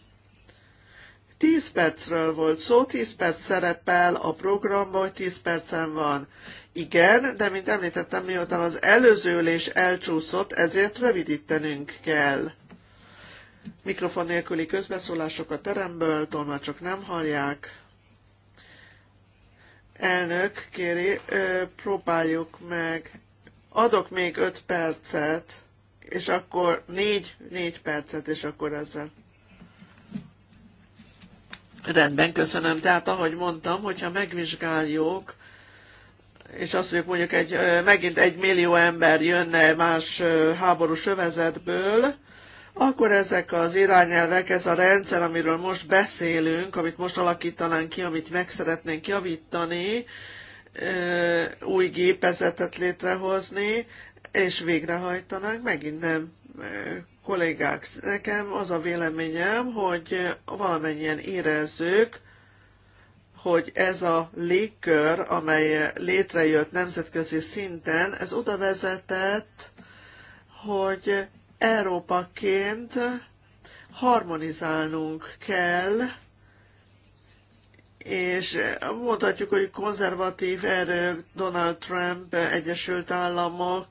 10 percről volt szó, 10 perc szerepel a programban, hogy 10 percen van. Igen, de mint említettem, miután az előző ülés elcsúszott, ezért rövidítenünk kell. Mikrofon nélküli közbeszólások a teremből, tolmácsok nem hallják. Elnök, kéri, próbáljuk meg. Adok még 5 percet, és akkor 4, 4 percet, és akkor ezzel. Rendben, köszönöm. Tehát ahogy mondtam, hogyha megvizsgáljuk, és azt mondjuk mondjuk egy, megint egy millió ember jönne más háborús övezetből, akkor ezek az irányelvek, ez a rendszer, amiről most beszélünk, amit most alakítanánk ki, amit meg szeretnénk javítani, új gépezetet létrehozni, és végrehajtanánk, megint nem kollégák, nekem az a véleményem, hogy valamennyien érezzük, hogy ez a légkör, amely létrejött nemzetközi szinten, ez oda vezetett, hogy Európaként harmonizálnunk kell, és mondhatjuk, hogy konzervatív erők, Donald Trump, Egyesült Államok,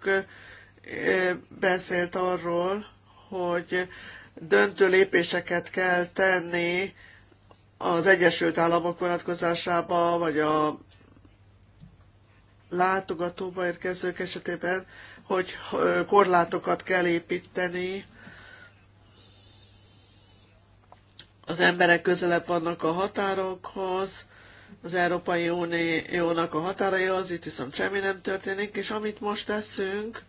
beszélt arról, hogy döntő lépéseket kell tenni az Egyesült Államok vonatkozásába, vagy a látogatóba érkezők esetében, hogy korlátokat kell építeni, az emberek közelebb vannak a határokhoz, az Európai Uniónak a határaihoz, itt viszont semmi nem történik, és amit most teszünk,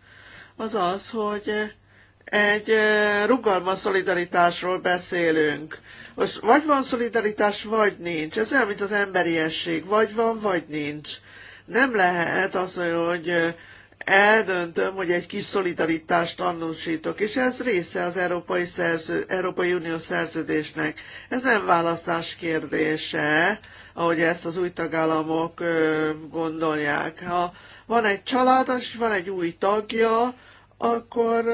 az az, hogy egy rugalmas szolidaritásról beszélünk. Most vagy van szolidaritás, vagy nincs. Ez olyan, mint az emberiesség. Vagy van, vagy nincs. Nem lehet az, hogy eldöntöm, hogy egy kis szolidaritást tanúsítok, és ez része az Európai, Szerző, Európai Unió szerződésnek. Ez nem választás kérdése, ahogy ezt az új tagállamok gondolják. Ha van egy család, és van egy új tagja, akkor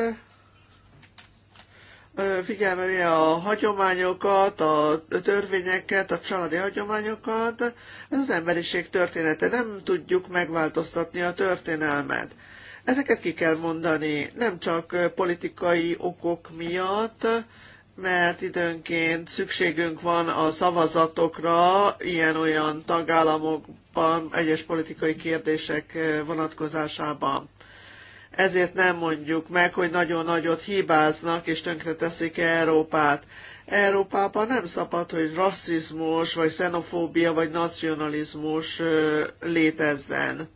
figyelme a hagyományokat, a törvényeket, a családi hagyományokat. Ez az emberiség története. Nem tudjuk megváltoztatni a történelmet. Ezeket ki kell mondani, nem csak politikai okok miatt, mert időnként szükségünk van a szavazatokra ilyen-olyan tagállamok a egyes politikai kérdések eh, vonatkozásában. Ezért nem mondjuk meg, hogy nagyon nagyot hibáznak és tönkreteszik Európát. Európában nem szabad, hogy rasszizmus, vagy xenofóbia, vagy nacionalizmus eh, létezzen.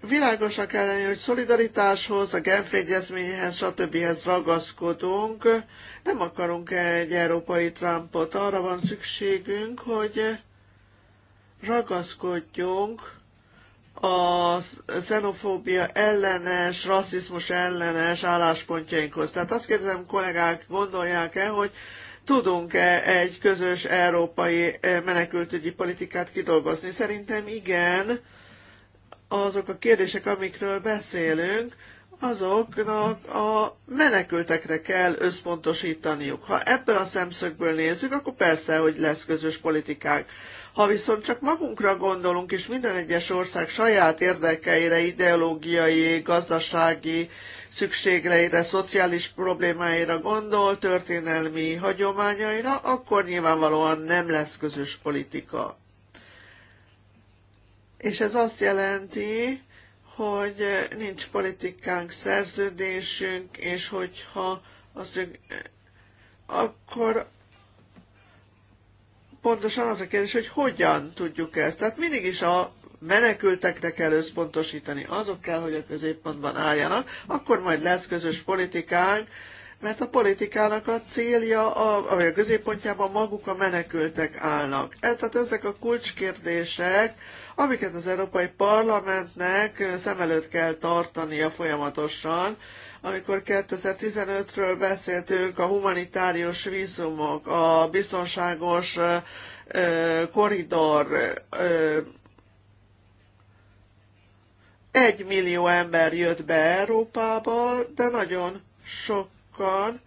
Világosak ellen, hogy szolidaritáshoz, a Genfegyezményhez, stb. ragaszkodunk. Nem akarunk egy európai Trumpot. Arra van szükségünk, hogy ragaszkodjunk a xenofóbia ellenes, rasszizmus ellenes álláspontjainkhoz. Tehát azt kérdezem, kollégák, gondolják-e, hogy tudunk-e egy közös európai eh, menekültügyi politikát kidolgozni? Szerintem igen. Azok a kérdések, amikről beszélünk, azoknak a menekültekre kell összpontosítaniuk. Ha ebből a szemszögből nézzük, akkor persze, hogy lesz közös politikák. Ha viszont csak magunkra gondolunk, és minden egyes ország saját érdekeire, ideológiai, gazdasági szükségleire, szociális problémáira gondol, történelmi hagyományaira, akkor nyilvánvalóan nem lesz közös politika. És ez azt jelenti, hogy nincs politikánk, szerződésünk, és hogyha az, akkor pontosan az a kérdés, hogy hogyan tudjuk ezt. Tehát mindig is a menekültekre kell összpontosítani, azok kell, hogy a középpontban álljanak, akkor majd lesz közös politikánk, mert a politikának a célja, a, a középpontjában maguk a menekültek állnak. E, tehát ezek a kulcskérdések, amiket az Európai Parlamentnek szem előtt kell tartania folyamatosan, amikor 2015-ről beszéltünk, a humanitárius vízumok, a biztonságos korridor, egy millió ember jött be Európába, de nagyon sokan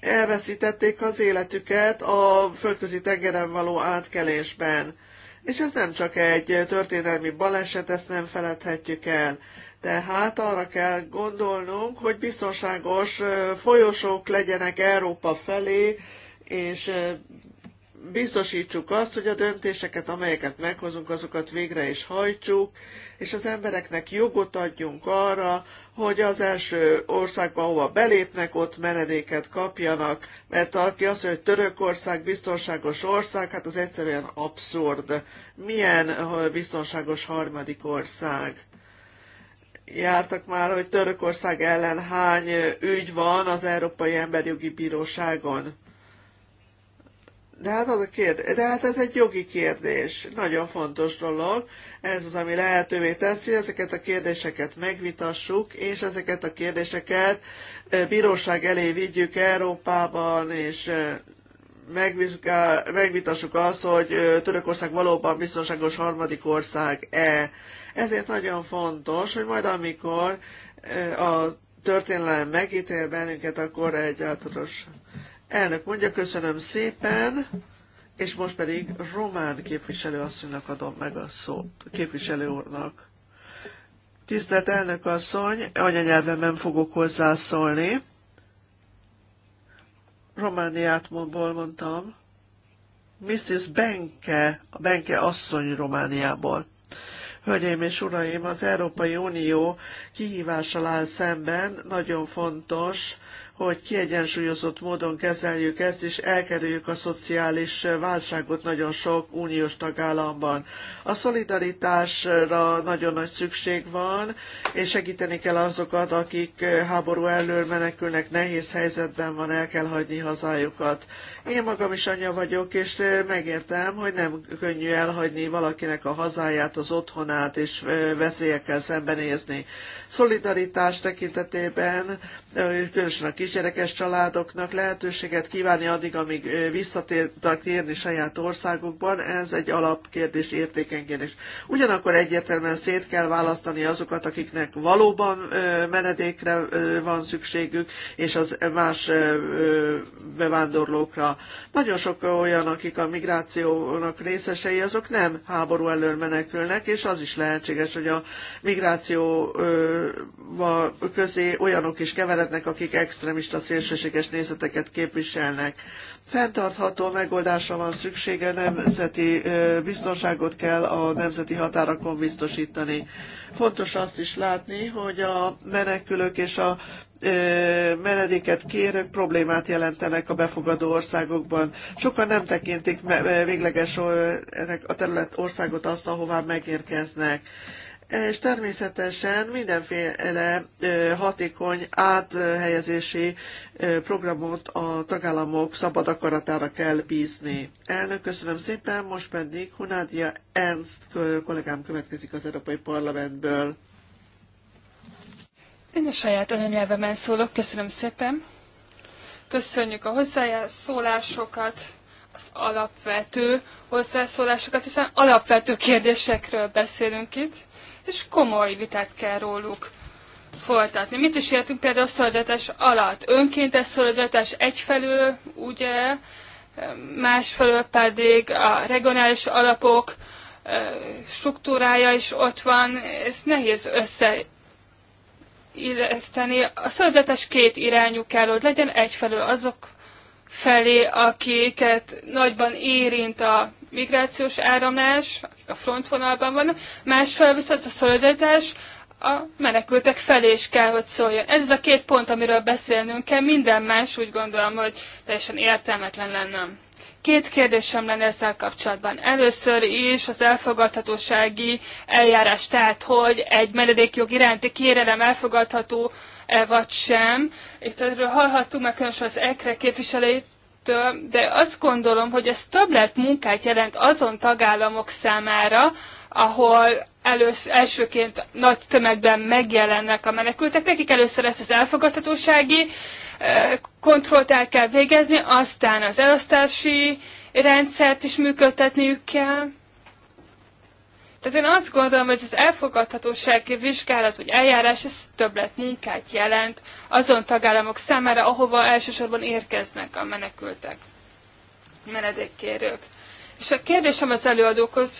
elveszítették az életüket a földközi tengeren való átkelésben. És ez nem csak egy történelmi baleset, ezt nem feledhetjük el. Tehát arra kell gondolnunk, hogy biztonságos folyosók legyenek Európa felé, és biztosítsuk azt, hogy a döntéseket, amelyeket meghozunk, azokat végre is hajtsuk, és az embereknek jogot adjunk arra, hogy az első országba, ahova belépnek, ott menedéket kapjanak, mert aki azt mondja, hogy Törökország biztonságos ország, hát az egyszerűen abszurd. Milyen biztonságos harmadik ország? jártak már, hogy Törökország ellen hány ügy van az Európai Emberjogi Bíróságon. De hát, az a kérdés, de hát ez egy jogi kérdés, nagyon fontos dolog. Ez az, ami lehetővé teszi, hogy ezeket a kérdéseket megvitassuk, és ezeket a kérdéseket bíróság elé vigyük Európában, és megvizsgál, megvitassuk azt, hogy Törökország valóban biztonságos harmadik ország-e. Ezért nagyon fontos, hogy majd amikor eh, a történelem megítél bennünket, akkor egy általános elnök mondja, köszönöm szépen, és most pedig román képviselőasszonynak adom meg a szót, képviselő úrnak. Tisztelt elnök asszony, anyanyelvemen fogok hozzászólni. Romániát mondból mondtam. Mrs. Benke, a Benke asszony Romániából. Hölgyeim és uraim, az Európai Unió kihívással áll szemben, nagyon fontos, hogy kiegyensúlyozott módon kezeljük ezt, és elkerüljük a szociális válságot nagyon sok uniós tagállamban. A szolidaritásra nagyon nagy szükség van, és segíteni kell azokat, akik háború elől menekülnek, nehéz helyzetben van, el kell hagyni hazájukat. Én magam is anya vagyok, és megértem, hogy nem könnyű elhagyni valakinek a hazáját, az otthonát, és veszélyekkel szembenézni. Szolidaritás tekintetében, különösen a kisgyerekes családoknak lehetőséget kívánni addig, amíg visszatértek térni saját országukban, ez egy alapkérdés, is. Ugyanakkor egyértelműen szét kell választani azokat, akiknek valóban menedékre van szükségük, és az más bevándorlókra nagyon sok olyan, akik a migrációnak részesei, azok nem háború elől menekülnek, és az is lehetséges, hogy a migráció közé olyanok is keverednek, akik extremista szélsőséges nézeteket képviselnek. Fenntartható megoldásra van szüksége, nemzeti biztonságot kell a nemzeti határokon biztosítani. Fontos azt is látni, hogy a menekülők és a menedéket kérők problémát jelentenek a befogadó országokban. Sokan nem tekintik végleges a terület országot azt, ahová megérkeznek és természetesen mindenféle hatékony áthelyezési programot a tagállamok szabad akaratára kell bízni. Elnök, köszönöm szépen, most pedig Hunádia Ernst kollégám következik az Európai Parlamentből. Én a saját anyanyelvemen szólok, köszönöm szépen. Köszönjük a hozzászólásokat, az alapvető hozzászólásokat, hiszen alapvető kérdésekről beszélünk itt, és komoly vitát kell róluk folytatni. Mit is értünk például a szolidatás alatt? Önkéntes szolidatás egyfelől, ugye, másfelől pedig a regionális alapok struktúrája is ott van, ez nehéz össze illeszteni. A szövetes két irányú kell, hogy legyen egyfelől azok felé, akiket nagyban érint a migrációs áramlás, akik a frontvonalban vannak, másfelől viszont a szolidaritás a menekültek felé is kell, hogy szóljon. Ez az a két pont, amiről beszélnünk kell, minden más úgy gondolom, hogy teljesen értelmetlen lenne. Két kérdésem lenne ezzel kapcsolatban. Először is az elfogadhatósági eljárás, tehát hogy egy menedékjog iránti kérelem elfogadható -e vagy sem. Itt erről hallhattuk meg különösen az EKRE képviselőit, de azt gondolom, hogy ez többlet munkát jelent azon tagállamok számára, ahol elősz, elsőként nagy tömegben megjelennek a menekültek. Nekik először ezt az elfogadhatósági kontrollt el kell végezni, aztán az elosztási rendszert is működtetniük kell. Tehát én azt gondolom, hogy az elfogadhatósági vizsgálat vagy eljárás ez többlet munkát jelent azon tagállamok számára, ahova elsősorban érkeznek a menekültek, menedékkérők. És a kérdésem az előadókhoz,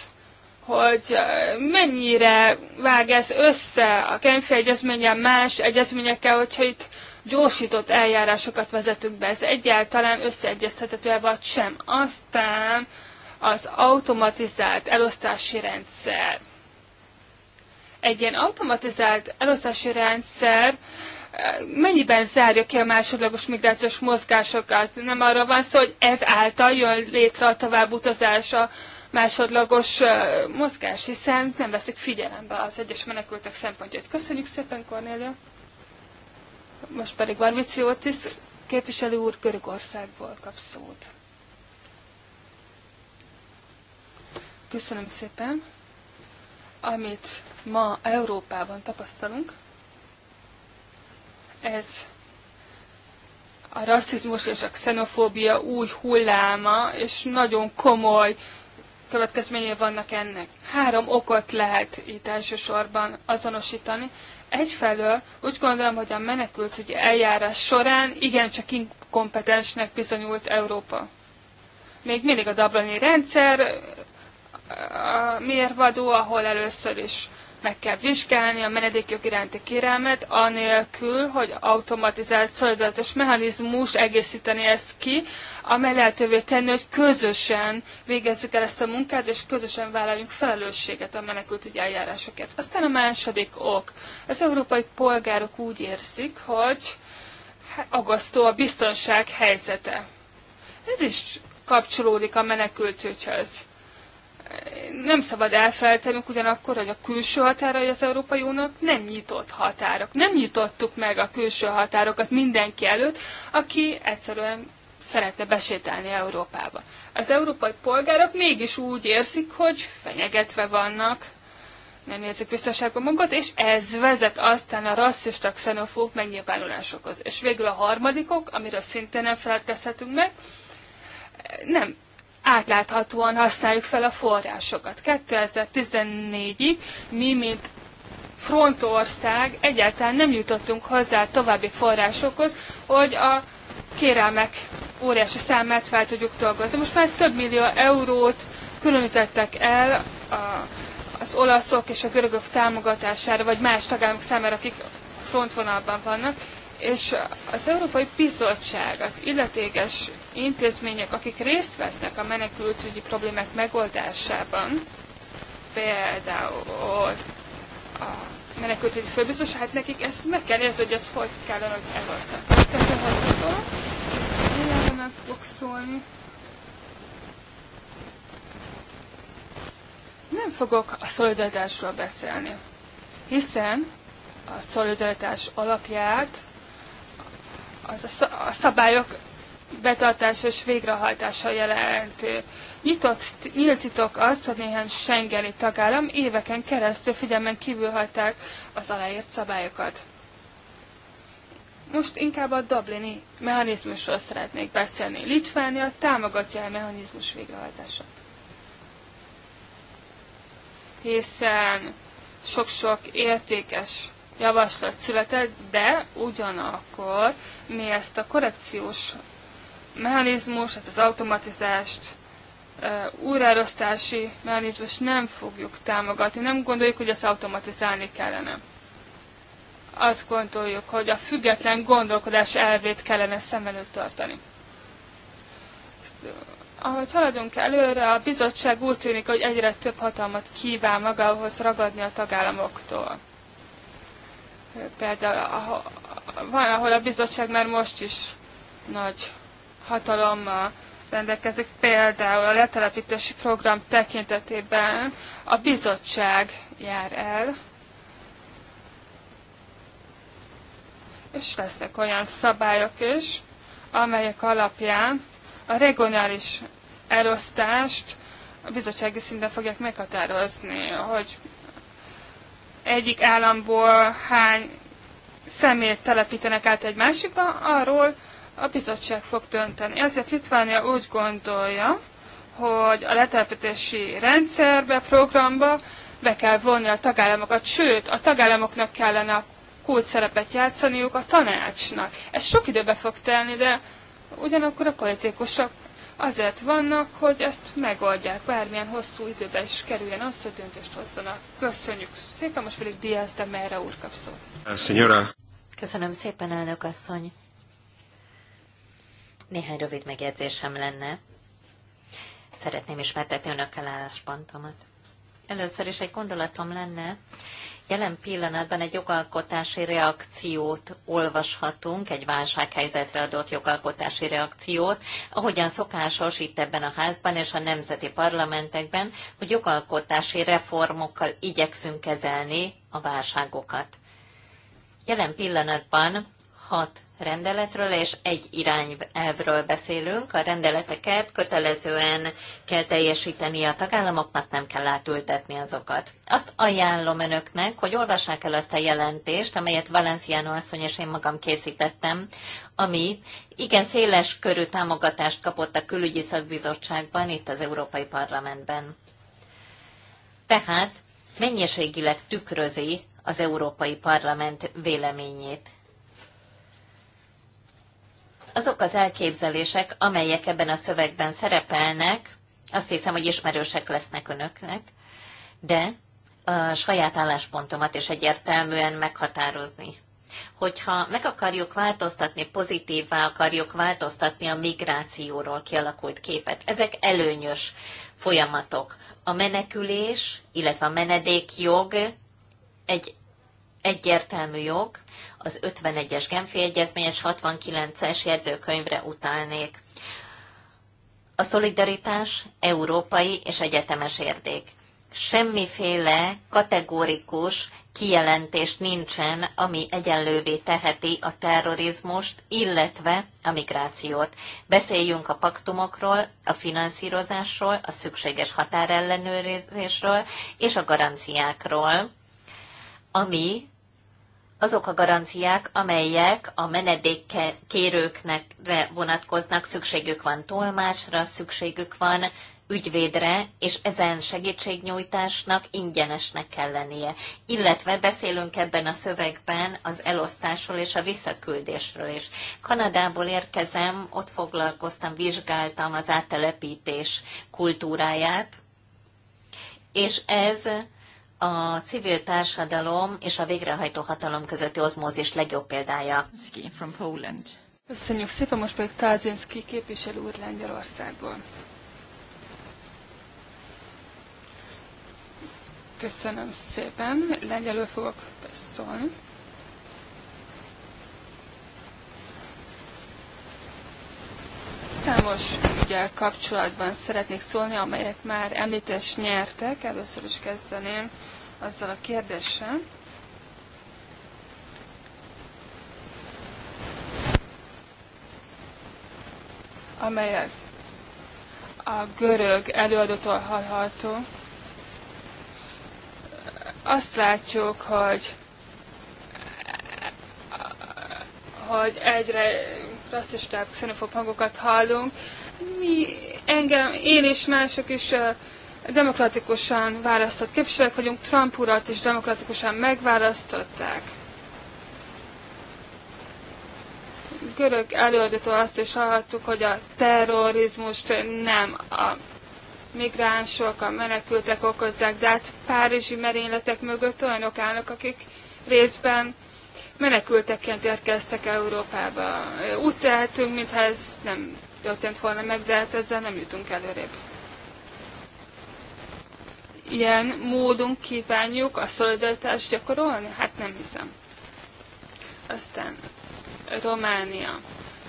hogy mennyire vág ez össze a Genfi Egyezménye más egyezményekkel, hogyha itt gyorsított eljárásokat vezetünk be. Ez egyáltalán összeegyeztethető-e vagy sem. Aztán az automatizált elosztási rendszer. Egy ilyen automatizált elosztási rendszer eh, mennyiben zárja ki a másodlagos migrációs mozgásokat? Nem arra van szó, hogy ez által jön létre a a másodlagos eh, mozgás, hiszen nem veszik figyelembe az egyes menekültek szempontjait. Köszönjük szépen, Kornélia! Most pedig Varviciótis képviselő úr Görögországból kap szót. Köszönöm szépen. Amit ma Európában tapasztalunk, ez a rasszizmus és a xenofóbia új hulláma, és nagyon komoly következményei vannak ennek. Három okot lehet itt elsősorban azonosítani egyfelől úgy gondolom, hogy a menekültügyi eljárás során igencsak inkompetensnek bizonyult Európa. Még mindig a Dublini rendszer mérvadó, ahol először is meg kell vizsgálni a menedékjog iránti kérelmet, anélkül, hogy automatizált szolidatos mechanizmus egészíteni ezt ki, amely lehetővé tenni, hogy közösen végezzük el ezt a munkát, és közösen vállaljunk felelősséget a menekültügyi eljárásokért. Aztán a második ok. Az európai polgárok úgy érzik, hogy agasztó a biztonság helyzete. Ez is kapcsolódik a menekültügyhöz nem szabad elfeltenünk ugyanakkor, hogy a külső határai az Európai Uniónak nem nyitott határok. Nem nyitottuk meg a külső határokat mindenki előtt, aki egyszerűen szeretne besétálni Európába. Az európai polgárok mégis úgy érzik, hogy fenyegetve vannak, nem érzik biztonságban magukat, és ez vezet aztán a rasszista xenofób megnyilvánulásokhoz. És végül a harmadikok, amiről szintén nem feledkezhetünk meg, nem átláthatóan használjuk fel a forrásokat. 2014-ig mi, mint frontország egyáltalán nem jutottunk hozzá további forrásokhoz, hogy a kérelmek óriási számát fel tudjuk dolgozni. Most már több millió eurót különítettek el a, az olaszok és a görögök támogatására, vagy más tagállamok számára, akik frontvonalban vannak, és az Európai Bizottság, az illetékes intézmények, akik részt vesznek a menekültügyi problémák megoldásában, például a menekültügyi főbiztos, hát nekik ezt meg kell érzni, hogy ezt hogy kellene, hogy elosznak. Következő hozzászól, én nem fogok szólni. Nem fogok a szolidaritásról beszélni, hiszen a szolidaritás alapját az a szabályok betartása és végrehajtása jelentő. Nyitott, nyílt titok az, hogy néhány sengeli tagállam éveken keresztül figyelmen kívül hagyták az aláírt szabályokat. Most inkább a Dublini mechanizmusról szeretnék beszélni. Litvánia támogatja a mechanizmus végrehajtását. Hiszen sok-sok értékes javaslat született, de ugyanakkor mi ezt a korrekciós mechanizmus, tehát az automatizást, újraelosztási mechanizmus nem fogjuk támogatni. Nem gondoljuk, hogy ezt automatizálni kellene. Azt gondoljuk, hogy a független gondolkodás elvét kellene szem előtt tartani. ahogy haladunk előre, a bizottság úgy tűnik, hogy egyre több hatalmat kíván magához ragadni a tagállamoktól. Például ahol, van, ahol a bizottság már most is nagy hatalommal rendelkezik, például a letelepítési program tekintetében a bizottság jár el, és lesznek olyan szabályok is, amelyek alapján a regionális elosztást a bizottsági szinten fogják meghatározni, hogy egyik államból hány személyt telepítenek át egy másikba, arról a bizottság fog dönteni. Ezért Litvánia úgy gondolja, hogy a letelepítési rendszerbe, programba be kell vonni a tagállamokat, sőt, a tagállamoknak kellene a szerepet játszaniuk a tanácsnak. Ez sok időbe fog telni, de ugyanakkor a politikusok azért vannak, hogy ezt megoldják, bármilyen hosszú időben is kerüljen az, hogy döntést hozzanak. Köszönjük szépen, most pedig Diaz de Merre úr kap Köszönöm szépen, elnök asszony. Néhány rövid megjegyzésem lenne. Szeretném ismertetni önökkel álláspontomat. Először is egy gondolatom lenne, jelen pillanatban egy jogalkotási reakciót olvashatunk, egy válsághelyzetre adott jogalkotási reakciót, ahogyan szokásos itt ebben a házban és a nemzeti parlamentekben, hogy jogalkotási reformokkal igyekszünk kezelni a válságokat. Jelen pillanatban hat rendeletről és egy irányelvről beszélünk. A rendeleteket kötelezően kell teljesíteni a tagállamoknak, nem kell átültetni azokat. Azt ajánlom önöknek, hogy olvassák el azt a jelentést, amelyet Valenciano asszony és én magam készítettem, ami igen széles körű támogatást kapott a külügyi szakbizottságban, itt az Európai Parlamentben. Tehát mennyiségileg tükrözi az Európai Parlament véleményét. Azok az elképzelések, amelyek ebben a szövegben szerepelnek, azt hiszem, hogy ismerősek lesznek önöknek, de a saját álláspontomat is egyértelműen meghatározni. Hogyha meg akarjuk változtatni, pozitívvá akarjuk változtatni a migrációról kialakult képet, ezek előnyös folyamatok. A menekülés, illetve a menedékjog egy egyértelmű jog, az 51-es Genfi Egyezményes 69-es jegyzőkönyvre utalnék. A szolidaritás európai és egyetemes érték. Semmiféle kategórikus kijelentés nincsen, ami egyenlővé teheti a terrorizmust, illetve a migrációt. Beszéljünk a paktumokról, a finanszírozásról, a szükséges határellenőrzésről és a garanciákról ami azok a garanciák, amelyek a menedékkérőknek vonatkoznak, szükségük van tolmácsra, szükségük van ügyvédre, és ezen segítségnyújtásnak ingyenesnek kell lennie. Illetve beszélünk ebben a szövegben az elosztásról és a visszaküldésről is. Kanadából érkezem, ott foglalkoztam, vizsgáltam az áttelepítés kultúráját, és ez a civil társadalom és a végrehajtó hatalom közötti ozmózis legjobb példája. From Poland. Köszönjük szépen, most pedig Kazinski képviselő úr Lengyelországból. Köszönöm szépen, lengyelül fogok szólni. Számos ügyel kapcsolatban szeretnék szólni, amelyek már említés nyertek. Először is kezdeném azzal a kérdéssel, amelyek a görög előadótól hallható. Azt látjuk, hogy hogy egyre rasszistább, xenofób hangokat hallunk. Mi, engem, én és mások is demokratikusan választott képviselők vagyunk, Trump urat is demokratikusan megválasztották. Görög előadótól azt is hallhattuk, hogy a terrorizmust nem a migránsok, a menekültek okozzák, de hát párizsi merényletek mögött olyanok állnak, akik részben menekülteként érkeztek Európába. Úgy tehetünk, mintha ez nem történt volna meg, de hát ezzel nem jutunk előrébb. Ilyen módon kívánjuk a szolidaritást gyakorolni? Hát nem hiszem. Aztán Románia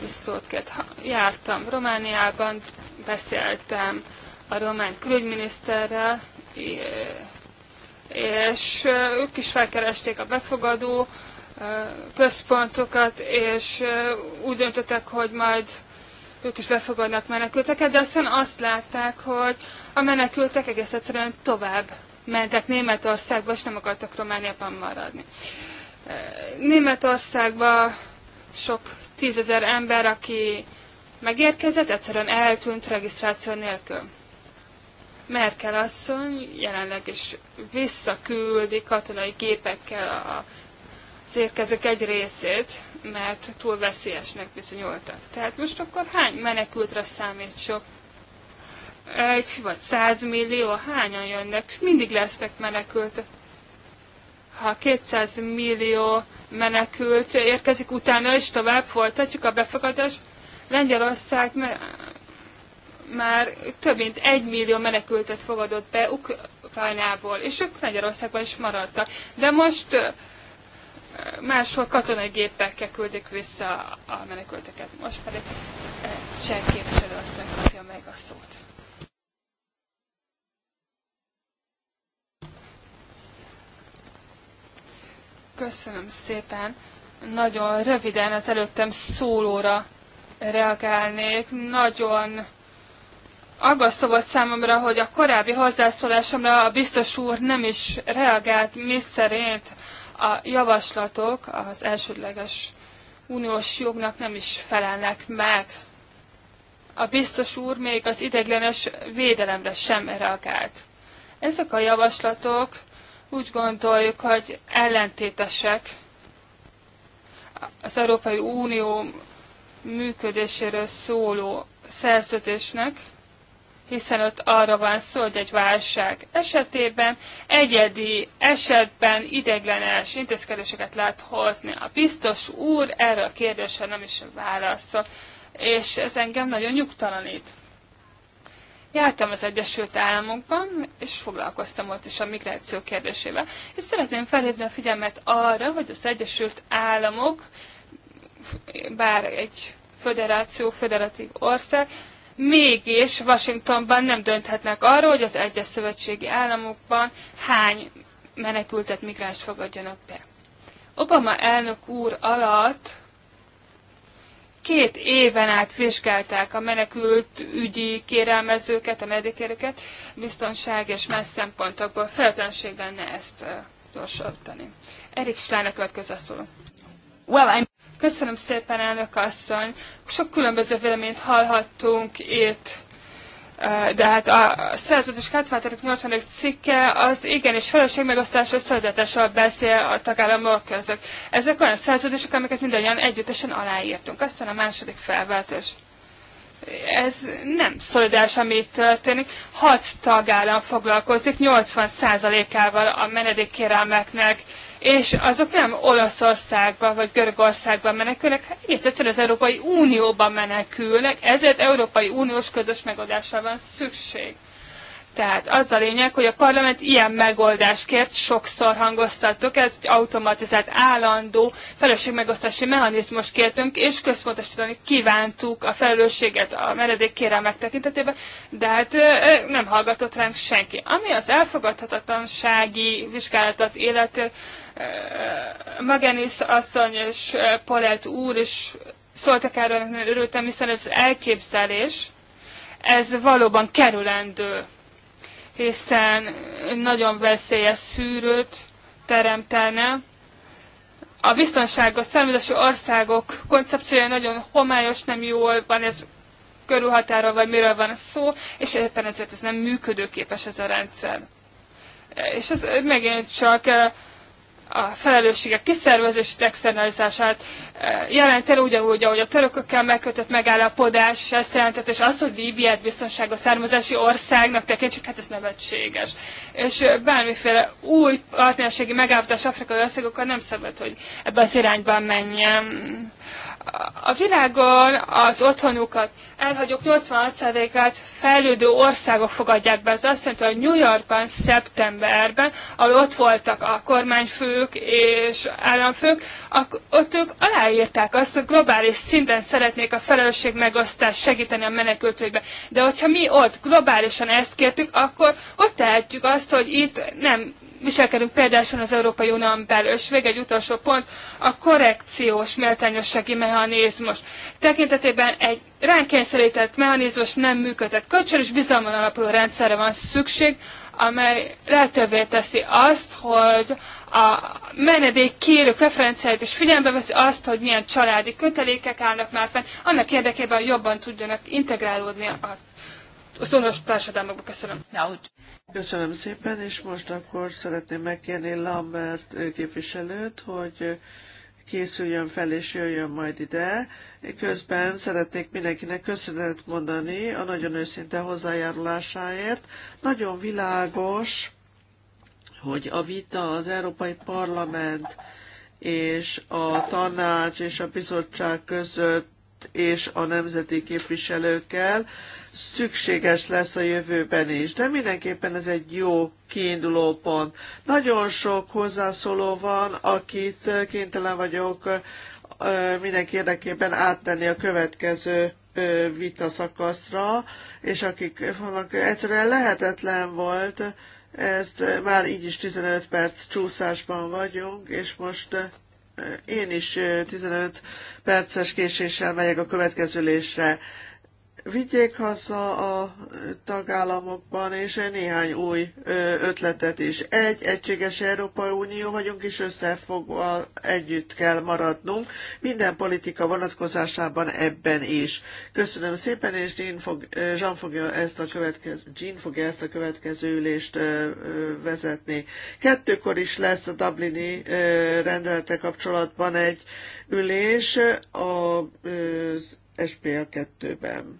is szót Jártam Romániában, beszéltem a román külügyminiszterrel, és ők is felkeresték a befogadó központokat, és úgy döntöttek, hogy majd ők is befogadnak menekülteket, de aztán azt látták, hogy a menekültek egész egyszerűen tovább mentek Németországba, és nem akartak Romániában maradni. Németországba sok tízezer ember, aki megérkezett, egyszerűen eltűnt regisztráció nélkül. Merkel asszony jelenleg is visszaküldi katonai gépekkel a az érkezők egy részét, mert túl veszélyesnek bizonyultak. Tehát most akkor hány menekültre sok? Egy vagy százmillió, hányan jönnek? Mindig lesznek menekültek. Ha 200 millió menekült érkezik utána, és tovább folytatjuk a befogadást, Lengyelország már több mint egy millió menekültet fogadott be Ukrajnából, és ők Lengyelországban is maradtak. De most máshol katonai gépekkel küldik vissza a menekülteket. Most pedig eh, cseh képviselő asszony kapja meg a szót. Köszönöm szépen. Nagyon röviden az előttem szólóra reagálnék. Nagyon aggasztó volt számomra, hogy a korábbi hozzászólásomra a biztos úr nem is reagált, mi szerint a javaslatok az elsődleges uniós jognak nem is felelnek meg. A biztos úr még az ideglenes védelemre sem reagált. Ezek a javaslatok úgy gondoljuk, hogy ellentétesek az Európai Unió működéséről szóló szerződésnek, hiszen ott arra van szó, hogy egy válság esetében egyedi esetben ideglenes intézkedéseket lehet hozni. A biztos úr erre a kérdésre nem is válaszol, és ez engem nagyon nyugtalanít. Jártam az Egyesült Államokban, és foglalkoztam ott is a migráció kérdésével, és szeretném felhívni a figyelmet arra, hogy az Egyesült Államok, bár egy föderáció, föderatív ország, mégis Washingtonban nem dönthetnek arról, hogy az egyes szövetségi államokban hány menekültet migráns fogadjanak be. Obama elnök úr alatt két éven át vizsgálták a menekült ügyi kérelmezőket, a medikéreket, biztonság és más szempontokból. Feltenség lenne ezt gyorsítani. Erik Schlein a következő szóló. Well, I'm... Köszönöm szépen, elnök asszony. Sok különböző véleményt hallhattunk itt, de hát a szerződés 80. cikke az igenis felelősség megosztása szolidatásról beszél a tagállamok között. Ezek olyan szerződések, amiket mindannyian együttesen aláírtunk. Aztán a második felváltás ez nem szolidás, ami történik. Hat tagállam foglalkozik 80%-ával a menedékkérelmeknek. kérelmeknek és azok nem Olaszországba vagy Görögországba menekülnek, hát egész egyszerűen az Európai Unióban menekülnek, ezért Európai Uniós közös megoldásra van szükség. Tehát az a lényeg, hogy a parlament ilyen megoldást kért, sokszor hangoztattuk, ez egy automatizált állandó felelősségmegosztási mechanizmus kértünk, és központosítani kívántuk a felelősséget a meredék kérelmek tekintetében, de hát nem hallgatott ránk senki. Ami az elfogadhatatlansági vizsgálatot élet, Magenis asszony és Polet úr is szóltak erről, örültem, hiszen ez elképzelés, ez valóban kerülendő hiszen nagyon veszélyes szűrőt teremtene. A biztonságos származási országok koncepciója nagyon homályos, nem jól van ez körülhatára, vagy miről van szó, és éppen ezért ez nem működőképes ez a rendszer. És ez megint csak a felelősségek kiszervezését, externalizását eh, el ugyanúgy, ahogy a törökökkel megkötött megállapodás ezt jelentett, és az, hogy Líbiát a származási országnak tekintsük, hát ez nevetséges. És eh, bármiféle új partnerségi megállapodás afrikai országokkal nem szabad, hogy ebbe az irányban menjen a világon az otthonukat elhagyók 86%-át fejlődő országok fogadják be. Ez azt jelenti, hogy New Yorkban, szeptemberben, ahol ott voltak a kormányfők és államfők, ott ők aláírták azt, hogy globális szinten szeretnék a felelősség megosztás segíteni a menekültőkbe. De hogyha mi ott globálisan ezt kértük, akkor ott tehetjük azt, hogy itt nem viselkedünk például az Európai Unión belül. És még egy utolsó pont, a korrekciós méltányossági mechanizmus. Tekintetében egy ránkényszerített mechanizmus nem működhet. Kölcsönös bizalmon alapuló rendszerre van szükség, amely lehetővé teszi azt, hogy a menedék kérő preferenciáit is figyelembe veszi azt, hogy milyen családi kötelékek állnak már fenn, annak érdekében jobban tudjanak integrálódni a szonos társadalmakba. Köszönöm. Köszönöm szépen, és most akkor szeretném megkérni Lambert képviselőt, hogy készüljön fel és jöjjön majd ide. Közben szeretnék mindenkinek köszönetet mondani a nagyon őszinte hozzájárulásáért. Nagyon világos, hogy a vita az Európai Parlament és a tanács és a bizottság között és a nemzeti képviselőkkel szükséges lesz a jövőben is, de mindenképpen ez egy jó kiinduló pont. Nagyon sok hozzászóló van, akit kénytelen vagyok minden érdekében áttenni a következő vita szakaszra, és akik vannak, egyszerűen lehetetlen volt, ezt már így is 15 perc csúszásban vagyunk, és most én is 15 perces késéssel megyek a következő lésre vigyék haza a tagállamokban, és néhány új ötletet is. Egy egységes Európai Unió vagyunk, és összefogva együtt kell maradnunk, minden politika vonatkozásában ebben is. Köszönöm szépen, és Jean, fog, Jean fogja ezt a következő, Jean fogja ezt a következő ülést vezetni. Kettőkor is lesz a Dublini rendelete kapcsolatban egy ülés az SPA 2-ben.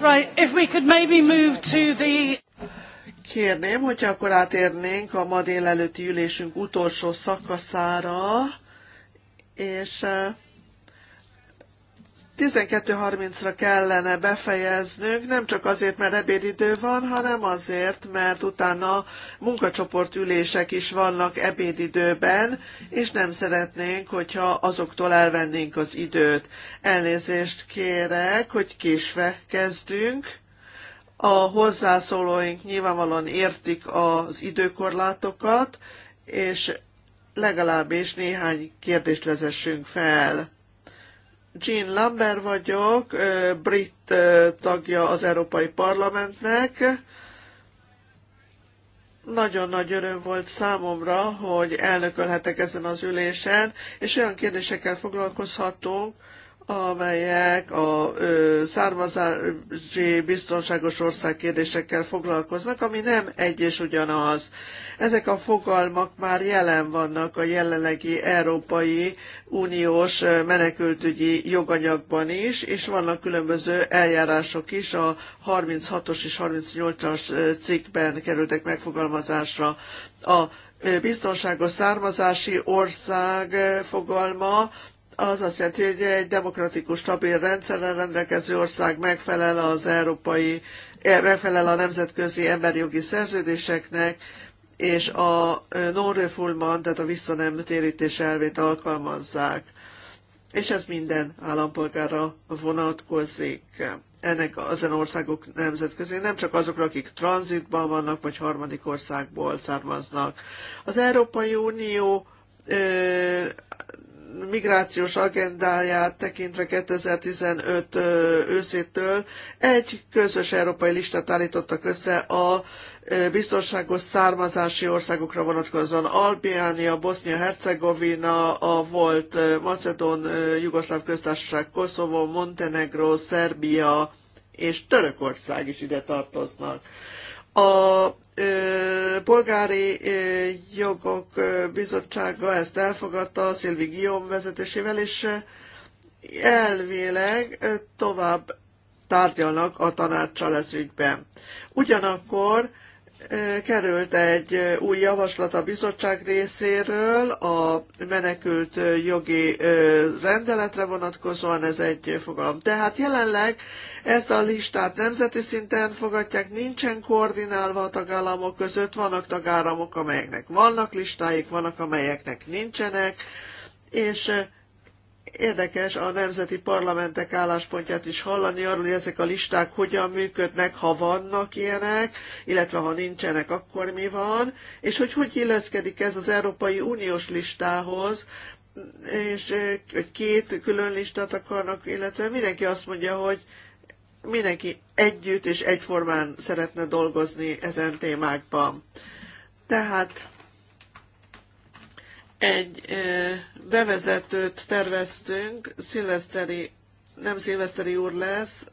Right, if we could maybe move to the... Kérném, hogyha akkor átérnénk a ma délelőtti ülésünk utolsó szakaszára, és eh, 12.30-ra kellene befejeznünk, nem csak azért, mert ebédidő van, hanem azért, mert utána munkacsoport ülések is vannak ebédidőben, és nem szeretnénk, hogyha azoktól elvennénk az időt. Elnézést kérek, hogy késve kezdünk. A hozzászólóink nyilvánvalóan értik az időkorlátokat, és legalábbis néhány kérdést vezessünk fel Jean Lambert vagyok, brit tagja az Európai Parlamentnek. Nagyon nagy öröm volt számomra, hogy elnökölhetek ezen az ülésen, és olyan kérdésekkel foglalkozhatunk, amelyek a származási biztonságos ország kérdésekkel foglalkoznak, ami nem egy és ugyanaz. Ezek a fogalmak már jelen vannak a jelenlegi Európai Uniós menekültügyi joganyagban is, és vannak különböző eljárások is, a 36-os és 38-as cikkben kerültek megfogalmazásra. A biztonságos származási ország fogalma az azt jelenti, hogy egy demokratikus, stabil rendszerrel rendelkező ország megfelel az európai, eh, megfelel a nemzetközi emberi jogi szerződéseknek, és a eh, non-refoulement, tehát a visszanemtérítés elvét alkalmazzák. És ez minden állampolgára vonatkozik ennek ezen országok nemzetközi, nem csak azokra, akik tranzitban vannak, vagy harmadik országból származnak. Az Európai Unió eh, migrációs agendáját tekintve 2015 őszétől egy közös európai listát állítottak össze a biztonságos származási országokra vonatkozóan. Albánia, Bosznia-Hercegovina, a volt Macedón, Jugoszláv köztársaság, Koszovó, Montenegro, Szerbia és Törökország is ide tartoznak. A Polgári Jogok Bizottsága ezt elfogadta Szilvi Guillaume vezetésével, és elvileg tovább tárgyalnak a tanácssal ez ügyben. Ugyanakkor került egy új javaslat a bizottság részéről a menekült jogi rendeletre vonatkozóan, ez egy fogalom. Tehát jelenleg ezt a listát nemzeti szinten fogadják, nincsen koordinálva a tagállamok között, vannak tagállamok, amelyeknek vannak listáik, vannak, amelyeknek nincsenek, és eh, Érdekes a nemzeti parlamentek álláspontját is hallani arról, hogy ezek a listák hogyan működnek, ha vannak ilyenek, illetve ha nincsenek, akkor mi van, és hogy hogy illeszkedik ez az Európai Uniós listához, és hogy eh, két külön listát akarnak, illetve mindenki azt mondja, hogy mindenki együtt és egyformán szeretne dolgozni ezen témákban. Tehát egy bevezetőt terveztünk, szilveszteri, nem szilveszteri úr lesz,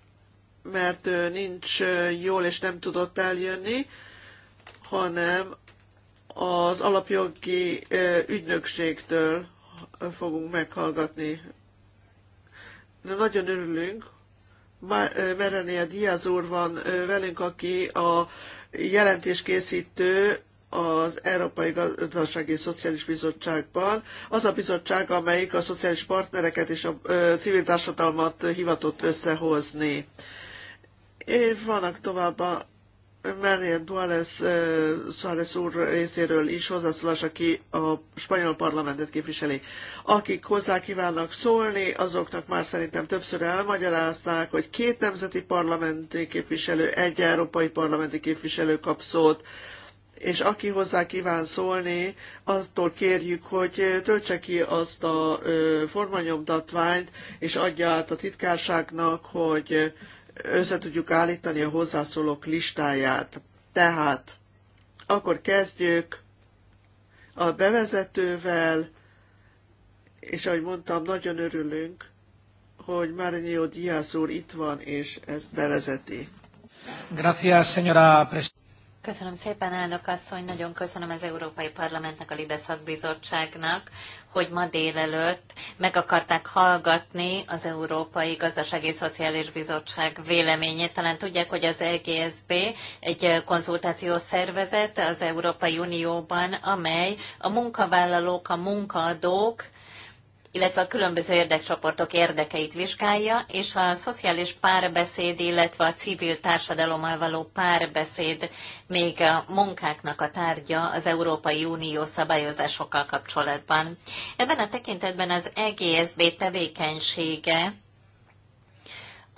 mert ő nincs jól és nem tudott eljönni, hanem az alapjogi ügynökségtől fogunk meghallgatni. De nagyon örülünk, Merenia Diaz úr van velünk, aki a jelentéskészítő az Európai Gazdasági és Szociális Bizottságban. Az a bizottság, amelyik a szociális partnereket és a civil társadalmat hivatott összehozni. És vannak továbbá Maria Duales eh, Suárez úr részéről is hozzászólás, aki a spanyol parlamentet képviseli. Akik hozzá kívánnak szólni, azoknak már szerintem többször elmagyarázták, hogy két nemzeti parlamenti képviselő, egy európai parlamenti képviselő kap szót, és aki hozzá kíván szólni, aztól kérjük, hogy töltse ki azt a formanyomtatványt, és adja át a titkárságnak, hogy össze tudjuk állítani a hozzászólók listáját. Tehát akkor kezdjük a bevezetővel, és ahogy mondtam, nagyon örülünk, hogy Mário Diaz úr itt van, és ezt bevezeti. Gracias, señora Köszönöm szépen, elnök asszony, nagyon köszönöm az Európai Parlamentnek, a Libeszak Bizottságnak, hogy ma délelőtt meg akarták hallgatni az Európai Gazdasági Szociális Bizottság véleményét. Talán tudják, hogy az EGSB egy konzultációs szervezet az Európai Unióban, amely a munkavállalók, a munkaadók, illetve a különböző érdekcsoportok érdekeit vizsgálja, és a szociális párbeszéd, illetve a civil társadalommal való párbeszéd még a munkáknak a tárgya az Európai Unió szabályozásokkal kapcsolatban. Ebben a tekintetben az EGSB tevékenysége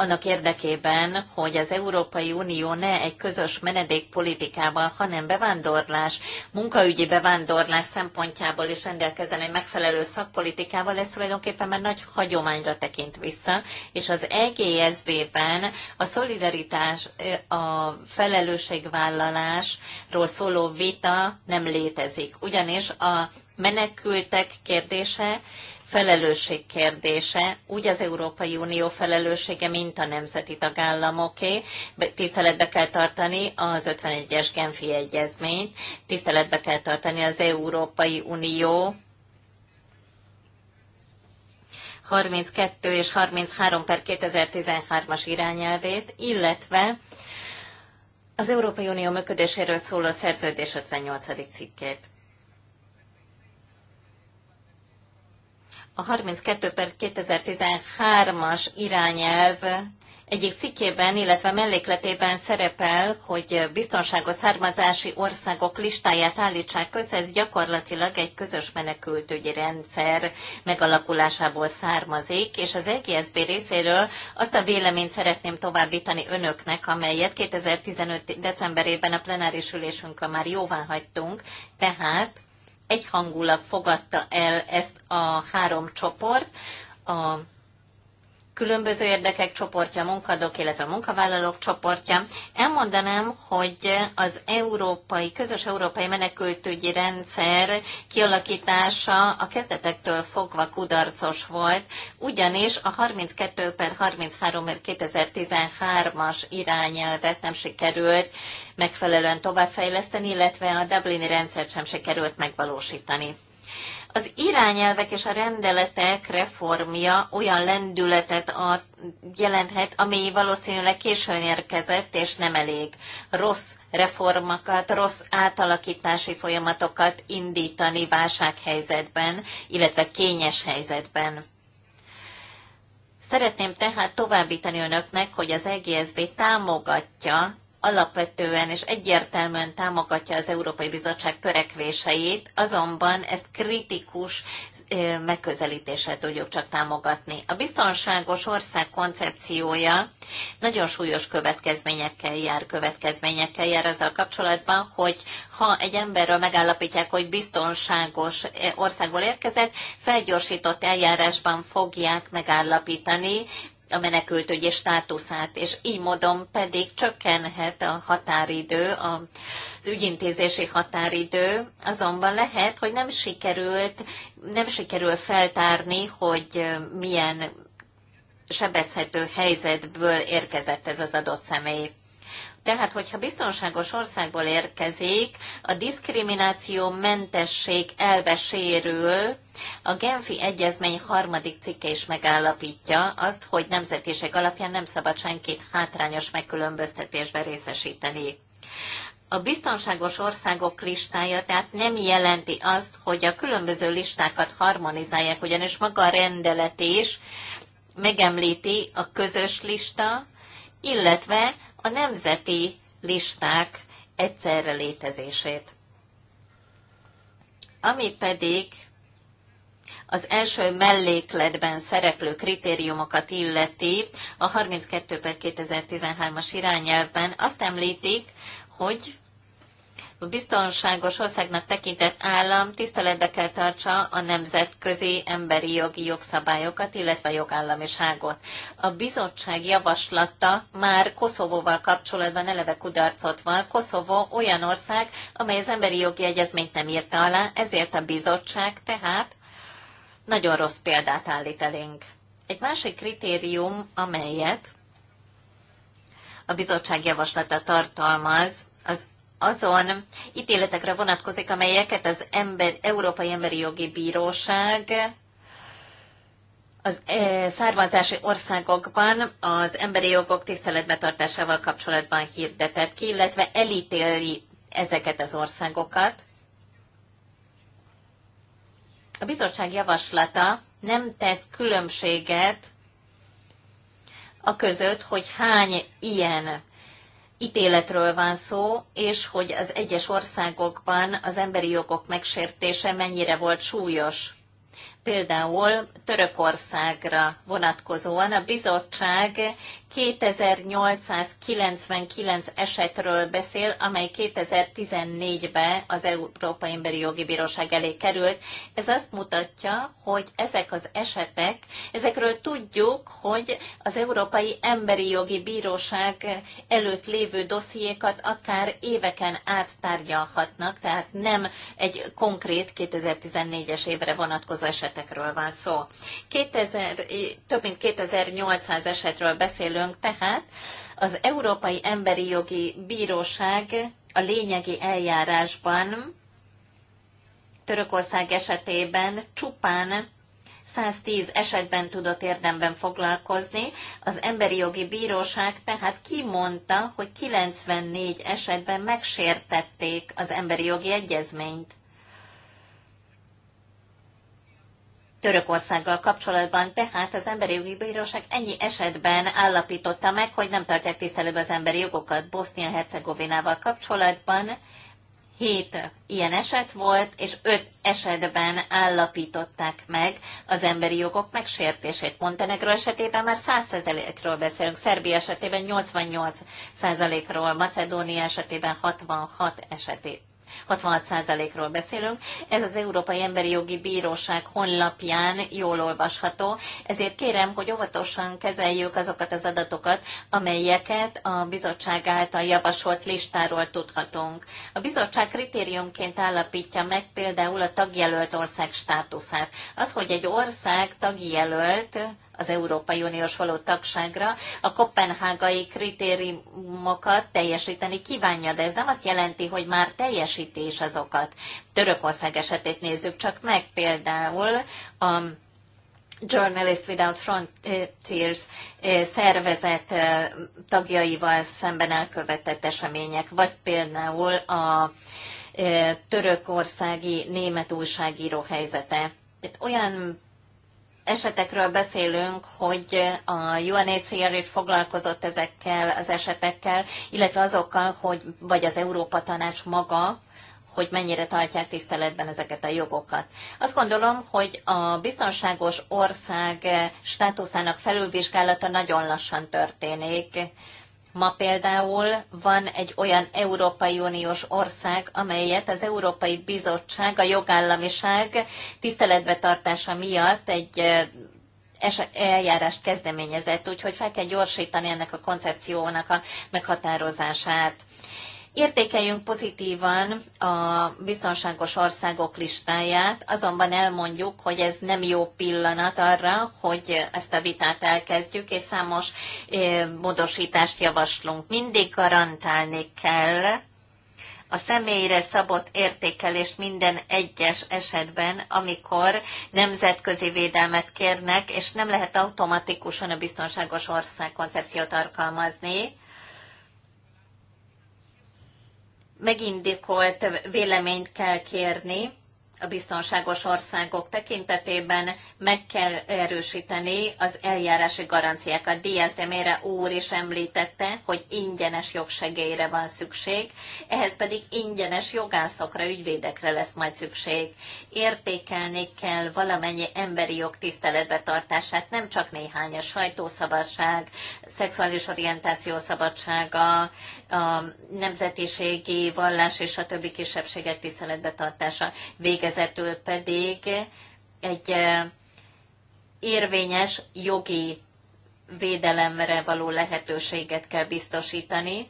annak érdekében, hogy az Európai Unió ne egy közös menedékpolitikában, hanem bevándorlás, munkaügyi bevándorlás szempontjából is rendelkezzen egy megfelelő szakpolitikával, ez tulajdonképpen már nagy hagyományra tekint vissza, és az EGSB-ben a szolidaritás, a felelősségvállalásról szóló vita nem létezik. Ugyanis a menekültek kérdése felelősség kérdése, úgy az Európai Unió felelőssége, mint a nemzeti tagállamoké. Tiszteletbe kell tartani az 51-es Genfi Egyezményt, tiszteletbe kell tartani az Európai Unió 32 és 33 per 2013-as irányelvét, illetve az Európai Unió működéséről szóló szerződés 58. cikkét. a 32 per 2013-as irányelv egyik cikkében, illetve mellékletében szerepel, hogy biztonságos származási országok listáját állítsák össze, ez gyakorlatilag egy közös menekültügyi rendszer megalakulásából származik, és az EGSB részéről azt a véleményt szeretném továbbítani önöknek, amelyet 2015. decemberében a plenáris ülésünkön már jóvá hagytunk, tehát egyhangulag fogadta el ezt a három csoport, a különböző érdekek csoportja, munkadók, illetve a munkavállalók csoportja. Elmondanám, hogy az európai, közös európai menekültügyi rendszer kialakítása a kezdetektől fogva kudarcos volt, ugyanis a 32 per 33 2013-as irányelvet nem sikerült megfelelően továbbfejleszteni, illetve a Dublini rendszert sem sikerült megvalósítani. Az irányelvek és a rendeletek reformja olyan lendületet ad, jelenthet, ami valószínűleg későn érkezett, és nem elég rossz reformokat, rossz átalakítási folyamatokat indítani válsághelyzetben, illetve kényes helyzetben. Szeretném tehát továbbítani önöknek, hogy az EGSB támogatja alapvetően és egyértelműen támogatja az Európai Bizottság törekvéseit, azonban ezt kritikus megközelítéssel tudjuk csak támogatni. A biztonságos ország koncepciója nagyon súlyos következményekkel jár, következményekkel jár azzal kapcsolatban, hogy ha egy emberről megállapítják, hogy biztonságos országból érkezett, felgyorsított eljárásban fogják megállapítani, a menekültügyi státuszát, és így módon pedig csökkenhet a határidő, az ügyintézési határidő, azonban lehet, hogy nem sikerült, nem sikerül feltárni, hogy milyen sebezhető helyzetből érkezett ez az adott személy. Tehát, hogyha biztonságos országból érkezik, a diszkrimináció mentesség elve sérül, a Genfi Egyezmény harmadik cikke is megállapítja azt, hogy nemzetiség alapján nem szabad senkit hátrányos megkülönböztetésbe részesíteni. A biztonságos országok listája tehát nem jelenti azt, hogy a különböző listákat harmonizálják, ugyanis maga a rendelet is megemlíti a közös lista, illetve a nemzeti listák egyszerre létezését. Ami pedig az első mellékletben szereplő kritériumokat illeti, a 32 2013-as irányelvben azt említik, hogy a biztonságos országnak tekintett állam tiszteletbe kell tartsa a nemzetközi emberi jogi jogszabályokat, illetve jogállamiságot. A bizottság javaslata már Koszovóval kapcsolatban eleve kudarcot van. Koszovó olyan ország, amely az emberi jogi egyezményt nem írta alá, ezért a bizottság tehát nagyon rossz példát állít elénk. Egy másik kritérium, amelyet a bizottság javaslata tartalmaz, az azon ítéletekre vonatkozik, amelyeket az ember, Európai Emberi Jogi Bíróság az e, származási országokban az emberi jogok tartásával kapcsolatban hirdetett ki, illetve elítéli ezeket az országokat. A bizottság javaslata nem tesz különbséget a között, hogy hány ilyen ítéletről van szó, és hogy az egyes országokban az emberi jogok megsértése mennyire volt súlyos. Például Törökországra vonatkozóan a bizottság 2899 esetről beszél, amely 2014-ben az Európai Emberi Jogi Bíróság elé került. Ez azt mutatja, hogy ezek az esetek, ezekről tudjuk, hogy az Európai Emberi Jogi Bíróság előtt lévő dossziékat akár éveken át tárgyalhatnak, tehát nem egy konkrét 2014-es évre vonatkozó eset esetekről van szó. 2000, több mint 2800 esetről beszélünk, tehát az Európai Emberi Jogi Bíróság a lényegi eljárásban Törökország esetében csupán 110 esetben tudott érdemben foglalkozni. Az Emberi Jogi Bíróság tehát kimondta, hogy 94 esetben megsértették az emberi jogi egyezményt. Törökországgal kapcsolatban, tehát az Emberi Jogi Bíróság ennyi esetben állapította meg, hogy nem tartják tisztelőbe az emberi jogokat Bosznia-Hercegovinával kapcsolatban. Hét ilyen eset volt, és öt esetben állapították meg az emberi jogok megsértését. Montenegro esetében már 100%-ról beszélünk, Szerbia esetében 88%-ról, Macedónia esetében 66 esetét 66%-ról beszélünk. Ez az Európai Emberi Jogi Bíróság honlapján jól olvasható, ezért kérem, hogy óvatosan kezeljük azokat az adatokat, amelyeket a bizottság által javasolt listáról tudhatunk. A bizottság kritériumként állapítja meg például a tagjelölt ország státuszát. Az, hogy egy ország tagjelölt, az Európai Uniós való tagságra, a kopenhágai kritériumokat teljesíteni kívánja, de ez nem azt jelenti, hogy már teljesítés is azokat. Törökország esetét nézzük csak meg például a Journalists Without Frontiers eh, szervezet eh, tagjaival szemben elkövetett események, vagy például a eh, törökországi német újságíró helyzete. Olyan esetekről beszélünk, hogy a UNHCR is foglalkozott ezekkel az esetekkel, illetve azokkal, hogy vagy az Európa Tanács maga, hogy mennyire tartják tiszteletben ezeket a jogokat. Azt gondolom, hogy a biztonságos ország státuszának felülvizsgálata nagyon lassan történik. Ma például van egy olyan Európai Uniós ország, amelyet az Európai Bizottság a jogállamiság tiszteletbe tartása miatt egy eljárást kezdeményezett, úgyhogy fel kell gyorsítani ennek a koncepciónak a meghatározását. Értékeljünk pozitívan a biztonságos országok listáját, azonban elmondjuk, hogy ez nem jó pillanat arra, hogy ezt a vitát elkezdjük, és számos eh, módosítást javaslunk. Mindig garantálni kell a személyre szabott értékelést minden egyes esetben, amikor nemzetközi védelmet kérnek, és nem lehet automatikusan a biztonságos ország koncepciót alkalmazni megindikolt véleményt kell kérni, a biztonságos országok tekintetében meg kell erősíteni az eljárási garanciákat. Díaz de Mére úr is említette, hogy ingyenes jogsegélyre van szükség, ehhez pedig ingyenes jogászokra, ügyvédekre lesz majd szükség. Értékelni kell valamennyi emberi jog tiszteletbe tartását, nem csak néhány a sajtószabadság, szexuális orientáció szabadsága, a nemzetiségi, vallás és a többi kisebbségek tiszteletbe tartása. Vége végezetül pedig egy érvényes jogi védelemre való lehetőséget kell biztosítani,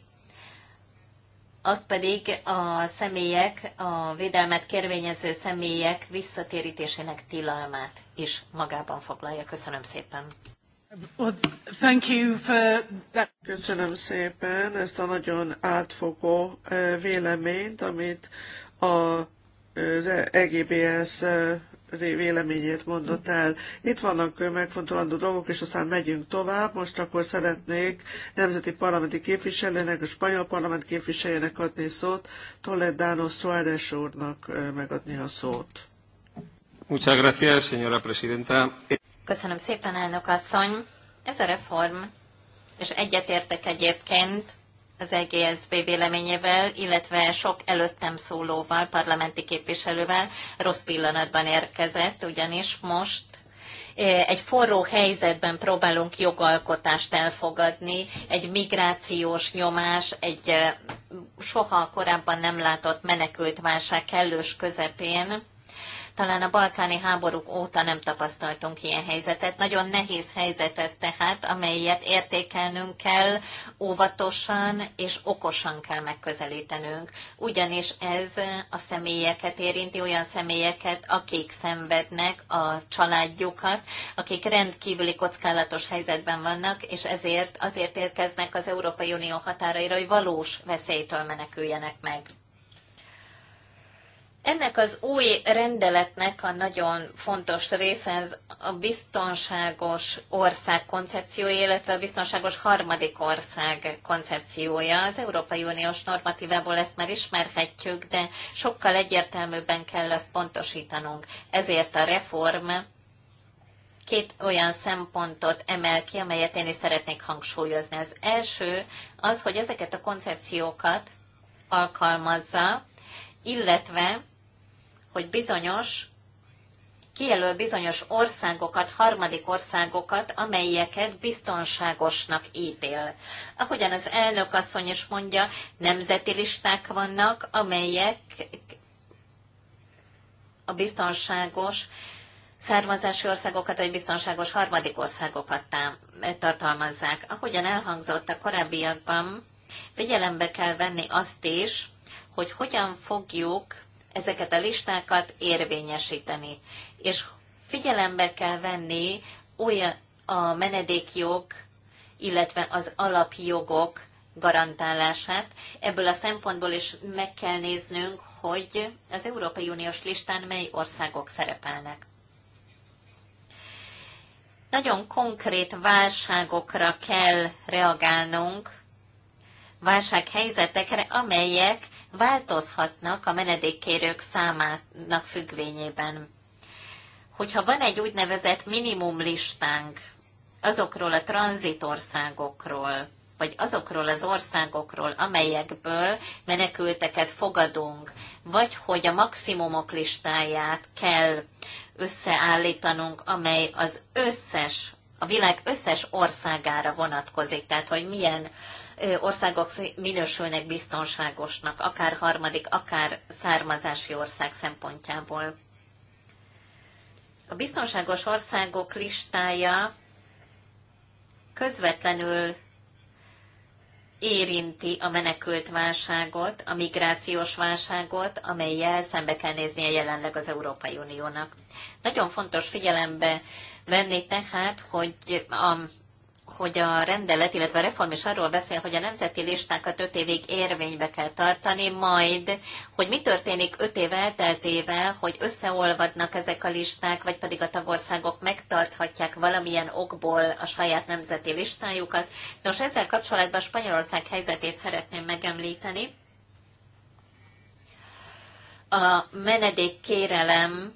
azt pedig a személyek, a védelmet kérvényező személyek visszatérítésének tilalmát is magában foglalja. Köszönöm szépen. thank you Köszönöm szépen ezt a nagyon átfogó véleményt, amit a az EGBS véleményét mondott el. Itt vannak megfontolandó dolgok, és aztán megyünk tovább. Most akkor szeretnék nemzeti parlamenti képviselőnek, a spanyol parlament képviselőnek adni szót, Toledano Suárez úrnak megadni a szót. Muchas gracias, señora presidenta. Köszönöm szépen, elnök asszony. Ez a reform, és egyetértek egyébként az EGSB véleményével, illetve sok előttem szólóval, parlamenti képviselővel rossz pillanatban érkezett, ugyanis most e, egy forró helyzetben próbálunk jogalkotást elfogadni, egy migrációs nyomás, egy e, soha korábban nem látott menekültválság kellős közepén, talán a balkáni háborúk óta nem tapasztaltunk ilyen helyzetet. Nagyon nehéz helyzet ez tehát, amelyet értékelnünk kell, óvatosan és okosan kell megközelítenünk. Ugyanis ez a személyeket érinti, olyan személyeket, akik szenvednek a családjukat, akik rendkívüli kockázatos helyzetben vannak, és ezért azért érkeznek az Európai Unió határaira, hogy valós veszélytől meneküljenek meg. Ennek az új rendeletnek a nagyon fontos része ez a biztonságos ország koncepciója, illetve a biztonságos harmadik ország koncepciója. Az Európai Uniós normatívából ezt már ismerhetjük, de sokkal egyértelműbben kell ezt pontosítanunk. Ezért a reform két olyan szempontot emel ki, amelyet én is szeretnék hangsúlyozni. Az első az, hogy ezeket a koncepciókat alkalmazza, illetve hogy bizonyos kijelöl bizonyos országokat, harmadik országokat, amelyeket biztonságosnak ítél. Ahogyan az elnök asszony is mondja, nemzeti listák vannak, amelyek a biztonságos származási országokat vagy biztonságos harmadik országokat tartalmazzák. Ahogyan elhangzott a korábbiakban, figyelembe kell venni azt is, hogy hogyan fogjuk ezeket a listákat érvényesíteni. És figyelembe kell venni olyan a menedékjog, illetve az alapjogok garantálását. Ebből a szempontból is meg kell néznünk, hogy az Európai Uniós listán mely országok szerepelnek. Nagyon konkrét válságokra kell reagálnunk, válsághelyzetekre, amelyek változhatnak a menedékkérők számának függvényében. Hogyha van egy úgynevezett minimum listánk azokról a tranzitországokról, vagy azokról az országokról, amelyekből menekülteket fogadunk, vagy hogy a maximumok listáját kell összeállítanunk, amely az összes, a világ összes országára vonatkozik, tehát hogy milyen országok minősülnek biztonságosnak, akár harmadik, akár származási ország szempontjából. A biztonságos országok listája közvetlenül érinti a menekült válságot, a migrációs válságot, amelyel szembe kell néznie jelenleg az Európai Uniónak. Nagyon fontos figyelembe venni tehát, hogy a hogy a rendelet, illetve a reform is arról beszél, hogy a nemzeti listákat öt évig érvénybe kell tartani, majd, hogy mi történik öt év elteltével, hogy összeolvadnak ezek a listák, vagy pedig a tagországok megtarthatják valamilyen okból a saját nemzeti listájukat. Nos, ezzel kapcsolatban Spanyolország helyzetét szeretném megemlíteni. A menedékkérelem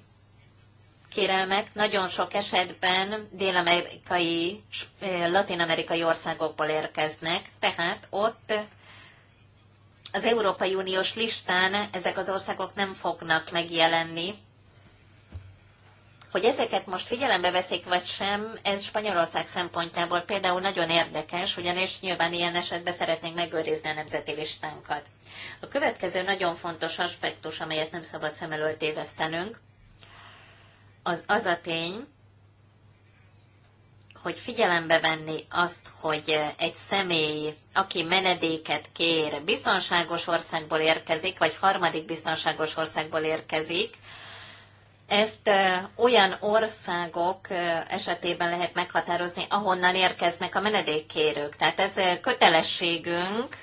kérelmek nagyon sok esetben dél-amerikai, eh, latin-amerikai országokból érkeznek, tehát ott az Európai Uniós listán ezek az országok nem fognak megjelenni. Hogy ezeket most figyelembe veszik vagy sem, ez Spanyolország szempontjából például nagyon érdekes, ugyanis nyilván ilyen esetben szeretnénk megőrizni a nemzeti listánkat. A következő nagyon fontos aspektus, amelyet nem szabad szem előtt évesztenünk, az, az a tény, hogy figyelembe venni azt, hogy egy személy, aki menedéket kér, biztonságos országból érkezik, vagy harmadik biztonságos országból érkezik, ezt olyan országok esetében lehet meghatározni, ahonnan érkeznek a menedékkérők. Tehát ez kötelességünk,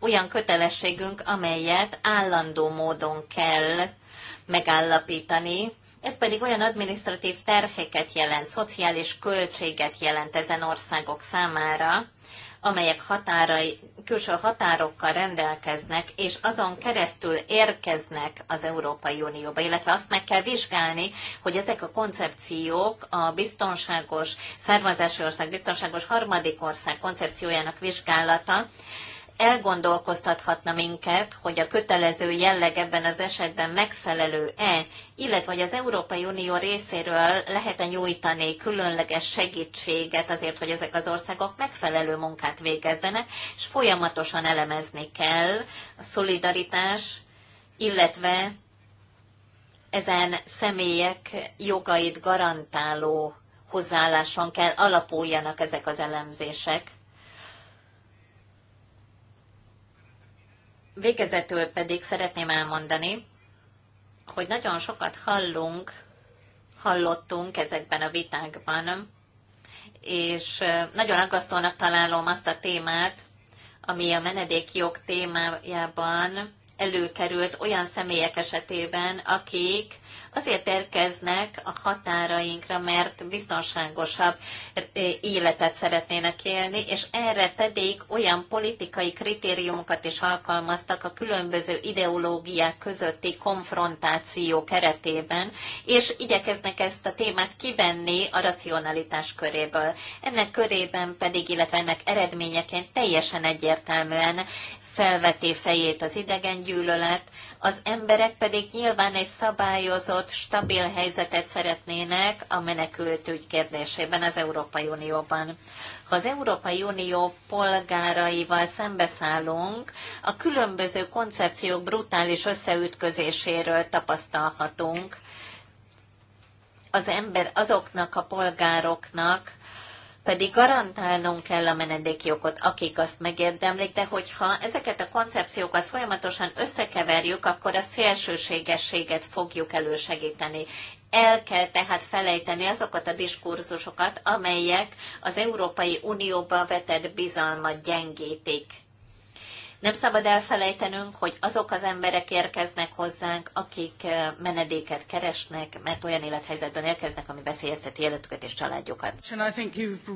olyan kötelességünk, amelyet állandó módon kell megállapítani, ez pedig olyan adminisztratív terheket jelent, szociális költséget jelent ezen országok számára, amelyek határai, külső határokkal rendelkeznek, és azon keresztül érkeznek az Európai Unióba, illetve azt meg kell vizsgálni, hogy ezek a koncepciók a biztonságos, származási ország, biztonságos harmadik ország koncepciójának vizsgálata, elgondolkoztathatna minket, hogy a kötelező jelleg ebben az esetben megfelelő-e, illetve hogy az Európai Unió részéről lehet-e nyújtani különleges segítséget azért, hogy ezek az országok megfelelő munkát végezzenek, és folyamatosan elemezni kell a szolidaritás, illetve ezen személyek jogait garantáló hozzáálláson kell alapuljanak ezek az elemzések Végezetül pedig szeretném elmondani, hogy nagyon sokat hallunk, hallottunk ezekben a vitákban, és nagyon aggasztónak találom azt a témát, ami a menedékjog témájában előkerült olyan személyek esetében, akik azért érkeznek a határainkra, mert biztonságosabb eh, életet szeretnének élni, és erre pedig olyan politikai kritériumokat is alkalmaztak a különböző ideológiák közötti konfrontáció keretében, és igyekeznek ezt a témát kivenni a racionalitás köréből. Ennek körében pedig, illetve ennek eredményeként teljesen egyértelműen felveti fejét az idegen gyűlölet, az emberek pedig nyilván egy szabályozott, stabil helyzetet szeretnének a ügy kérdésében az Európai Unióban. Ha az Európai Unió polgáraival szembeszállunk, a különböző koncepciók brutális összeütközéséről tapasztalhatunk. Az ember azoknak a polgároknak, pedig garantálnunk kell a menedékjogot, akik azt megérdemlik, de hogyha ezeket a koncepciókat folyamatosan összekeverjük, akkor a szélsőségességet fogjuk elősegíteni. El kell tehát felejteni azokat a diskurzusokat, amelyek az Európai Unióba vetett bizalmat gyengítik. Nem szabad elfelejtenünk, hogy azok az emberek érkeznek hozzánk, akik menedéket keresnek, mert olyan élethelyzetben érkeznek, ami veszélyezteti életüket és családjukat.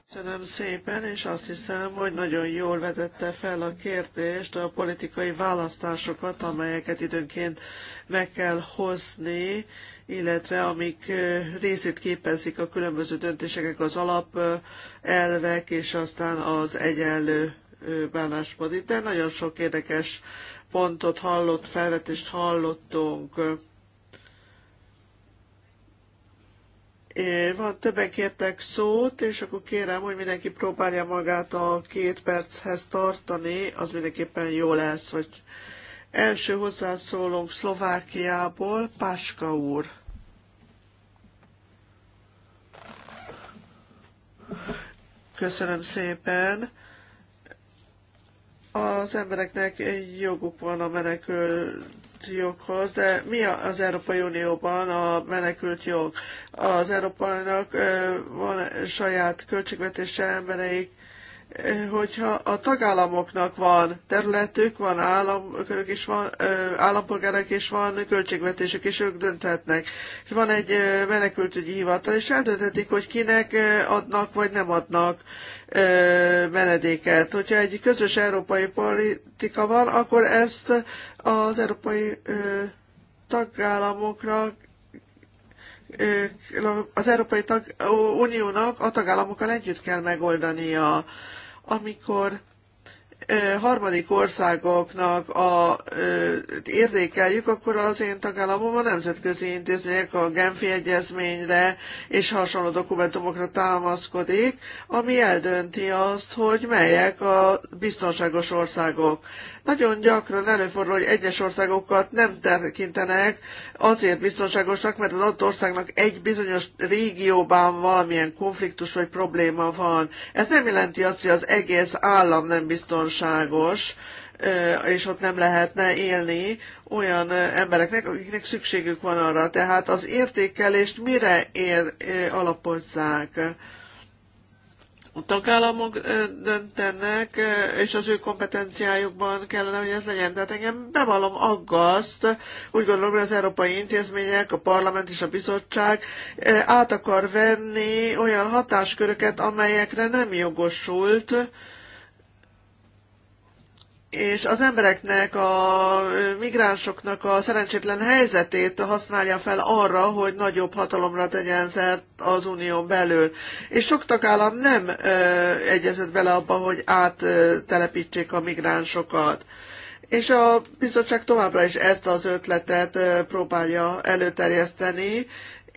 Köszönöm szépen, és azt hiszem, hogy nagyon jól vezette fel a kérdést a politikai választásokat, amelyeket időnként meg kell hozni, illetve amik részét képezik a különböző döntéseknek az alapelvek, és aztán az egyenlő bánásmód. Itt de nagyon sok érdekes pontot hallott, felvetést hallottunk. Van, többen kértek szót, és akkor kérem, hogy mindenki próbálja magát a két perchez tartani, az mindenképpen jó lesz, hogy első hozzászólunk Szlovákiából, Páska úr. Köszönöm szépen az embereknek joguk van a menekült joghoz, de mi az Európai Unióban a menekült jog? Az Európának van saját költségvetése embereik, hogyha a tagállamoknak van területük, van államkörök is van, állampolgárok is van, költségvetésük, és ők dönthetnek. És van egy menekültügyi hivatal, és eldönthetik, hogy kinek adnak, vagy nem adnak menedéket. Hogyha egy közös európai politika van, akkor ezt az európai tagállamokra az Európai tag, Uniónak a tagállamokkal együtt kell megoldania, amikor harmadik országoknak a, értékeljük, akkor az én tagállamom a nemzetközi intézmények a Genfi Egyezményre és hasonló dokumentumokra támaszkodik, ami eldönti azt, hogy melyek a biztonságos országok. Nagyon gyakran előfordul, hogy egyes országokat nem tekintenek azért biztonságosak, mert az adott országnak egy bizonyos régióban valamilyen konfliktus vagy probléma van. Ez nem jelenti azt, hogy az egész állam nem biztonságos, és ott nem lehetne élni olyan embereknek, akiknek szükségük van arra. Tehát az értékelést mire ér, alapozzák? a tagállamok döntenek, és az ő kompetenciájukban kellene, hogy ez legyen. Tehát engem bevallom aggaszt, úgy gondolom, hogy az európai intézmények, a parlament és a bizottság át akar venni olyan hatásköröket, amelyekre nem jogosult, és az embereknek, a migránsoknak a szerencsétlen helyzetét használja fel arra, hogy nagyobb hatalomra tegyen szert az unión belül. És sok tagállam nem ö, egyezett bele abba, hogy áttelepítsék a migránsokat. És a bizottság továbbra is ezt az ötletet próbálja előterjeszteni,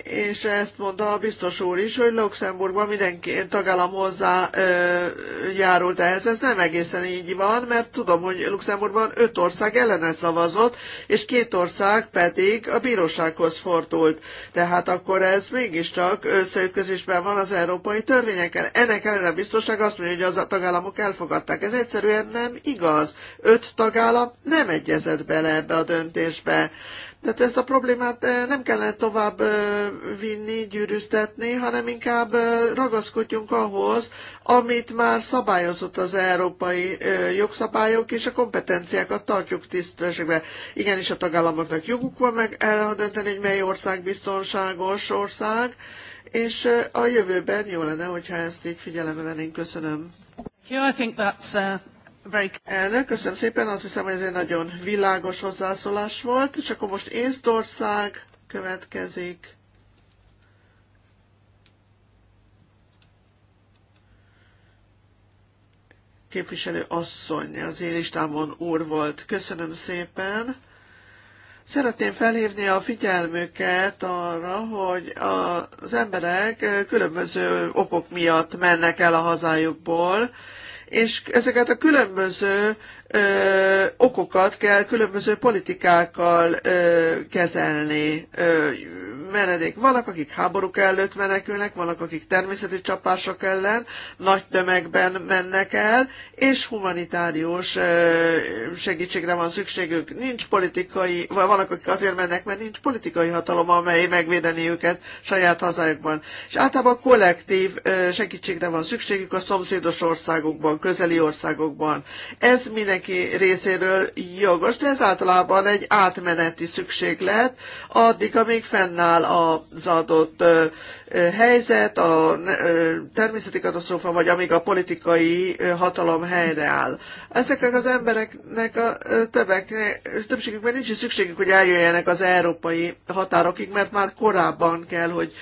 és ezt mondta a biztos úr is, hogy Luxemburgban mindenki tagállam hozzá ö, járult ehhez. Ez nem egészen így van, mert tudom, hogy Luxemburgban öt ország ellene szavazott, és két ország pedig a bírósághoz fordult. Tehát akkor ez mégiscsak összeütközésben van az európai törvényekkel. Ennek ellenére a biztonság azt mondja, hogy az a tagállamok elfogadták. Ez egyszerűen nem igaz. Öt tagállam nem egyezett bele ebbe a döntésbe. Tehát ezt a problémát eh, nem kellene tovább eh, vinni, gyűrűztetni, hanem inkább eh, ragaszkodjunk ahhoz, amit már szabályozott az európai jogszabályok, és a kompetenciákat tartjuk tisztességbe. Igenis a tagállamoknak joguk van meg eldönteni, hogy mely ország biztonságos ország, és a jövőben jó lenne, hogyha ezt így figyelembe vennénk. Köszönöm. Yeah, I think that's, uh... Elnök, köszönöm szépen, azt hiszem, hogy ez egy nagyon világos hozzászólás volt, és akkor most Észtország következik. Képviselő asszony, az én listámon úr volt. Köszönöm szépen. Szeretném felhívni a figyelmüket arra, hogy az emberek különböző okok miatt mennek el a hazájukból, és ezeket a különböző ö, okokat kell különböző politikákkal ö, kezelni. Ö, menedék. Vannak, akik háborúk előtt menekülnek, vannak, akik természeti csapások ellen nagy tömegben mennek el, és humanitárius ö, segítségre van szükségük. Nincs politikai, vagy vannak, akik azért mennek, mert nincs politikai hatalom, amely megvédeni őket saját hazájukban. És általában kollektív ö, segítségre van szükségük a szomszédos országokban, közeli országokban. Ez minden mindenki részéről jogos, de ez általában egy átmeneti szükséglet, addig, amíg fennáll az adott helyzet, a természeti katasztrófa, vagy amíg a politikai hatalom helyreáll. Ezeknek az embereknek a többek, többségükben nincs is szükségük, hogy eljöjjenek az európai határokig, mert már korábban kell, hogy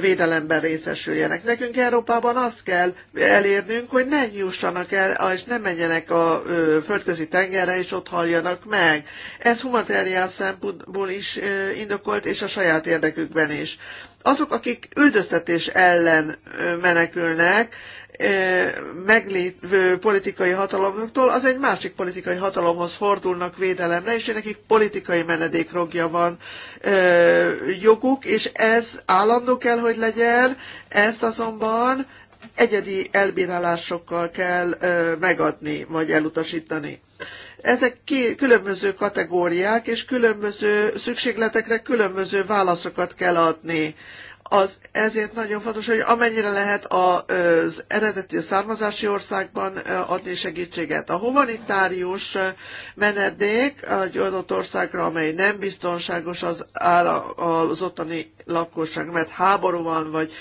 védelemben részesüljenek. Nekünk Európában azt kell elérnünk, hogy ne jussanak el, és ne menjenek a földközi tengerre, és ott halljanak meg. Ez humanitáriás szempontból is indokolt, és a saját érdekükben is. Azok, akik üldöztetés ellen menekülnek, meglévő politikai hatalomoktól, az egy másik politikai hatalomhoz fordulnak védelemre, és nekik politikai menedékrogja van ö, joguk, és ez állandó kell, hogy legyen, ezt azonban egyedi elbírálásokkal kell ö, megadni, vagy elutasítani. Ezek ki, különböző kategóriák, és különböző szükségletekre különböző válaszokat kell adni. Az, ezért nagyon fontos, hogy amennyire lehet az eredeti származási országban adni segítséget. A humanitárius menedék egy adott országra, amely nem biztonságos az, áll, az ottani lakosság, mert háború van, vagy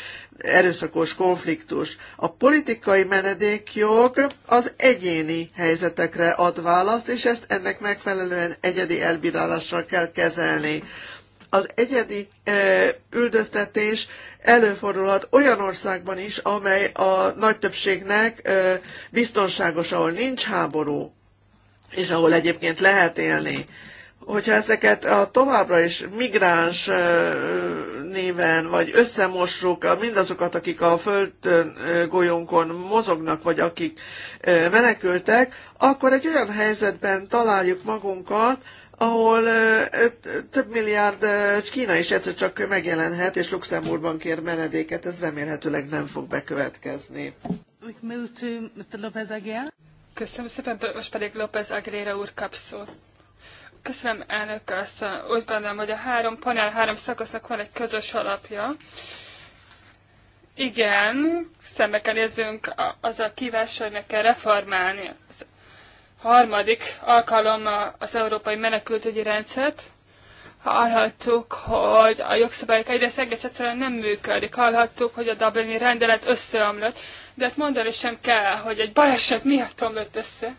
erőszakos konfliktus. A politikai menedékjog az egyéni helyzetekre ad választ, és ezt ennek megfelelően egyedi elbírálással kell kezelni. Az egyedi e, üldöztetés előfordulhat olyan országban is, amely a nagy többségnek e, biztonságos, ahol nincs háború, és ahol egyébként lehet élni hogyha ezeket a továbbra is migráns néven, vagy összemossuk mindazokat, akik a föld golyónkon mozognak, vagy akik menekültek, akkor egy olyan helyzetben találjuk magunkat, ahol több milliárd Kína is egyszer csak megjelenhet, és Luxemburgban kér menedéket, ez remélhetőleg nem fog bekövetkezni. Köszönöm szépen, most pedig López Agréra úr kap szót. Köszönöm, elnök asszony. Úgy gondolom, hogy a három panel, három szakasznak van egy közös alapja. Igen, szembe kell nézzünk az a kívással, hogy meg kell reformálni az harmadik alkalommal az európai menekültügyi rendszert. Hallhattuk, hogy a jogszabályok egyrészt egész egyszerűen nem működik. Hallhattuk, hogy a Dublini rendelet összeomlott. De hát mondani sem kell, hogy egy baleset miatt omlott össze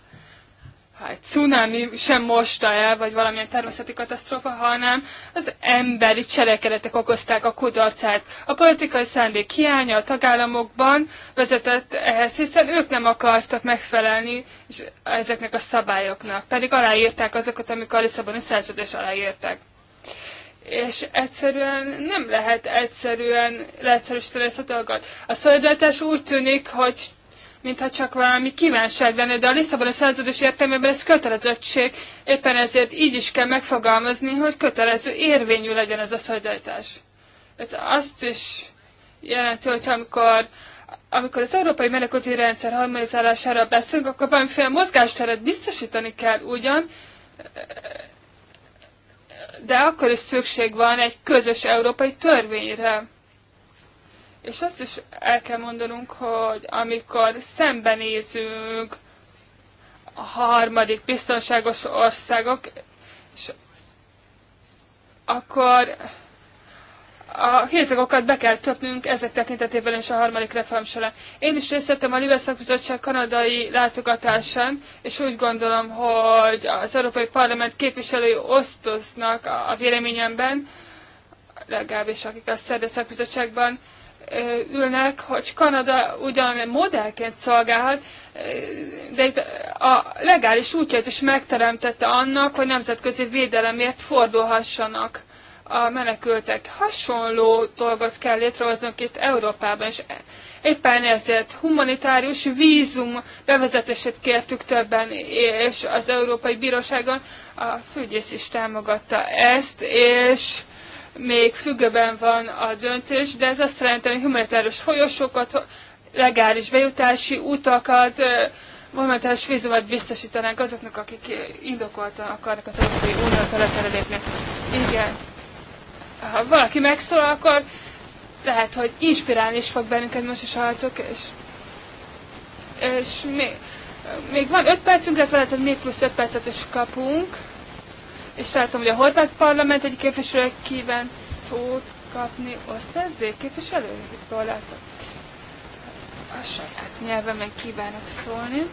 hát, cunami sem mosta el, vagy valamilyen természeti katasztrófa, hanem az emberi cselekedetek okozták a kudarcát. A politikai szándék hiánya a tagállamokban vezetett ehhez, hiszen ők nem akartak megfelelni és ezeknek a szabályoknak, pedig aláírták azokat, amik a Lisszaboni szerződés aláírták. És egyszerűen nem lehet egyszerűen leegyszerűsíteni ezt a dolgot. A szolidaritás úgy tűnik, hogy mintha csak valami kívánság lenne, de a Lisszaboni szerződés értelmében ez kötelezettség, éppen ezért így is kell megfogalmazni, hogy kötelező érvényű legyen ez a szolidaritás. Ez azt is jelenti, hogy amikor amikor az európai menekülti rendszer harmonizálására beszélünk, akkor valamiféle mozgásteret biztosítani kell ugyan, de akkor is szükség van egy közös európai törvényre. És azt is el kell mondanunk, hogy amikor szembenézünk a harmadik biztonságos országok, és akkor a hézagokat be kell töpnünk ezek tekintetében és a harmadik reform során. Én is részt vettem a Liberszak Bizottság kanadai látogatásán, és úgy gondolom, hogy az Európai Parlament képviselői osztoznak a véleményemben, legalábbis akik a Szerdeszak Bizottságban ülnek, hogy Kanada ugyan modellként szolgálhat, de itt a legális útját is megteremtette annak, hogy nemzetközi védelemért fordulhassanak a menekültek. Hasonló dolgot kell létrehoznunk itt Európában, és éppen ezért humanitárius vízum bevezetését kértük többen, és az Európai Bíróságon a főgyész is támogatta ezt, és még függőben van a döntés, de ez azt jelenti, hogy humanitárius folyosókat, legális bejutási utakat, momentális vízumot biztosítanánk azoknak, akik indokoltan akarnak az Európai Unió területre lépni. Igen. Ha valaki megszól, akkor lehet, hogy inspirálni is fog bennünket most is hallatok, és, és még, még van öt percünk, de lehet, hogy még plusz öt percet is kapunk és látom, hogy a horvát parlament egy képviselő kíván szót kapni, osztázzék képviselő? Jól látok. A saját nyelvemen kívánok szólni.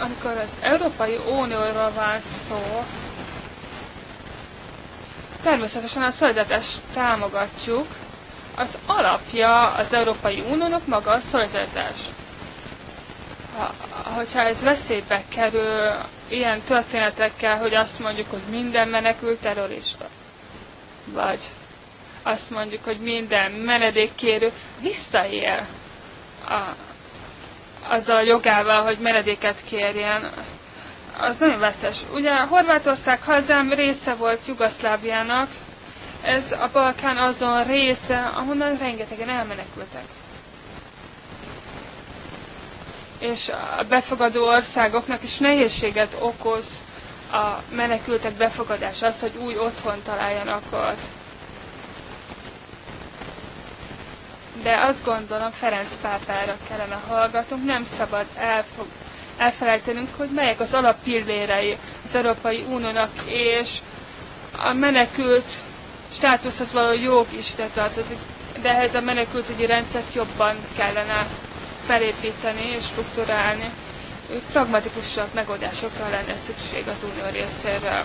Amikor az Európai Unióról van szó, természetesen a szolidaritást támogatjuk. Az alapja az Európai Uniónak maga a szolidaritás hogyha ez veszélybe kerül ilyen történetekkel, hogy azt mondjuk, hogy minden menekült terrorista, vagy azt mondjuk, hogy minden menedékkérő visszaél a, azzal a jogával, hogy menedéket kérjen, az nagyon veszes. Ugye Horvátország hazám része volt Jugoszláviának, ez a Balkán azon része, ahonnan rengetegen elmenekültek és a befogadó országoknak is nehézséget okoz a menekültek befogadása, az, hogy új otthon találjanak ott. De azt gondolom, Ferenc pápára kellene hallgatunk, nem szabad elfog, elfelejtenünk, hogy melyek az alappillérei az Európai Uniónak, és a menekült státuszhoz való jog is ide tartozik, de ehhez a menekültügyi rendszert jobban kellene felépíteni és strukturálni. Pragmatikusabb megoldásokra lenne szükség az unió részéről.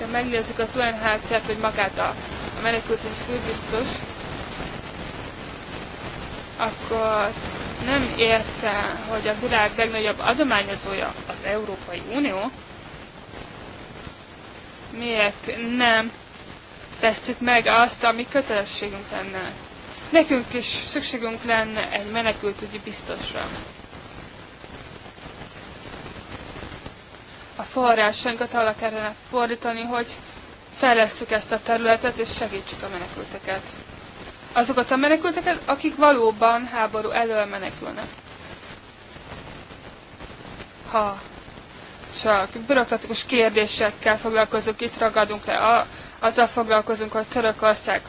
Ha megnézzük az UNHCR-t, vagy magát a, a menekültügyi főbiztos, akkor nem érte, hogy a világ legnagyobb adományozója az Európai Unió, miért nem tesszük meg azt, ami kötelességünk lenne. Nekünk is szükségünk lenne egy menekültügyi biztosra. A forrásainkat arra kellene fordítani, hogy fejlesztjük ezt a területet, és segítsük a menekülteket. Azokat a menekülteket, akik valóban háború elől menekülnek. Ha csak bürokratikus kérdésekkel foglalkozunk, itt ragadunk le a azzal foglalkozunk, hogy Törökország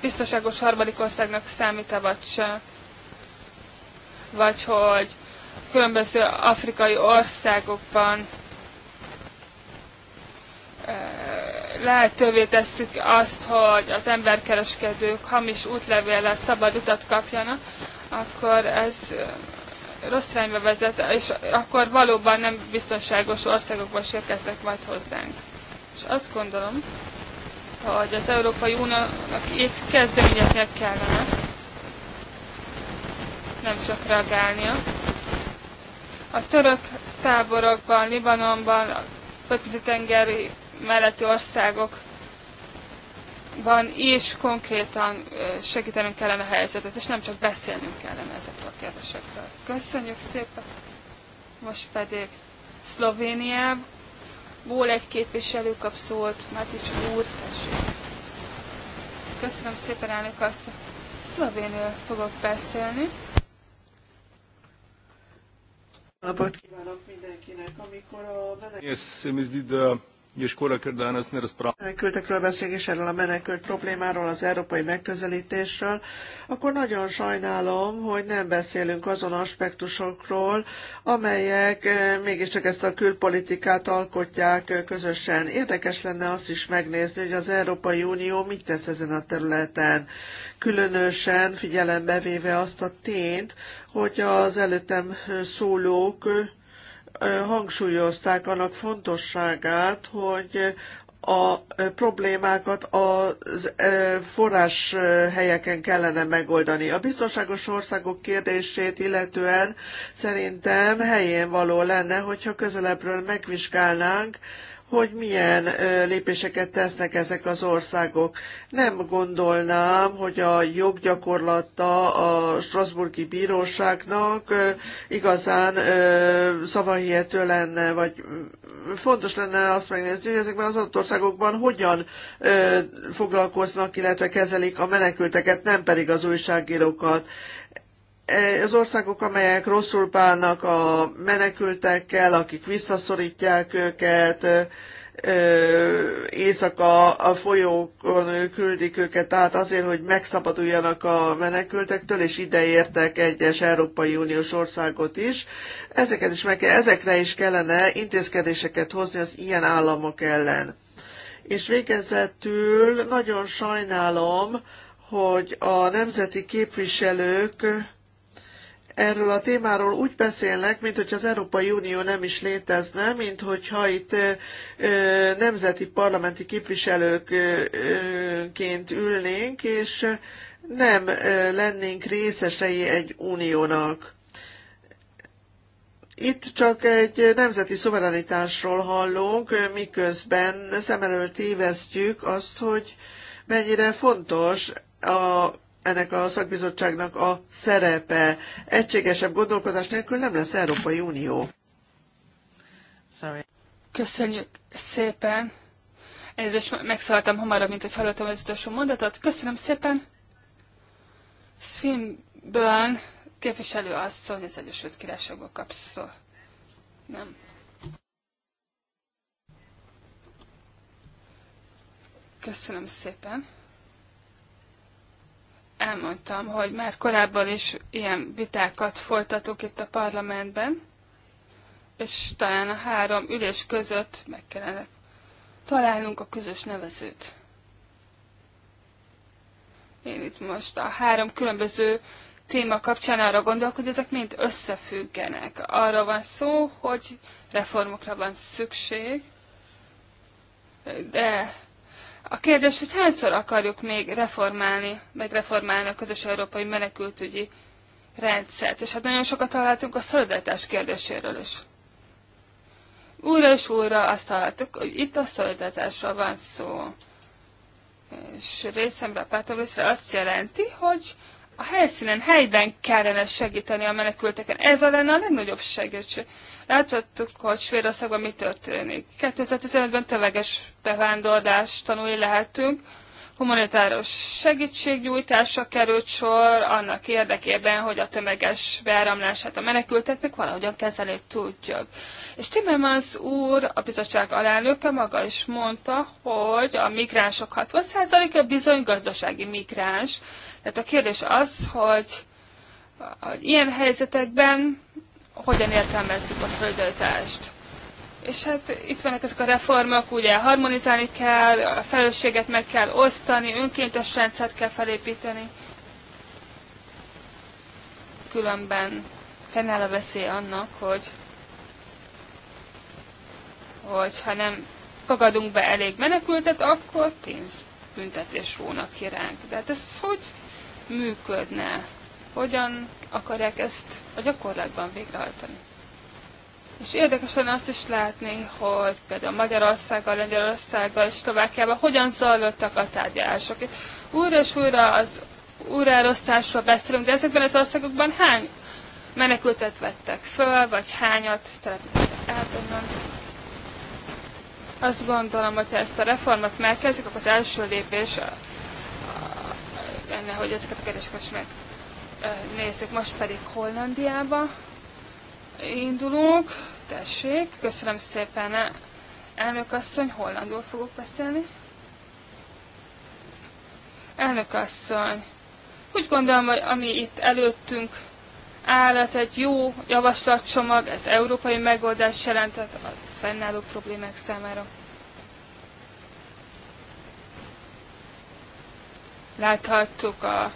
biztonságos harmadik országnak számít-e vagy sem. Vagy hogy különböző afrikai országokban lehetővé tesszük azt, hogy az emberkereskedők hamis útlevéllel szabad utat kapjanak, akkor ez rossz rányba vezet, és akkor valóban nem biztonságos országokban sérkeznek majd hozzánk. És azt gondolom, hogy az Európai Uniónak itt kezdeményeznie kellene, nem csak reagálnia. A török táborokban, Libanonban, a földközi tengeri melletti országokban is konkrétan segítenünk kellene a helyzetet, és nem csak beszélnünk kellene ezekről a kérdésekről. Köszönjük szépen! Most pedig Szlovéniában. Ból egy képviselő kap szót, Matics úr, tessék. Köszönöm szépen, elnök azt. Szlovénül fogok beszélni. Napot kívánok mindenkinek, amikor a menekült... Yes, menekültekről beszélünk, és erről a menekült problémáról, az európai megközelítésről, akkor nagyon sajnálom, hogy nem beszélünk azon aspektusokról, amelyek eh, mégiscsak ezt a külpolitikát alkotják eh, közösen. Érdekes lenne azt is megnézni, hogy az Európai Unió mit tesz ezen a területen, különösen figyelembe véve azt a tényt, hogy az előttem szólók hangsúlyozták annak fontosságát, hogy a problémákat az forrás helyeken kellene megoldani. A biztonságos országok kérdését illetően szerintem helyén való lenne, hogyha közelebbről megvizsgálnánk, hogy milyen lépéseket tesznek ezek az országok. Nem gondolnám, hogy a joggyakorlata a Strasburgi Bíróságnak igazán szavahihető lenne, vagy fontos lenne azt megnézni, hogy ezekben az adott országokban hogyan foglalkoznak, illetve kezelik a menekülteket, nem pedig az újságírókat. Eh, az országok, amelyek rosszul bánnak a menekültekkel, akik visszaszorítják őket, eh, eh, éjszaka a folyókon küldik őket át azért, hogy megszabaduljanak a menekültektől, és ide értek egyes Európai Uniós országot is. Ezeket is meg kell, ezekre is kellene intézkedéseket hozni az ilyen államok ellen. És végezetül nagyon sajnálom, hogy a nemzeti képviselők erről a témáról úgy beszélnek, mint hogy az Európai Unió nem is létezne, mint hogyha itt nemzeti parlamenti képviselőként ülnénk, és nem lennénk részesei egy uniónak. Itt csak egy nemzeti szuverenitásról hallunk, miközben szem előtt tévesztjük azt, hogy mennyire fontos a ennek a szakbizottságnak a szerepe. Egységesebb gondolkodás nélkül nem lesz Európai Unió. Sorry. Köszönjük szépen. Ez is megszálltam hamarabb, mint hogy hallottam az utolsó mondatot. Köszönöm szépen. Swinburne képviselő asszony az Egyesült Királyságból kapszol. Nem. Köszönöm szépen elmondtam, hogy már korábban is ilyen vitákat folytatok itt a parlamentben, és talán a három ülés között meg kellene találnunk a közös nevezőt. Én itt most a három különböző téma kapcsán arra gondolok, hogy ezek mind összefüggenek. Arra van szó, hogy reformokra van szükség, de a kérdés, hogy hányszor akarjuk még reformálni, meg reformálni a közös európai menekültügyi rendszert. És hát nagyon sokat találtunk a szolidaritás kérdéséről is. Újra és újra azt találtuk, hogy itt a szolidaritásra van szó. És részemre, a pártom részre azt jelenti, hogy a helyszínen, helyben kellene segíteni a menekülteken. Ez a lenne a legnagyobb segítség. Láthattuk, hogy Svédországban mi történik. 2015-ben töveges bevándorlás tanulni lehetünk, humanitáros segítségnyújtásra került sor annak érdekében, hogy a tömeges beáramlását a menekülteknek valahogyan kezelni tudjuk. És Timmermans úr, a bizottság alelnöke maga is mondta, hogy a migránsok 60%-a bizony gazdasági migráns. Tehát a kérdés az, hogy, hogy ilyen helyzetekben hogyan értelmezzük a szolidaritást. És hát itt vannak ezek a reformok, ugye harmonizálni kell, a felelősséget meg kell osztani, önkéntes rendszert kell felépíteni. Különben fennáll a veszély annak, hogy, ha nem fogadunk be elég menekültet, akkor pénzbüntetés rónak ki ránk. De hát ez hogy működne? Hogyan akarják ezt a gyakorlatban végrehajtani. És érdekesen azt is látni, hogy például Magyarországgal, Lengyelországgal és Szlovákiával hogyan zajlottak a tárgyalások. Újra és újra az újraelosztásról beszélünk, de ezekben az országokban hány menekültet vettek föl, vagy hányat, tehát Azt gondolom, hogy ha ezt a reformot megkezdjük, akkor az első lépés lenne, hogy ezeket a kérdéseket is meg nézzük. Most pedig Hollandiába indulunk. Tessék, köszönöm szépen, elnök asszony, hollandul fogok beszélni. Elnök asszony, úgy gondolom, hogy ami itt előttünk áll, az egy jó javaslatcsomag, ez európai megoldás jelentett a fennálló problémák számára. Láthattuk a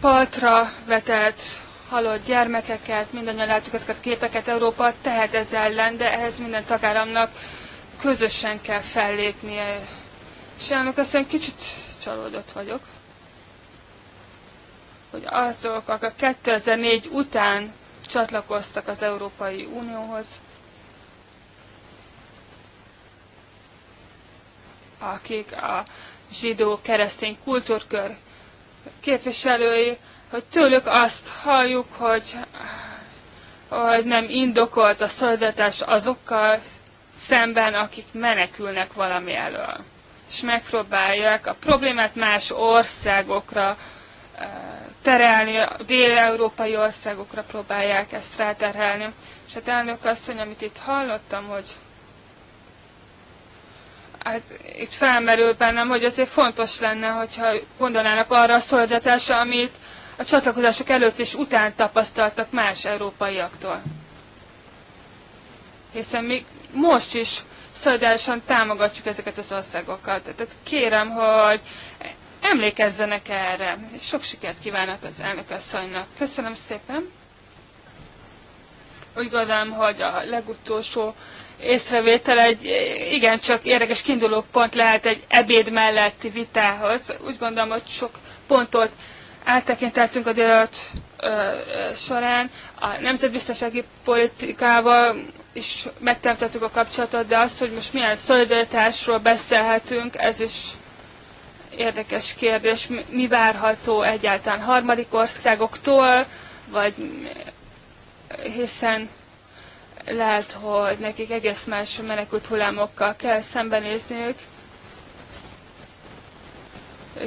partra vetett halott gyermekeket, mindannyian látjuk ezeket a képeket, Európa tehet ez ellen, de ehhez minden tagállamnak közösen kell fellépnie. És elnök aztán kicsit csalódott vagyok, hogy azok, akik 2004 után csatlakoztak az Európai Unióhoz, akik a zsidó keresztény kultúrkör képviselői, hogy tőlük azt halljuk, hogy, hogy nem indokolt a szolidatás azokkal szemben, akik menekülnek valami elől. És megpróbálják a problémát más országokra eh, terelni, a dél-európai országokra próbálják ezt ráterelni. És hát elnök asszony, amit itt hallottam, hogy hát itt felmerül bennem, hogy azért fontos lenne, hogyha gondolnának arra a szolidatásra, amit a csatlakozások előtt és után tapasztaltak más európaiaktól. Hiszen még most is szolidárisan támogatjuk ezeket az országokat. Tehát kérem, hogy emlékezzenek erre. Sok sikert kívánok az elnökasszonynak. Köszönöm szépen. Úgy gondolom, hogy a legutolsó észrevétel egy igencsak érdekes kiinduló pont lehet egy ebéd melletti vitához. Úgy gondolom, hogy sok pontot áttekintettünk a délelőtt során. A nemzetbiztonsági politikával is megteremtettük a kapcsolatot, de azt, hogy most milyen szolidaritásról beszélhetünk, ez is érdekes kérdés. Mi várható egyáltalán harmadik országoktól, vagy hiszen lehet, hogy nekik egész más menekült hullámokkal kell szembenézniük.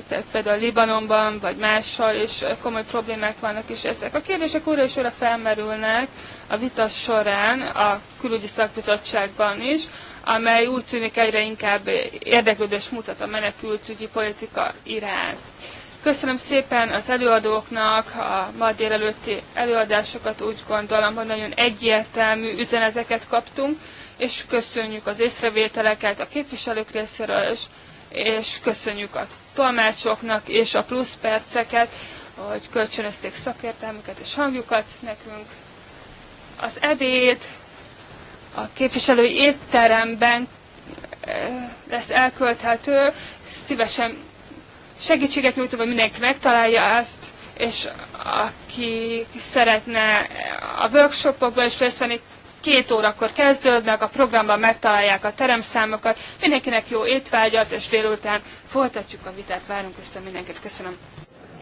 Tehát például Libanonban, vagy máshol is komoly problémák vannak, és ezek a kérdések újra és újra felmerülnek a vita során a külügyi szakbizottságban is, amely úgy tűnik egyre inkább érdeklődés mutat a menekültügyi politika iránt. Köszönöm szépen az előadóknak a ma délelőtti előadásokat, úgy gondolom, hogy nagyon egyértelmű üzeneteket kaptunk, és köszönjük az észrevételeket a képviselők részéről, és, és köszönjük a tolmácsoknak és a plusz perceket, hogy kölcsönözték szakértelmüket és hangjukat nekünk. Az ebéd a képviselői étteremben eh, lesz elkölthető, szívesen segítséget nyújtunk, hogy mindenki megtalálja ezt, és aki szeretne a workshopokban is részt venni, két órakor kezdődnek, a programban megtalálják a teremszámokat. Mindenkinek jó étvágyat, és délután folytatjuk a vitát, várunk össze mindenkit. Köszönöm.